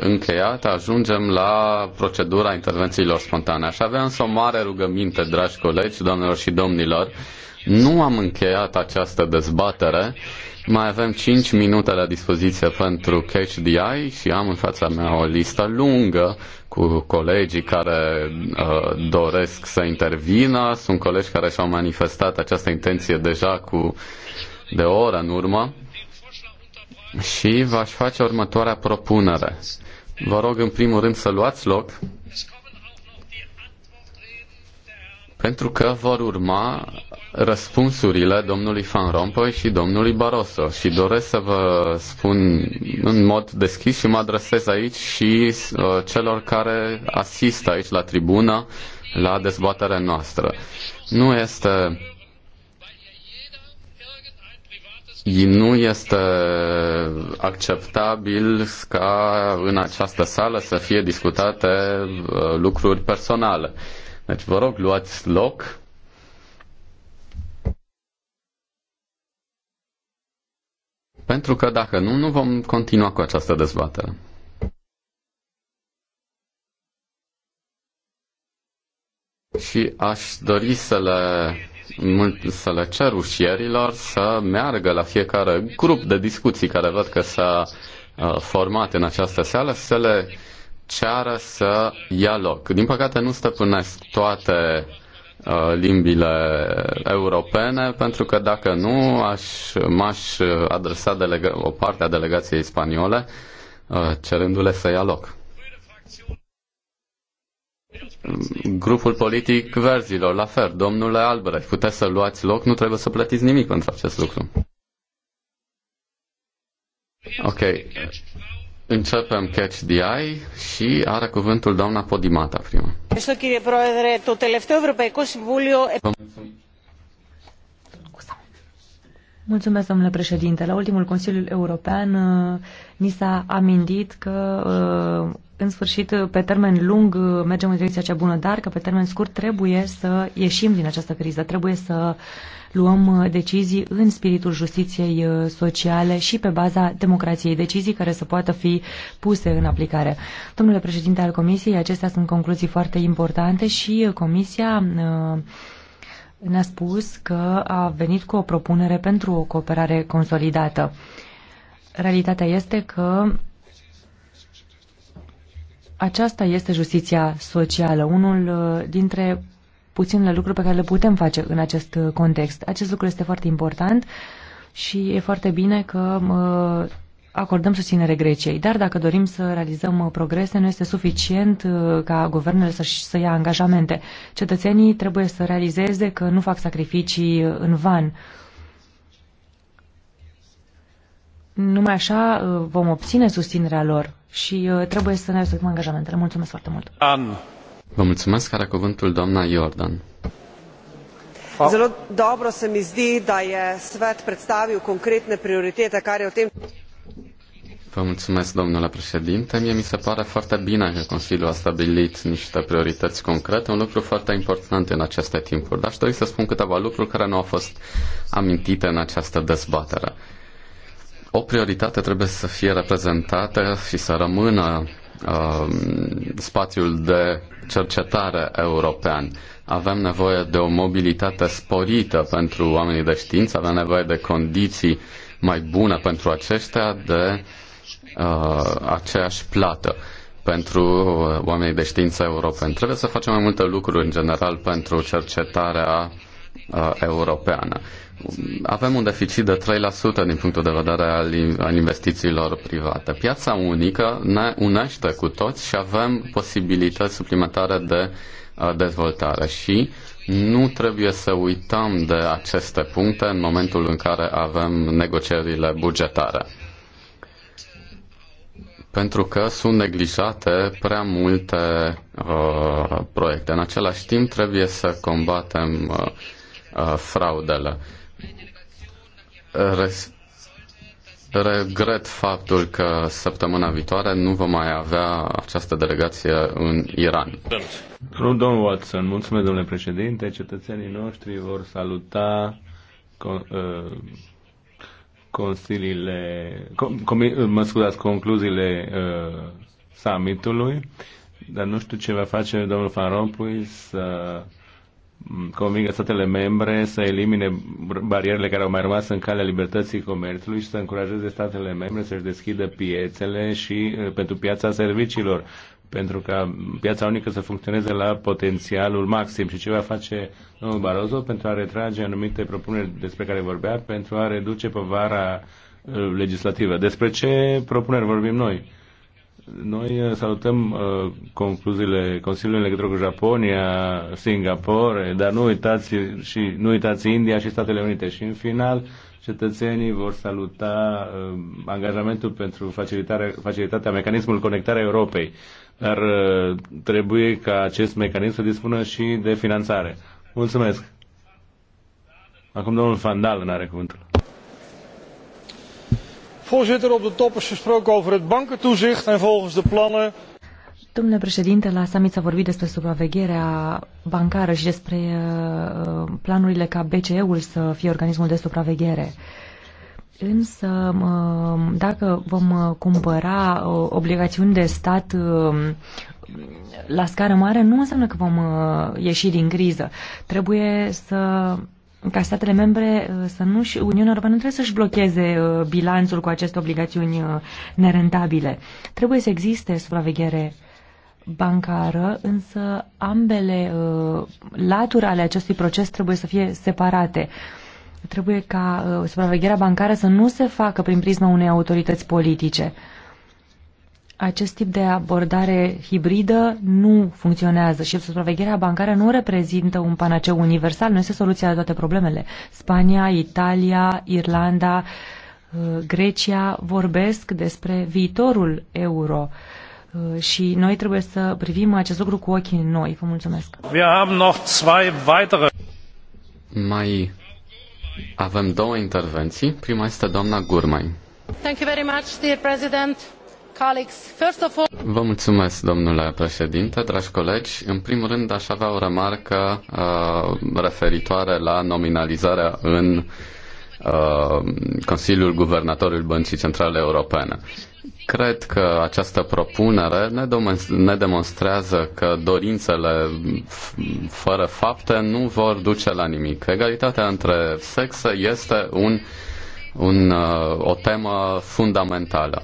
încheiată. Ajungem la procedura intervențiilor spontane. Aș avea însă o mare rugăminte, dragi colegi, doamnelor și domnilor. Nu am încheiat această dezbatere. Mai avem 5 minute la dispoziție pentru Catch the Eye și am în fața mea o listă lungă cu colegii care uh, doresc să intervină. Sunt colegi care și-au manifestat această intenție deja cu de o oră în urmă și v-aș face următoarea propunere. Vă rog în primul rând să luați loc pentru că vor urma răspunsurile domnului Van Rompuy și domnului Barroso și doresc să vă spun în mod deschis și mă adresez aici și uh, celor care asistă aici la tribună la dezbaterea noastră. Nu este nu este acceptabil ca în această sală să fie discutate uh, lucruri personale. Deci vă rog, luați loc. Pentru că dacă nu, nu vom continua cu această dezbatere. Și aș dori să le să le cer ușierilor să meargă la fiecare grup de discuții care văd că s-a uh, format în această seară, să le ceară să ia loc. Din păcate nu stăpânesc toate uh, limbile europene, pentru că dacă nu, aș, m-aș adresa delega- o parte a delegației spaniole uh, cerându-le să ia loc. Grupul politic verzilor, la fel. Domnule Albrecht, puteți să luați loc, nu trebuie să plătiți nimic pentru acest lucru. Ok. Începem Catch the Eye și are cuvântul doamna Podimata prima.
Vă mulțumesc. Mulțumesc, domnule președinte. La ultimul Consiliu European uh, ni s-a amintit că uh, în sfârșit, pe termen lung, uh, mergem în direcția cea bună, dar că pe termen scurt trebuie să ieșim din această criză, trebuie să luăm decizii în spiritul justiției sociale și pe baza democrației, decizii care să poată fi puse în aplicare. Domnule președinte al Comisiei, acestea sunt concluzii foarte importante și Comisia ne-a spus că a venit cu o propunere pentru o cooperare consolidată. Realitatea este că aceasta este justiția socială, unul uh, dintre puținele lucruri pe care le putem face în acest uh, context. Acest lucru este foarte important și e foarte bine că uh, acordăm susținere Greciei, dar dacă dorim să realizăm uh, progrese, nu este suficient uh, ca guvernele să, să ia angajamente. Cetățenii trebuie să realizeze că nu fac sacrificii uh, în van. Numai așa vom obține susținerea lor și trebuie să ne asumăm angajamentele. Mulțumesc foarte mult!
An.
Vă mulțumesc, care cuvântul doamna Jordan.
Zelo dobro se mi zdi, da je svet predstavil konkretne prioritete, kar je v tem
Vă mulțumesc, domnule președinte. Mie mi se pare foarte bine că Consiliul a stabilit niște priorități concrete, un lucru foarte important în aceste timpuri. Dar aș dori să spun câteva lucruri care nu au fost amintite în această dezbatere. O prioritate trebuie să fie reprezentată și să rămână uh, spațiul de cercetare european. Avem nevoie de o mobilitate sporită pentru oamenii de știință, avem nevoie de condiții mai bună pentru acestea de uh, aceeași plată pentru uh, oamenii de știință europeni. Trebuie să facem mai multe lucruri în general pentru cercetarea uh, europeană. Avem un deficit de 3% din punctul de vedere al, al investițiilor private. Piața unică ne unește cu toți și avem posibilități suplimentare de uh, dezvoltare și uh, nu trebuie să uităm de aceste puncte în momentul în care avem negocierile bugetare. Pentru că sunt neglijate prea multe uh, proiecte. În același timp trebuie să combatem uh, uh, fraudele. Res- Regret faptul că săptămâna viitoare nu vom mai avea această delegație în Iran.
Domnul Watson, mulțumesc, domnule președinte. Cetățenii noștri vor saluta con, uh, consiliile, com, mă scuzați, concluziile uh, summitului, dar nu știu ce va face domnul Van Rompuy să convingă statele membre să elimine barierele care au mai rămas în calea libertății comerțului și să încurajeze statele membre să-și deschidă piețele și pentru piața serviciilor, pentru ca piața unică să funcționeze la potențialul maxim. Și ce va face domnul Barozo pentru a retrage anumite propuneri despre care vorbea, pentru a reduce povara legislativă. Despre ce propuneri vorbim noi? Noi uh, salutăm uh, concluziile Consiliului în legătură cu Japonia, Singapore, dar nu uitați, și, nu uitați India și Statele Unite. Și în final, cetățenii vor saluta uh, angajamentul pentru facilitarea, facilitatea mecanismul conectarea Europei. Dar uh, trebuie ca acest mecanism să dispună și de finanțare. Mulțumesc! Acum domnul Fandal are cuvântul.
Voorzitter,
op
de top is gesproken over het bankentoezicht en volgens de plannen
Domnule președinte, la summit s-a vorbit despre supravegherea bancară și despre uh, planurile ca BCE-ul să fie organismul de supraveghere. Însă, dacă vom uh, cumpăra uh, obligațiuni de stat la scară mare, nu înseamnă că vom ieși din criză. Trebuie să ca statele membre uh, să nu și Uniunea Europeană trebuie să-și blocheze uh, bilanțul cu aceste obligațiuni uh, nerentabile. Trebuie să existe supraveghere bancară, însă ambele laturi ale acestui proces trebuie să fie separate. Trebuie ca supravegherea bancară să nu se facă prin prisma unei autorități politice acest tip de abordare hibridă nu funcționează și supravegherea bancară nu reprezintă un panaceu universal, nu este soluția la toate problemele. Spania, Italia, Irlanda, uh, Grecia vorbesc despre viitorul euro uh, și noi trebuie să privim acest lucru cu ochii noi. Vă mulțumesc.
Mai avem două intervenții. Prima este doamna Gurmai.
Thank you very much, dear President.
Vă mulțumesc, domnule președinte, dragi colegi. În primul rând, aș avea o remarcă uh, referitoare la nominalizarea în uh, Consiliul Guvernatorului Băncii Centrale Europene. Cred că această propunere ne, ne demonstrează că dorințele fără fapte nu vor duce la nimic. Egalitatea între sexe este un, un, uh, o temă fundamentală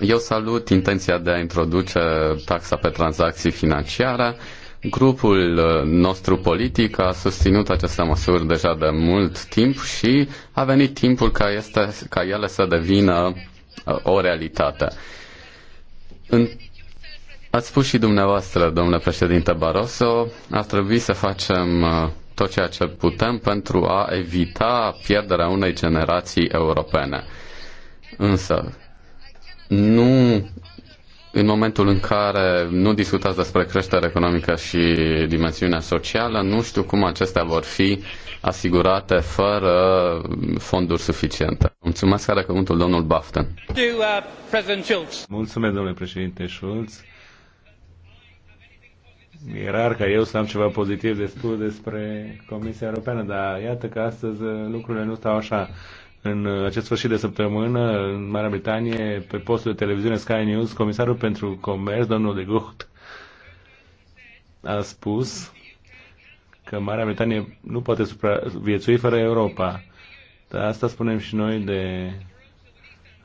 eu salut intenția de a introduce taxa pe tranzacții financiare. Grupul uh, nostru politic a susținut aceste măsuri deja de mult timp și a venit timpul ca, este, ca ele să devină uh, o realitate. În Ați spus și dumneavoastră, domnule președinte Barroso, ar trebui să facem uh, tot ceea ce putem pentru a evita pierderea unei generații europene. Însă, nu în momentul în care nu discutați despre creștere economică și dimensiunea socială, nu știu cum acestea vor fi asigurate fără fonduri suficiente. Mulțumesc, care cuvântul domnul Bafton.
Uh,
Mulțumesc, domnule președinte Schulz. E rar ca eu să am ceva pozitiv de spus despre Comisia Europeană, dar iată că astăzi uh, lucrurile nu stau așa în acest sfârșit de săptămână în Marea Britanie, pe postul de televiziune Sky News, comisarul pentru comerț, domnul de Gucht, a spus că Marea Britanie nu poate supraviețui fără Europa. Dar asta spunem și noi de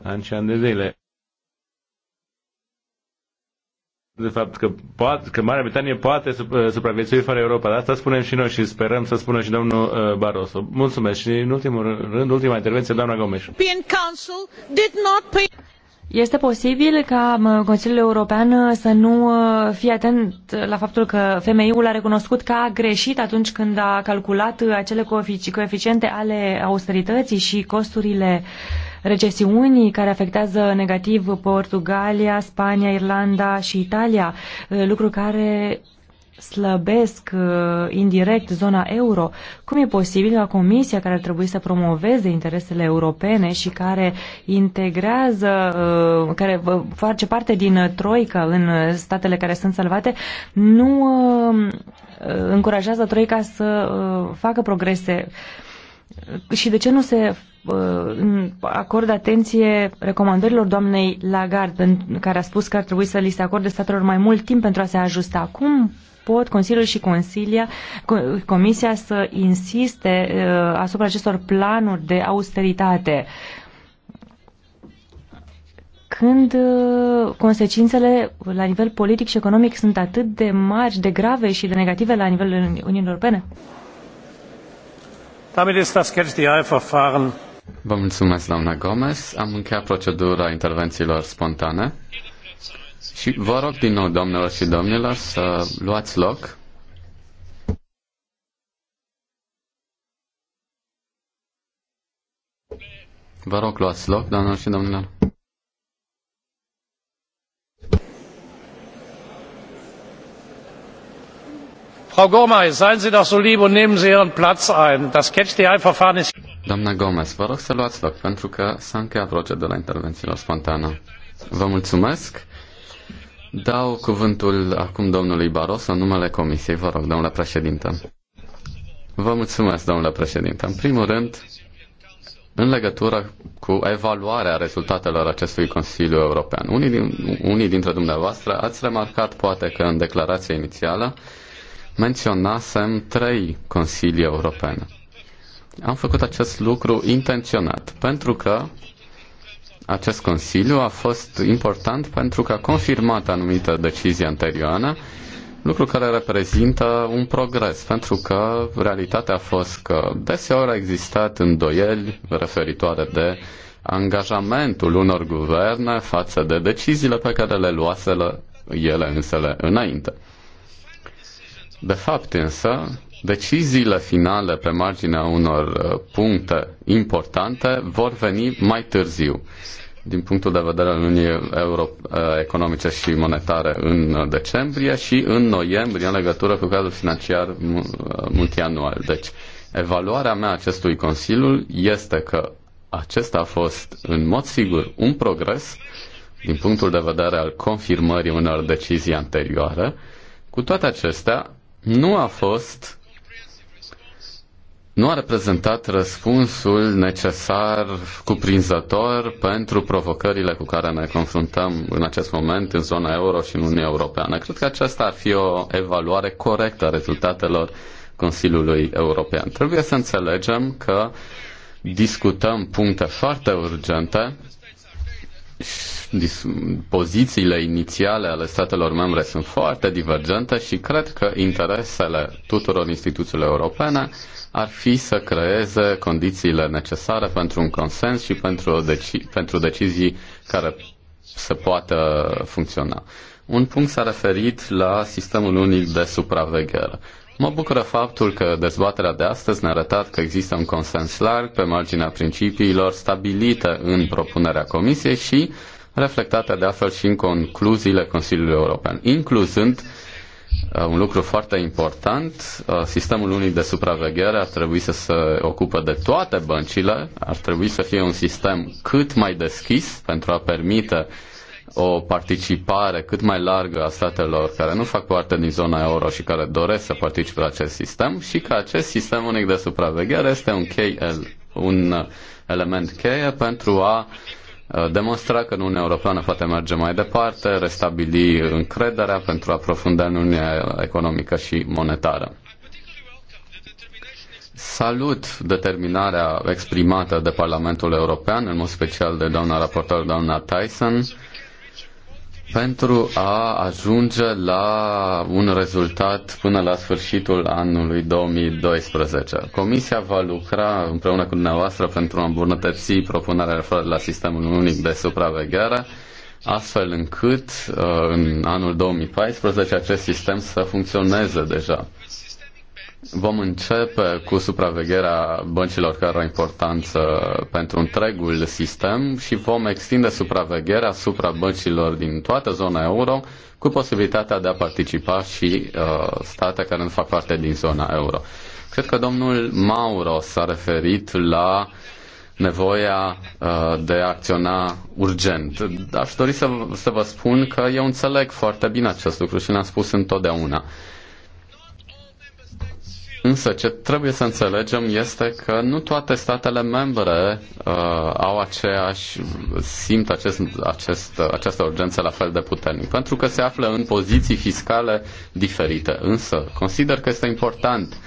ani și ani de zile. de fapt că, poate, că Marea Britanie poate uh, supraviețui fără Europa. Dar asta spunem și noi și sperăm să spună și domnul uh, Barroso. Mulțumesc. Și în ultimul rând, ultima intervenție, doamna Gomes.
Este posibil ca Consiliul European uh, să nu fie atent la faptul că FMI-ul a recunoscut că a greșit atunci când a calculat acele coeficiente ale austerității și costurile uh, recesiunii care afectează negativ Portugalia, Spania, Irlanda și Italia, uh, lucru care slăbesc uh, indirect zona euro. Cum e posibil la Comisia care ar trebui să promoveze interesele europene și care integrează, uh, care face parte din troică în statele care sunt salvate, nu încurajează troica să facă progrese uh, și de ce nu se uh, acord atenție recomandărilor doamnei Lagarde, care a spus că ar trebui să li se acorde statelor mai mult timp pentru a se ajusta. Cum pot Consiliul și Consilia, Comisia să insiste uh, asupra acestor planuri de austeritate? când uh, consecințele la nivel politic și economic sunt atât de mari, de grave și de negative la nivelul Uniunii Europene?
Damit ist das Catch the Eye Verfahren. Vă mulțumesc, doamna Gomez. Am încheiat procedura intervențiilor spontane. Și vă rog din nou, doamnelor și domnilor, să luați loc. Vă rog, luați loc, doamnelor și domnilor.
frau gomes seien sie doch so lieb und nehmen sie ihren platz ein. das catch the eye
verfahren ist. doamnă gomes vă rog să luați loc pentru că s-a încheiat procedura intervențiilor spontane. Vă mulțumesc. Dau cuvântul acum domnului Barroso în numele Comisiei. Vă rog, domnule președinte. Vă mulțumesc, domnule președinte. În primul rând, în legătură cu evaluarea rezultatelor acestui Consiliu European. Unii, din, unii dintre dumneavoastră ați remarcat poate că în declarația inițială menționasem trei consilii europene. Am făcut acest lucru intenționat, pentru că acest consiliu a fost important pentru că a confirmat anumite decizii anterioare, lucru care reprezintă un progres, pentru că realitatea a fost că deseori a existat îndoieli referitoare de angajamentul unor guverne față de deciziile pe care le luaseră ele însele înainte. De fapt însă, deciziile finale pe marginea unor uh, puncte importante vor veni mai târziu. Din punctul de vedere al Uniunii Euro- uh, Economice și Monetare în uh, decembrie și în noiembrie în legătură cu cadrul financiar multianual. Deci, evaluarea mea acestui Consiliu este că acesta a fost în mod sigur un progres din punctul de vedere al confirmării unor decizii anterioare. Cu toate acestea, nu a fost nu a reprezentat răspunsul necesar, cuprinzător pentru provocările cu care ne confruntăm în acest moment în zona euro și în Uniunea Europeană. Cred că aceasta ar fi o evaluare corectă a rezultatelor Consiliului European. Trebuie să înțelegem că discutăm puncte foarte urgente Pozițiile inițiale ale statelor membre sunt foarte divergente și cred că interesele tuturor instituțiilor europene ar fi să creeze condițiile necesare pentru un consens și pentru, deci- pentru decizii care să poată funcționa. Un punct s-a referit la sistemul unic de supraveghere. Mă bucură faptul că dezbaterea de astăzi ne-a arătat că există un consens larg pe marginea principiilor stabilite în propunerea Comisiei și reflectate de altfel și în concluziile Consiliului European, incluzând uh, un lucru foarte important, uh, sistemul unic de supraveghere ar trebui să se ocupe de toate băncile, ar trebui să fie un sistem cât mai deschis pentru a permite uh, o participare cât mai largă a statelor care nu fac parte din zona euro și care doresc să participe la acest sistem și că acest sistem unic de supraveghere este un, KL, un uh, element cheie pentru a uh, demonstra că Uniunea Europeană poate merge mai departe, restabili încrederea pentru a profunda în Uniunea Economică și Monetară. Salut determinarea exprimată de Parlamentul European, în mod special de doamna raportor, doamna Tyson, pentru a ajunge la un rezultat până la sfârșitul anului 2012. Comisia va lucra împreună cu dumneavoastră pentru a îmbunătăți propunerea referitoare la sistemul unic de supraveghere, astfel încât uh, în anul 2014 acest sistem să funcționeze deja. Vom începe cu supravegherea băncilor care au importanță pentru întregul sistem și vom extinde supravegherea asupra băncilor din toată zona euro cu posibilitatea de a participa și uh, state care nu fac parte din zona euro. Cred că domnul Mauro s-a referit la nevoia uh, de a acționa urgent. Aș dori să, să vă spun că eu înțeleg foarte bine acest lucru și l-am spus întotdeauna. Însă ce trebuie să înțelegem este că nu toate statele membre uh, au aceeași, simt acest, acest, această urgență la fel de puternic, pentru că se află în poziții fiscale diferite. Însă consider că este important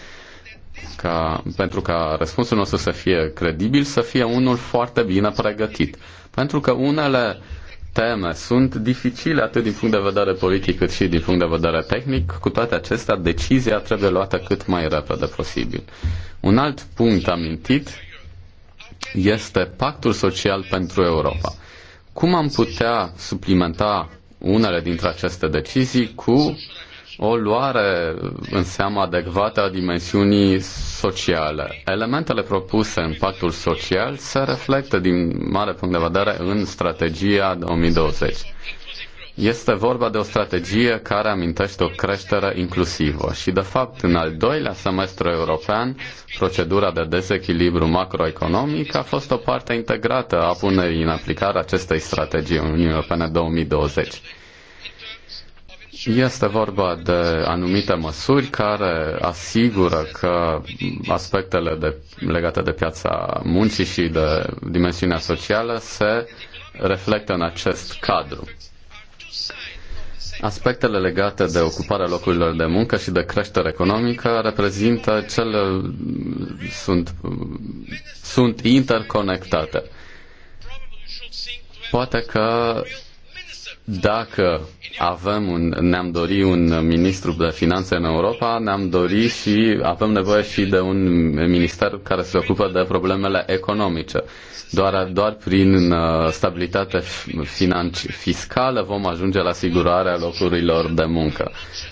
ca, pentru ca răspunsul nostru să fie credibil, să fie unul foarte bine pregătit. Pentru că unele uh, teme sunt dificile atât din punct de vedere politic cât și din punct de vedere tehnic. Cu toate acestea, decizia trebuie luată cât mai repede posibil. Un alt punct amintit este pactul social pentru Europa. Cum am putea suplimenta unele dintre aceste decizii cu o luare în seama adecvată a dimensiunii sociale. Elementele propuse în pactul social se reflectă din mare punct de vedere în strategia 2020. Este vorba de o strategie care amintește o creștere inclusivă și, de fapt, în al doilea semestru european, procedura de dezechilibru macroeconomic a fost o parte integrată a punerii în aplicare acestei strategii Uniunea Europeană 2020. Este vorba de anumite măsuri care asigură că aspectele de, legate de piața muncii și de dimensiunea socială se reflectă în acest cadru. Aspectele legate de ocuparea locurilor de muncă și de creștere economică reprezintă cele sunt, sunt interconectate. Poate că dacă avem un, ne-am dori un ministru de finanțe în Europa, ne-am dori și avem nevoie și de un minister care se ocupă de problemele economice. Doar, doar prin uh, stabilitate financi, fiscală vom ajunge la asigurarea locurilor de muncă.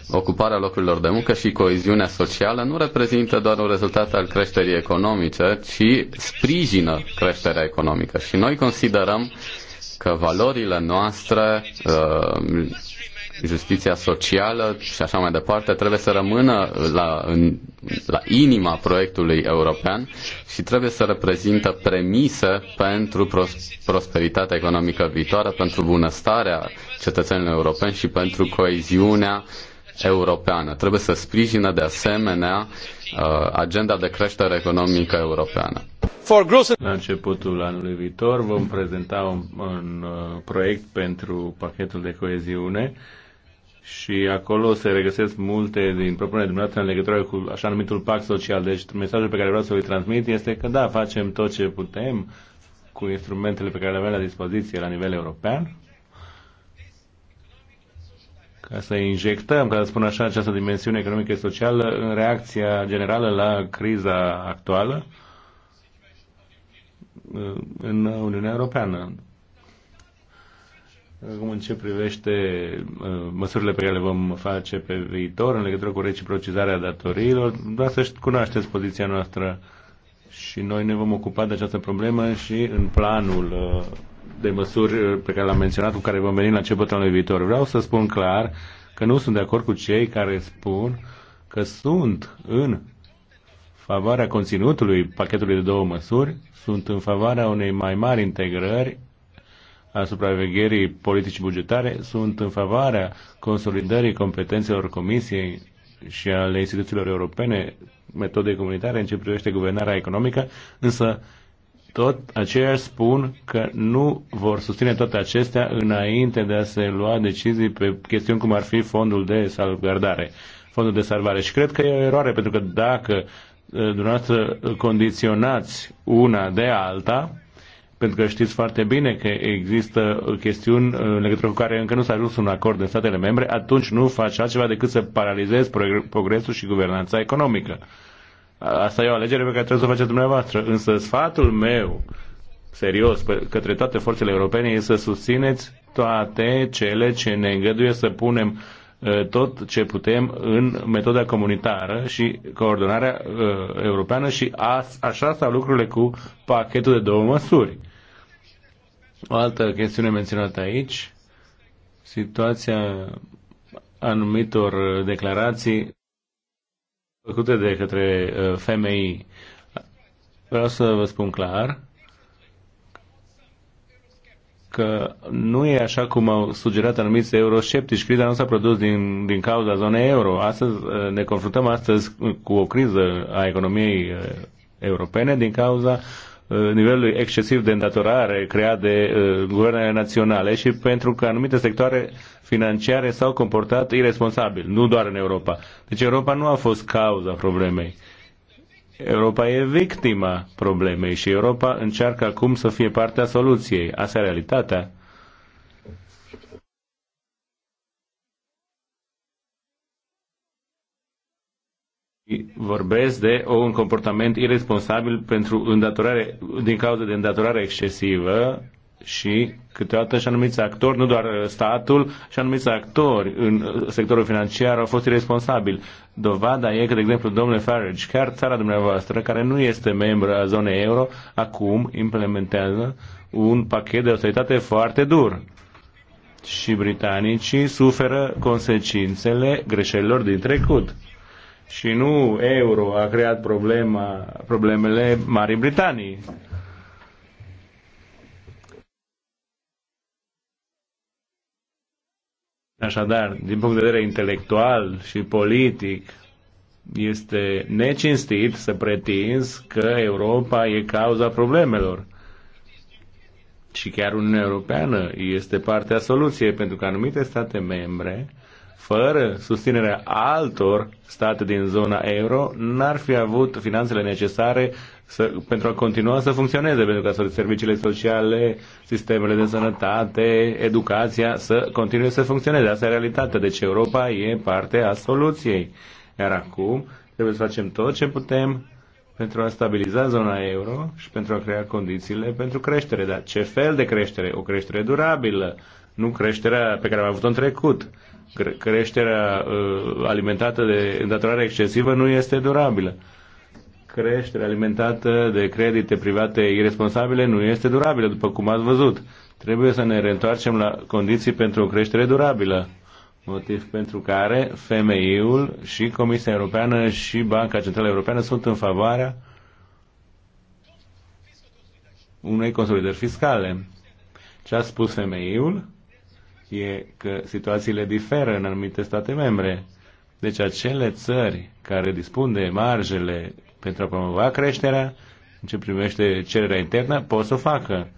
Ocuparea locurilor de muncă și coeziunea socială nu reprezintă doar un rezultat al creșterii economice, ci sprijină creșterea economică. Și noi considerăm că valorile noastre, uh, justiția socială și așa mai departe, trebuie să rămână la, în, la inima proiectului european și trebuie să reprezintă premise pentru pros- prosperitatea economică viitoare, pentru bunăstarea cetățenilor europeni și pentru coeziunea uh, europeană. Trebuie să sprijină de asemenea uh, agenda de creștere economică europeană.
La începutul anului viitor vom prezenta un, un uh, proiect pentru pachetul de coeziune și acolo se regăsesc multe din propunerile dumneavoastră în legătură cu așa numitul pact social. Deci mesajul pe care vreau să vă transmit este că da, facem tot ce putem cu instrumentele pe care le avem la dispoziție la nivel european ca să injectăm, ca să spun așa, această dimensiune economică și socială în reacția generală la criza actuală uh, în Uniunea Europeană. Acum, în ce privește uh, măsurile pe care le vom face pe viitor în legătură cu reciprocizarea datoriilor, doar să cunoașteți poziția noastră și noi ne vom ocupa de această problemă și în planul uh, de măsuri uh, pe care le-am menționat, cu care vom veni la începutul anului viitor. Vreau să spun clar că nu sunt de acord cu cei care spun că sunt în favoarea conținutului pachetului de două măsuri, sunt în favoarea unei mai mari integrări a supravegherii politicii bugetare, sunt în favoarea consolidării competențelor Comisiei și ale instituțiilor europene, metodei comunitare în ce privește guvernarea economică, însă tot aceia spun că nu vor susține toate acestea înainte de a se lua decizii pe chestiuni cum ar fi fondul de salvgardare, fondul de salvare. Și cred că e o eroare, pentru că dacă uh, dumneavoastră condiționați una de alta, pentru că știți foarte bine că există chestiuni uh, în legătură cu care încă nu s-a ajuns un acord în statele membre, atunci nu faci altceva decât să paralizezi progresul și guvernanța economică. Asta e o alegere pe care trebuie să o faceți dumneavoastră. Însă sfatul meu, serios, către toate forțele europene, e să susțineți toate cele ce ne îngăduie să punem tot ce putem în metoda comunitară și coordonarea uh, europeană și a, așa stau lucrurile cu pachetul de două măsuri. O altă chestiune menționată aici, situația anumitor declarații făcute de către uh, femei. Vreau să vă spun clar că nu e așa cum au sugerat anumiți eurosceptici. Criza nu s-a produs din, din cauza zonei euro. Astăzi uh, ne confruntăm astăzi cu o criză a economiei uh, europene din cauza Uh, nivelului excesiv de îndatorare creat de uh, guvernele naționale și pentru că anumite sectoare financiare s-au comportat irresponsabil, nu doar în Europa. Deci Europa nu a fost cauza problemei. Europa e victima problemei și Europa încearcă acum să fie partea soluției. Asta e realitatea. vorbesc de un comportament irresponsabil pentru îndatorare, din cauza de îndatorare excesivă și câteodată și anumiți actori, nu doar uh, statul, și anumiți actori în uh, sectorul financiar au fost irresponsabili. Dovada e că, de exemplu, domnule Farage, chiar țara dumneavoastră, care nu este membră a zonei euro, acum implementează un pachet de austeritate foarte dur. Și britanicii suferă consecințele greșelilor din trecut și nu euro a creat problema, problemele Marii Britanii. Așadar, din punct de vedere intelectual și politic, este necinstit să pretinzi că Europa e cauza problemelor. Și chiar Uniunea Europeană este partea soluției, pentru că anumite state membre fără susținerea altor state din zona euro, n-ar fi avut finanțele necesare să, pentru a continua să funcționeze, pentru ca serviciile sociale, sistemele de sănătate, educația să continue să funcționeze. Asta e realitatea. Deci Europa e parte a soluției. Iar acum trebuie să facem tot ce putem pentru a stabiliza zona euro și pentru a crea condițiile pentru creștere. Dar ce fel de creștere? O creștere durabilă, nu creșterea pe care am avut-o în trecut cre- creșterea uh, alimentată de îndatorare excesivă nu este durabilă. Creșterea alimentată de credite private irresponsabile nu este durabilă, după cum ați văzut. Trebuie să ne reîntoarcem la condiții pentru o creștere durabilă motiv pentru care FMI-ul și Comisia Europeană și Banca Centrală Europeană sunt în favoarea unei consolidări fiscale. Ce a spus FMI-ul e că situațiile diferă în anumite state membre. Deci acele țări care dispun de marjele pentru a promova creșterea, în ce primește cererea internă, pot să o facă.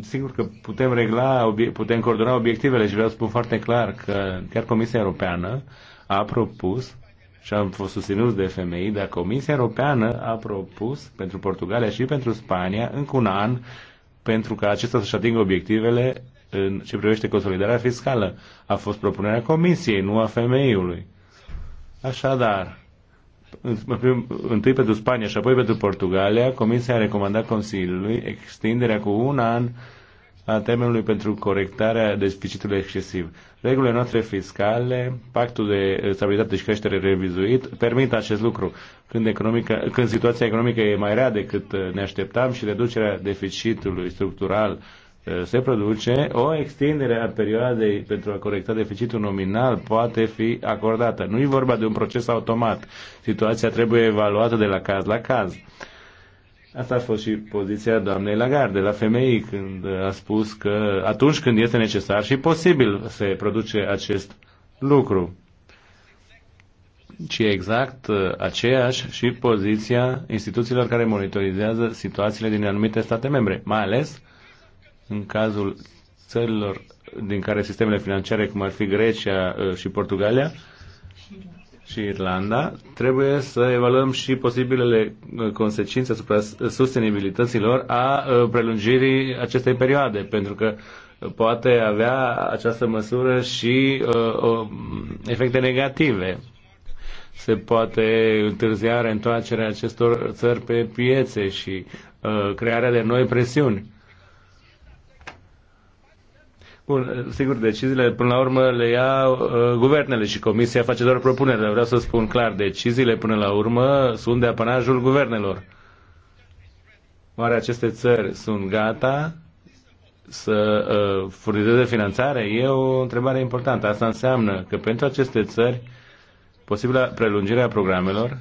Sigur că putem regla, putem coordona obiectivele și vreau să spun foarte clar că chiar Comisia Europeană a propus și am fost susținut de FMI, dar Comisia Europeană a propus pentru Portugalia și pentru Spania încă un an pentru ca acesta să-și atingă obiectivele în ce privește consolidarea fiscală. A fost propunerea Comisiei, nu a femeiului. Așadar, întâi pentru Spania și apoi pentru Portugalia, Comisia a recomandat Consiliului extinderea cu un an a termenului pentru corectarea deficitului excesiv. Regulile noastre fiscale, pactul de stabilitate și creștere revizuit, permit acest lucru când, economica când situația economică e mai rea decât ne așteptam și reducerea deficitului structural se produce, o extindere a perioadei pentru a corecta deficitul nominal poate fi acordată. Nu e vorba de un proces automat. Situația trebuie evaluată de la caz la caz. Asta a fost și poziția doamnei Lagarde la femei când a spus că atunci când este necesar și posibil se produce acest lucru. Și exact uh, aceeași și poziția instituțiilor care monitorizează situațiile din anumite state membre, mai ales în cazul țărilor din care sistemele financiare, cum ar fi Grecia uh, și Portugalia și Irlanda, trebuie să evaluăm și posibilele uh, consecințe asupra sustenibilităților a uh, prelungirii acestei perioade, pentru că poate avea această măsură și uh, efecte negative. Se poate întârzia reîntoarcerea acestor țări pe piețe și uh, crearea de noi presiuni. Bun, sigur, deciziile până la urmă le ia uh, guvernele și comisia face doar dar Vreau să spun clar, deciziile până la urmă sunt de apanajul guvernelor. Oare aceste țări sunt gata să uh, furnizeze finanțare? E o întrebare importantă. Asta înseamnă că pentru aceste țări posibilă prelungirea programelor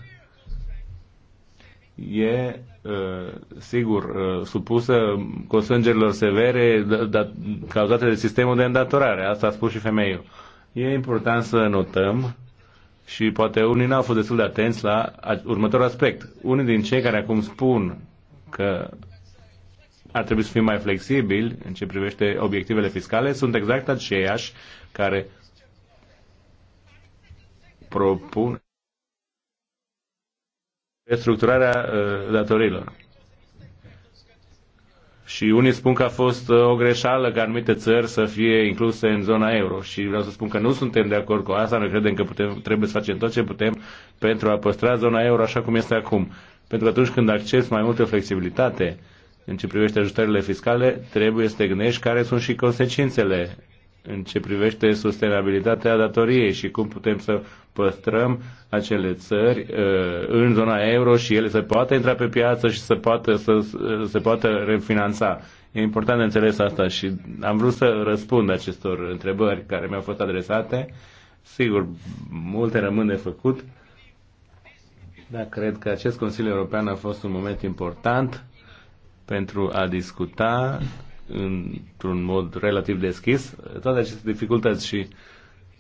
e Uh, sigur, uh, supusă consângerilor severe da, da, cauzate de sistemul de îndatorare. Asta a spus și femeiul. E important să notăm și poate unii n-au fost destul de atenți la următorul aspect. Unii din cei care acum spun că ar trebui să fim mai flexibili în ce privește obiectivele fiscale sunt exact aceiași care propun restructurarea uh, datorilor. Și unii spun că a fost uh, o greșeală ca anumite țări să fie incluse în zona euro. Și vreau să spun că nu suntem de acord cu asta, noi credem că putem, trebuie să facem tot ce putem pentru a păstra zona euro așa cum este acum. Pentru că atunci când accesi mai multă flexibilitate în ce privește ajustările fiscale, trebuie să te gândești care sunt și consecințele în ce privește sustenabilitatea datoriei și cum putem să păstrăm acele țări uh, în zona euro și ele să poată intra pe piață și să poată, să, uh, se poată refinanța. E important de înțeles asta și am vrut să răspund acestor întrebări care mi-au fost adresate. Sigur, multe rămân de făcut, dar cred că acest Consiliu European a fost un moment important pentru a discuta într-un mod relativ deschis toate aceste dificultăți și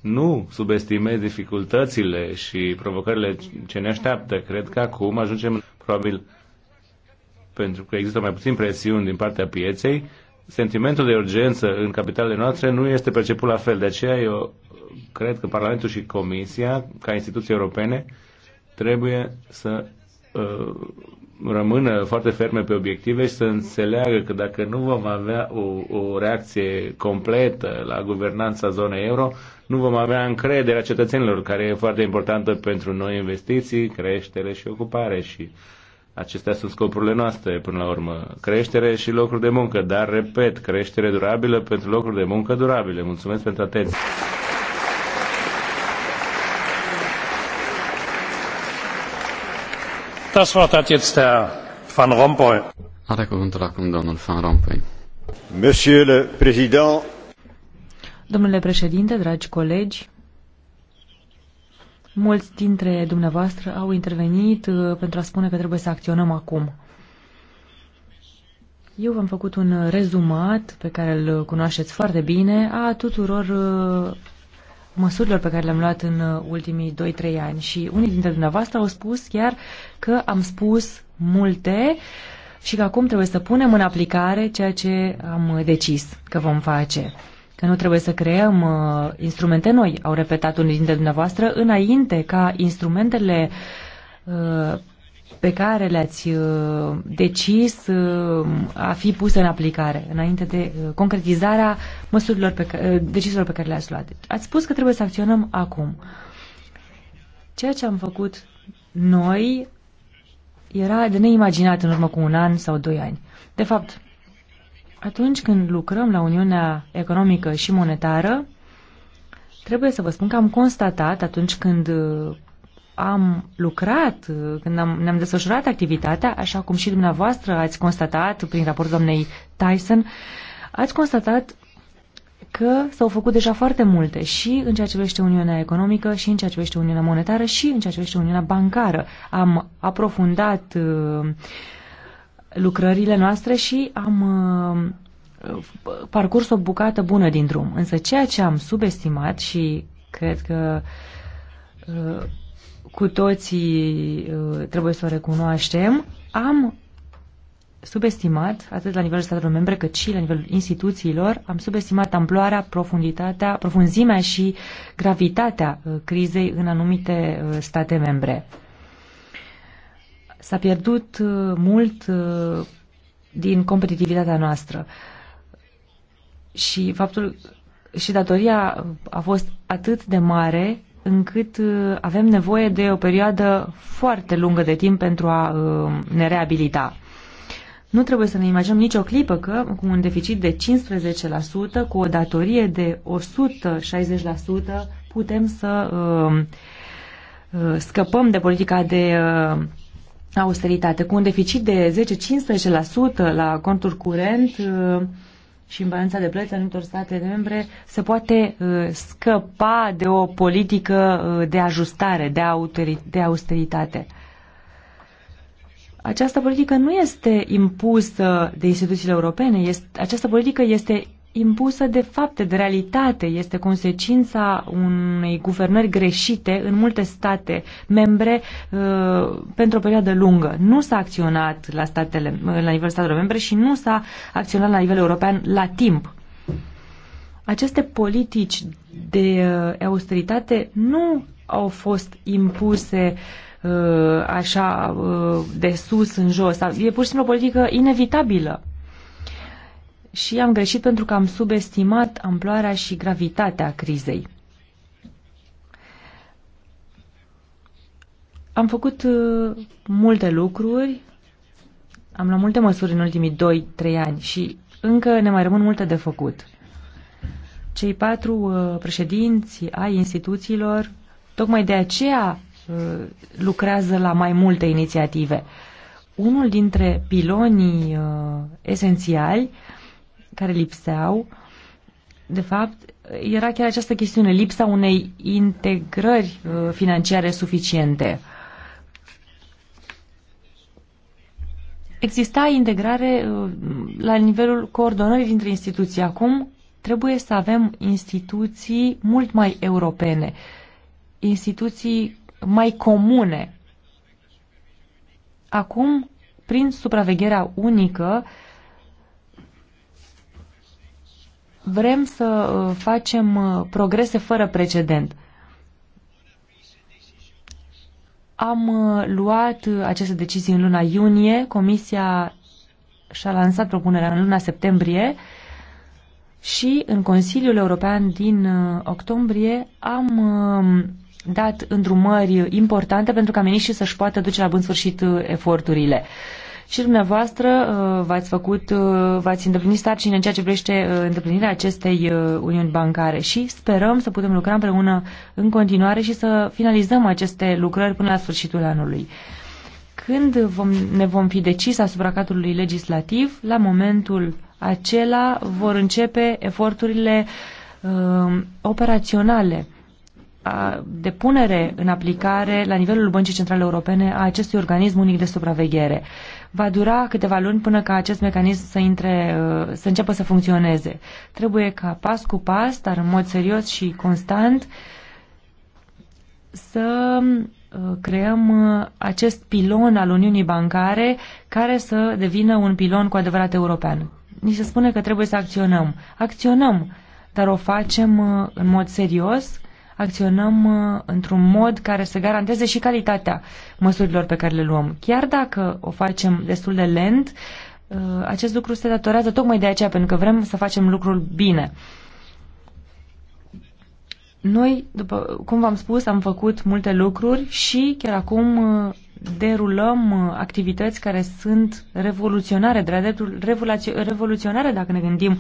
nu subestimez dificultățile și provocările ce ne așteaptă. Cred că acum ajungem probabil pentru că există mai puțin presiuni din partea pieței, sentimentul de urgență în capitalele noastre nu este perceput la fel. De aceea eu cred că Parlamentul și Comisia, ca instituții europene, trebuie să uh, rămână foarte ferme pe obiective și să înțeleagă că dacă nu vom avea o, o reacție completă la guvernanța zonei euro, nu vom avea încrederea cetățenilor, care e foarte importantă pentru noi investiții, creștere și ocupare și acestea sunt scopurile noastre până la urmă. Creștere și locuri de muncă, dar repet, creștere durabilă pentru locuri de muncă durabile. Mulțumesc pentru atenție. Das Wort hat jetzt Herr
Van Rompuy. Are cuvântul acum domnul Van Rompuy. Monsieur le Président.
Domnule președinte, dragi colegi, mulți dintre dumneavoastră au intervenit uh, pentru a spune că trebuie să acționăm acum. Eu v-am făcut un rezumat pe care îl cunoașteți foarte bine a tuturor uh, măsurilor pe care le-am luat în uh, ultimii 2-3 ani și unii dintre dumneavoastră au spus chiar că am spus multe și că acum trebuie să punem în aplicare ceea ce am uh, decis că vom face. Că nu trebuie să creăm uh, instrumente noi, au repetat unii dintre dumneavoastră, înainte ca instrumentele uh, pe care le-ați uh, decis uh, a fi pusă în aplicare înainte de uh, concretizarea măsurilor pe care, deciziilor pe care le-ați luat. Deci, ați spus că trebuie să acționăm acum. Ceea ce am făcut noi era de neimaginat în urmă cu un an sau doi ani. De fapt, atunci când lucrăm la Uniunea Economică și Monetară, trebuie să vă spun că am constatat atunci când am lucrat, când am, ne-am desfășurat activitatea, așa cum și dumneavoastră ați constatat prin raportul doamnei Tyson, ați constatat că s-au făcut deja foarte multe și în ceea ce privește Uniunea Economică, și în ceea ce privește Uniunea Monetară, și în ceea ce privește Uniunea Bancară. Am aprofundat uh, lucrările noastre și am uh, parcurs o bucată bună din drum. Însă ceea ce am subestimat și cred că uh, cu toții uh, trebuie să o recunoaștem, am subestimat, atât la nivelul statelor membre, cât și la nivelul instituțiilor, am subestimat amploarea, profunditatea, profunzimea și gravitatea uh, crizei în anumite uh, state membre. S-a pierdut mult din competitivitatea noastră și faptul și datoria a fost atât de mare încât uh, avem nevoie de o perioadă foarte lungă de timp pentru a uh, ne reabilita. Nu trebuie să ne imaginăm nicio clipă că cu un deficit de 15%, cu o datorie de 160%, putem să uh, scăpăm de politica de austeritate. Cu un deficit de 10-15% la conturi curent, și în balanța de plăți unor state membre se poate uh, scăpa de o politică uh, de ajustare, de, de austeritate. Această politică nu este impusă de instituțiile europene, este, această politică este impusă de fapte, de realitate, este consecința unei guvernări greșite în multe state membre uh, pentru o perioadă lungă. Nu s-a acționat la, statele, uh, la nivel statelor membre și nu s-a acționat la nivel european la timp. Aceste politici de uh, austeritate nu au fost impuse așa de sus în jos. E pur și simplu o politică inevitabilă și am greșit pentru că am subestimat amploarea și gravitatea crizei. Am făcut uh, multe lucruri, am luat multe măsuri în ultimii 2-3 ani și încă ne mai rămân multe de făcut. Cei patru uh, președinți ai instituțiilor, tocmai de aceea uh, lucrează la mai multe inițiative. Unul dintre pilonii esențiali care lipseau, de fapt, era chiar această chestiune, lipsa unei integrări uh, financiare suficiente. Exista integrare uh, la nivelul coordonării dintre instituții. Acum trebuie să avem instituții mult mai europene, instituții mai comune. Acum, prin supravegherea unică, Vrem să uh, facem uh, progrese fără precedent. Am uh, luat aceste decizii în luna iunie, Comisia și-a lansat propunerea în luna septembrie și în Consiliul European din octombrie am um, dat îndrumări importante pentru ca miniștrii să-și poată duce la bun sfârșit eforturile. Și dumneavoastră uh, v-ați făcut, uh, v-ați îndeplinit sarcini în ceea ce privește uh, îndeplinirea acestei uniuni bancare și sperăm să putem lucra împreună în continuare și să finalizăm aceste lucrări până la sfârșitul anului. Când vom, ne vom fi decis asupra cadrului legislativ, la momentul acela vor începe eforturile uh, operaționale de punere în aplicare la nivelul Băncii Centrale Europene a acestui organism unic de supraveghere. Va dura câteva luni până ca acest mecanism să, intre, uh, să înceapă să funcționeze. Trebuie ca pas cu pas, dar în mod serios și constant, să uh, creăm uh, acest pilon al Uniunii Bancare care să devină un pilon cu adevărat european. Ni se spune că trebuie să acționăm. Acționăm, dar o facem în mod serios, acționăm uh, într-un mod care să garanteze și calitatea măsurilor pe care le luăm. Chiar dacă o facem destul de lent, uh, acest lucru se datorează tocmai de aceea, pentru că vrem să facem lucrul bine. Noi, după cum v-am spus, am făcut multe lucruri și chiar acum uh, derulăm activități care sunt revoluționare, de la dreptul revoluționare dacă ne gândim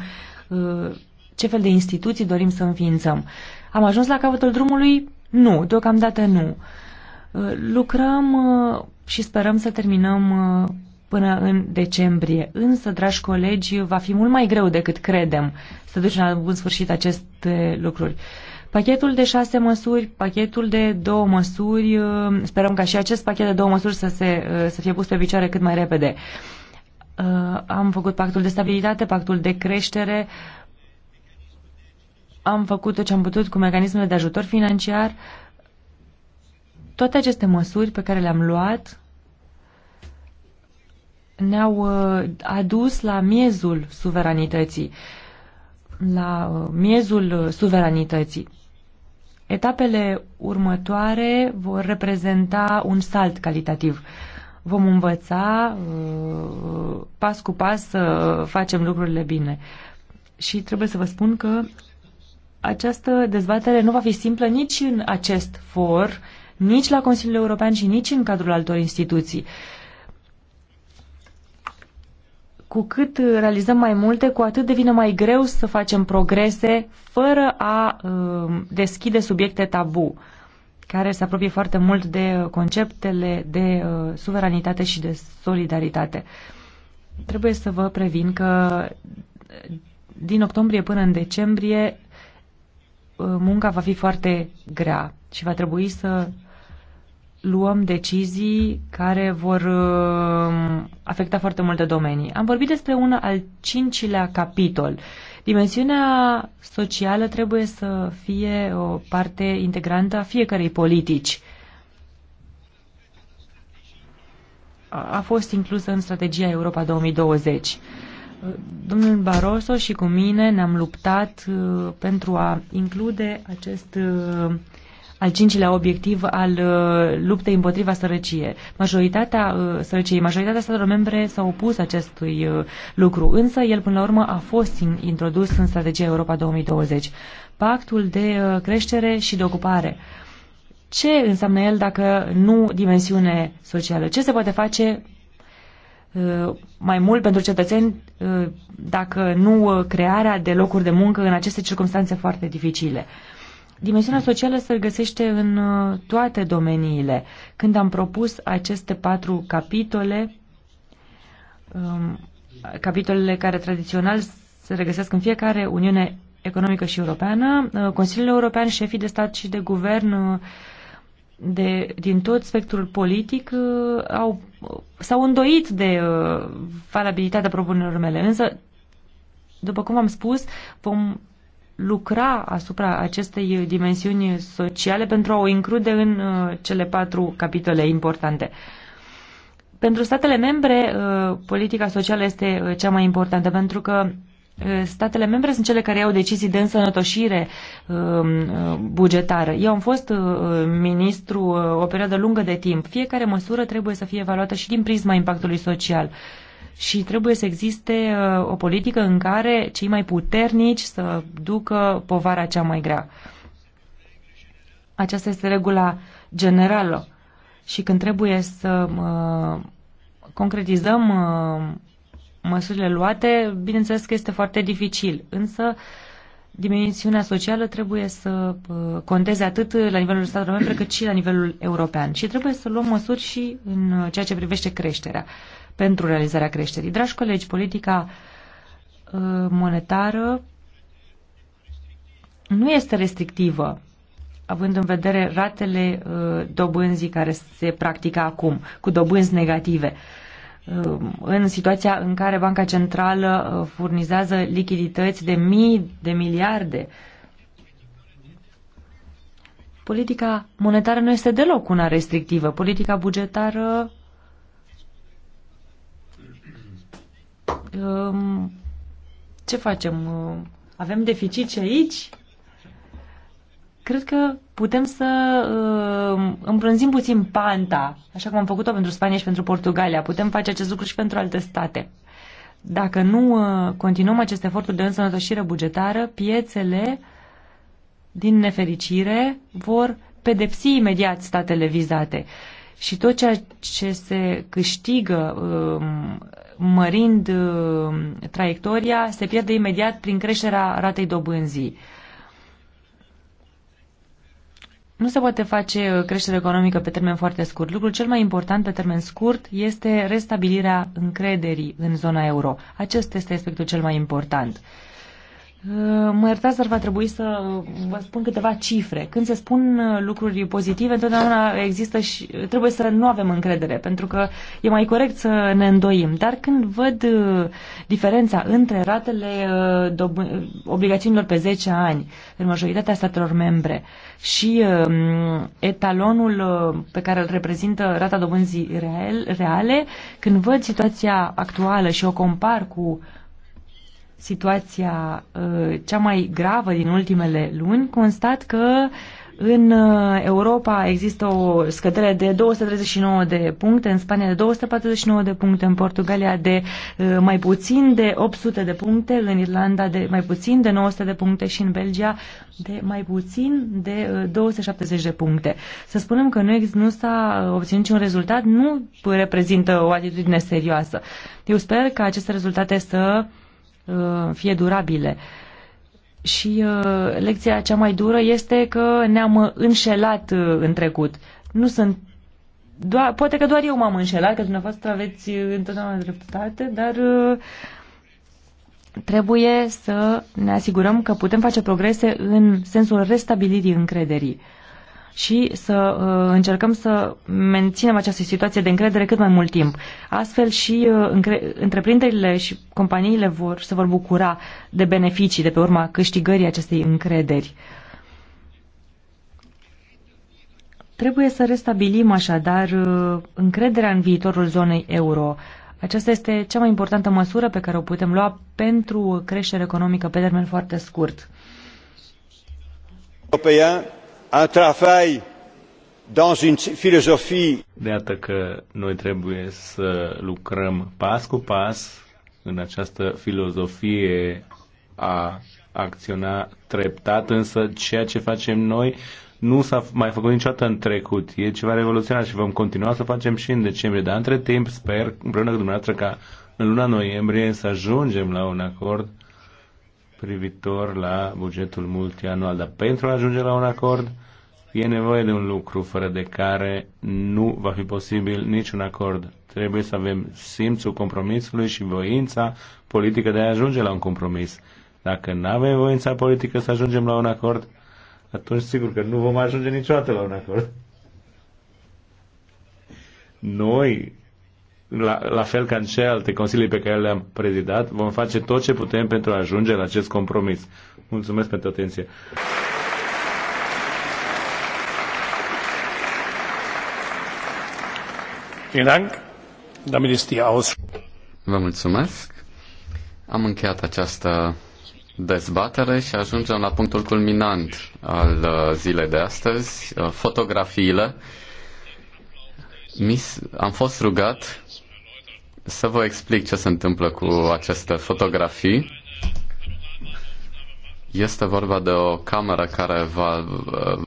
ce fel de instituții dorim să înființăm. Am ajuns la capătul drumului? Nu, deocamdată nu. Uh, lucrăm uh, și sperăm să terminăm uh, până în decembrie. Însă, dragi colegi, va fi mult mai greu decât credem să ducem la bun sfârșit aceste lucruri. Pachetul de șase măsuri, pachetul de două măsuri, sperăm ca și acest pachet de două măsuri să, se, să fie pus pe picioare cât mai repede. Am făcut pactul de stabilitate, pactul de creștere, am făcut tot ce am putut cu mecanismele de ajutor financiar. Toate aceste măsuri pe care le-am luat ne-au uh, adus la miezul suveranității, la uh, miezul uh, suveranității. Etapele următoare vor reprezenta un salt calitativ. Vom învăța pas cu pas să facem lucrurile bine. Și trebuie să vă spun că această dezbatere nu va fi simplă nici în acest for, nici la Consiliul European și nici în cadrul altor instituții. Cu cât realizăm mai multe, cu atât devine mai greu să facem progrese fără a uh, deschide subiecte tabu, care se apropie foarte mult de conceptele de uh, suveranitate și de solidaritate. Trebuie să vă previn că din octombrie până în decembrie Uh, munca va fi foarte grea și va trebui să luăm decizii care vor uh, afecta foarte multe domenii. Am vorbit despre un al cincilea capitol. Dimensiunea socială trebuie să fie o parte integrantă a fiecarei politici. A fost inclusă în strategia Europa 2020. Domnul Barroso și cu mine ne-am luptat uh, pentru a include acest uh, al cincilea obiectiv al uh, luptei împotriva sărăciei. Majoritatea sărăciei, majoritatea statelor membre s-au opus acestui lucru, însă el până la urmă a fost introdus în strategia Europa 2020. Pactul de creștere și de ocupare ce înseamnă el dacă nu dimensiune socială? Ce se poate face Uh, mai mult pentru cetățeni uh, dacă nu uh, crearea de locuri de muncă în aceste circunstanțe foarte dificile. Dimensiunea socială se găsește în toate domeniile. Când am propus aceste patru capitole, um, capitolele care tradițional se regăsesc în fiecare Uniune Economică și Europeană, Consiliul European, șefii de stat și de guvern de, din tot spectrul politic uh, au, s-au îndoit de uh, valabilitatea propunerilor mele. Însă, după cum am spus, vom lucra asupra acestei dimensiuni sociale pentru a o include în uh, cele patru capitole importante. Pentru statele membre, uh, politica socială este uh, cea mai importantă, pentru că statele membre sunt cele care iau decizii de însănătoșire um, bugetară. Eu am fost uh, ministru uh, o perioadă lungă de timp. Fiecare măsură trebuie să fie evaluată și din prisma impactului social. Și trebuie să existe uh, o politică în care cei mai puternici să ducă povara cea mai grea. Aceasta este regula generală. Și când trebuie să concretizăm măsurile luate, bineînțeles că este foarte dificil, însă dimensiunea socială trebuie să uh, conteze atât la nivelul statelor membre cât și la nivelul european și trebuie să luăm măsuri și în ceea ce privește creșterea, pentru realizarea creșterii. Dragi colegi, politica uh, monetară nu este restrictivă, având în vedere ratele uh, dobânzii care se practică acum, cu dobânzi negative. Um, în situația în care Banca Centrală uh, furnizează lichidități de mii de miliarde. Politica monetară nu este deloc una restrictivă. Politica bugetară um, ce facem? Uh, avem deficit și aici? Cred că putem să uh, îmbrânzim puțin panta, așa cum am făcut-o pentru Spania și pentru Portugalia. Putem face acest lucru și pentru alte state. Dacă nu uh, continuăm acest efortul de însănătoșire bugetară, piețele, din nefericire, vor pedepsi imediat statele vizate. Și tot ceea ce se câștigă um, mărind um, traiectoria se pierde imediat prin creșterea ratei dobânzii. Nu se poate face uh, creștere economică pe termen foarte scurt. Lucrul cel mai important pe termen scurt este restabilirea încrederii în zona euro. Acesta este aspectul cel mai important. Mă iertați, dar va trebui să vă spun câteva cifre. Când se spun uh, lucruri pozitive, întotdeauna există și uh, trebuie să nu avem încredere, pentru că e mai corect să ne îndoim. Dar când văd uh, diferența între ratele obligațiunilor pe 10 ani în majoritatea statelor membre și um, etalonul pe care îl reprezintă rata dobânzii reale, când văd situația actuală și o compar cu situația uh, cea mai gravă din ultimele luni, constat că în uh, Europa există o scădere de 239 de puncte, în Spania de 249 de puncte, în Portugalia de uh, mai puțin de 800 de puncte, în Irlanda de mai puțin de 900 de puncte și în Belgia de mai puțin de 270 de puncte. Să spunem că nu, nu s-a obținut niciun rezultat, nu reprezintă o atitudine serioasă. Eu sper că aceste rezultate să Uh, fie durabile. Și uh, lecția cea mai dură este că ne-am înșelat uh, în trecut. Nu sunt doar, poate că doar eu m-am înșelat, că dumneavoastră aveți întotdeauna dreptate, dar trebuie să ne asigurăm că putem face progrese în sensul restabilirii încrederii și să uh, încercăm să menținem această situație de încredere cât mai mult timp. Astfel și uh, întreprinderile și companiile vor se vor bucura de beneficii de pe urma câștigării acestei încrederi. Trebuie să restabilim așadar uh, încrederea în viitorul zonei euro. Aceasta este cea mai importantă măsură pe care o putem lua pentru creștere economică pe termen foarte scurt
un travail dans une philosophie.
atât că noi trebuie să lucrăm pas cu pas în această filozofie a acționa treptat, însă ceea ce facem noi nu s-a mai făcut niciodată în trecut. E ceva revoluționar și vom continua să facem și în decembrie, dar între timp sper împreună cu dumneavoastră ca în luna noiembrie să ajungem la un acord privitor la bugetul multianual. Dar pentru a ajunge la un acord E nevoie de un lucru fără de care nu va fi posibil niciun acord. Trebuie să avem simțul compromisului și voința politică de a ajunge la un compromis. Dacă nu avem voința politică să ajungem la un acord, atunci sigur că nu vom ajunge niciodată la un acord. Noi, la, la fel ca în celelalte consilii pe care le-am prezidat, vom face tot ce putem pentru a ajunge la acest compromis. Mulțumesc pentru atenție. Vă
mulțumesc. Am încheiat această dezbatere și ajungem la punctul culminant al uh, zilei de astăzi, uh, fotografiile. Am fost rugat să vă explic ce se întâmplă cu aceste fotografii. Este vorba de o cameră care va uh,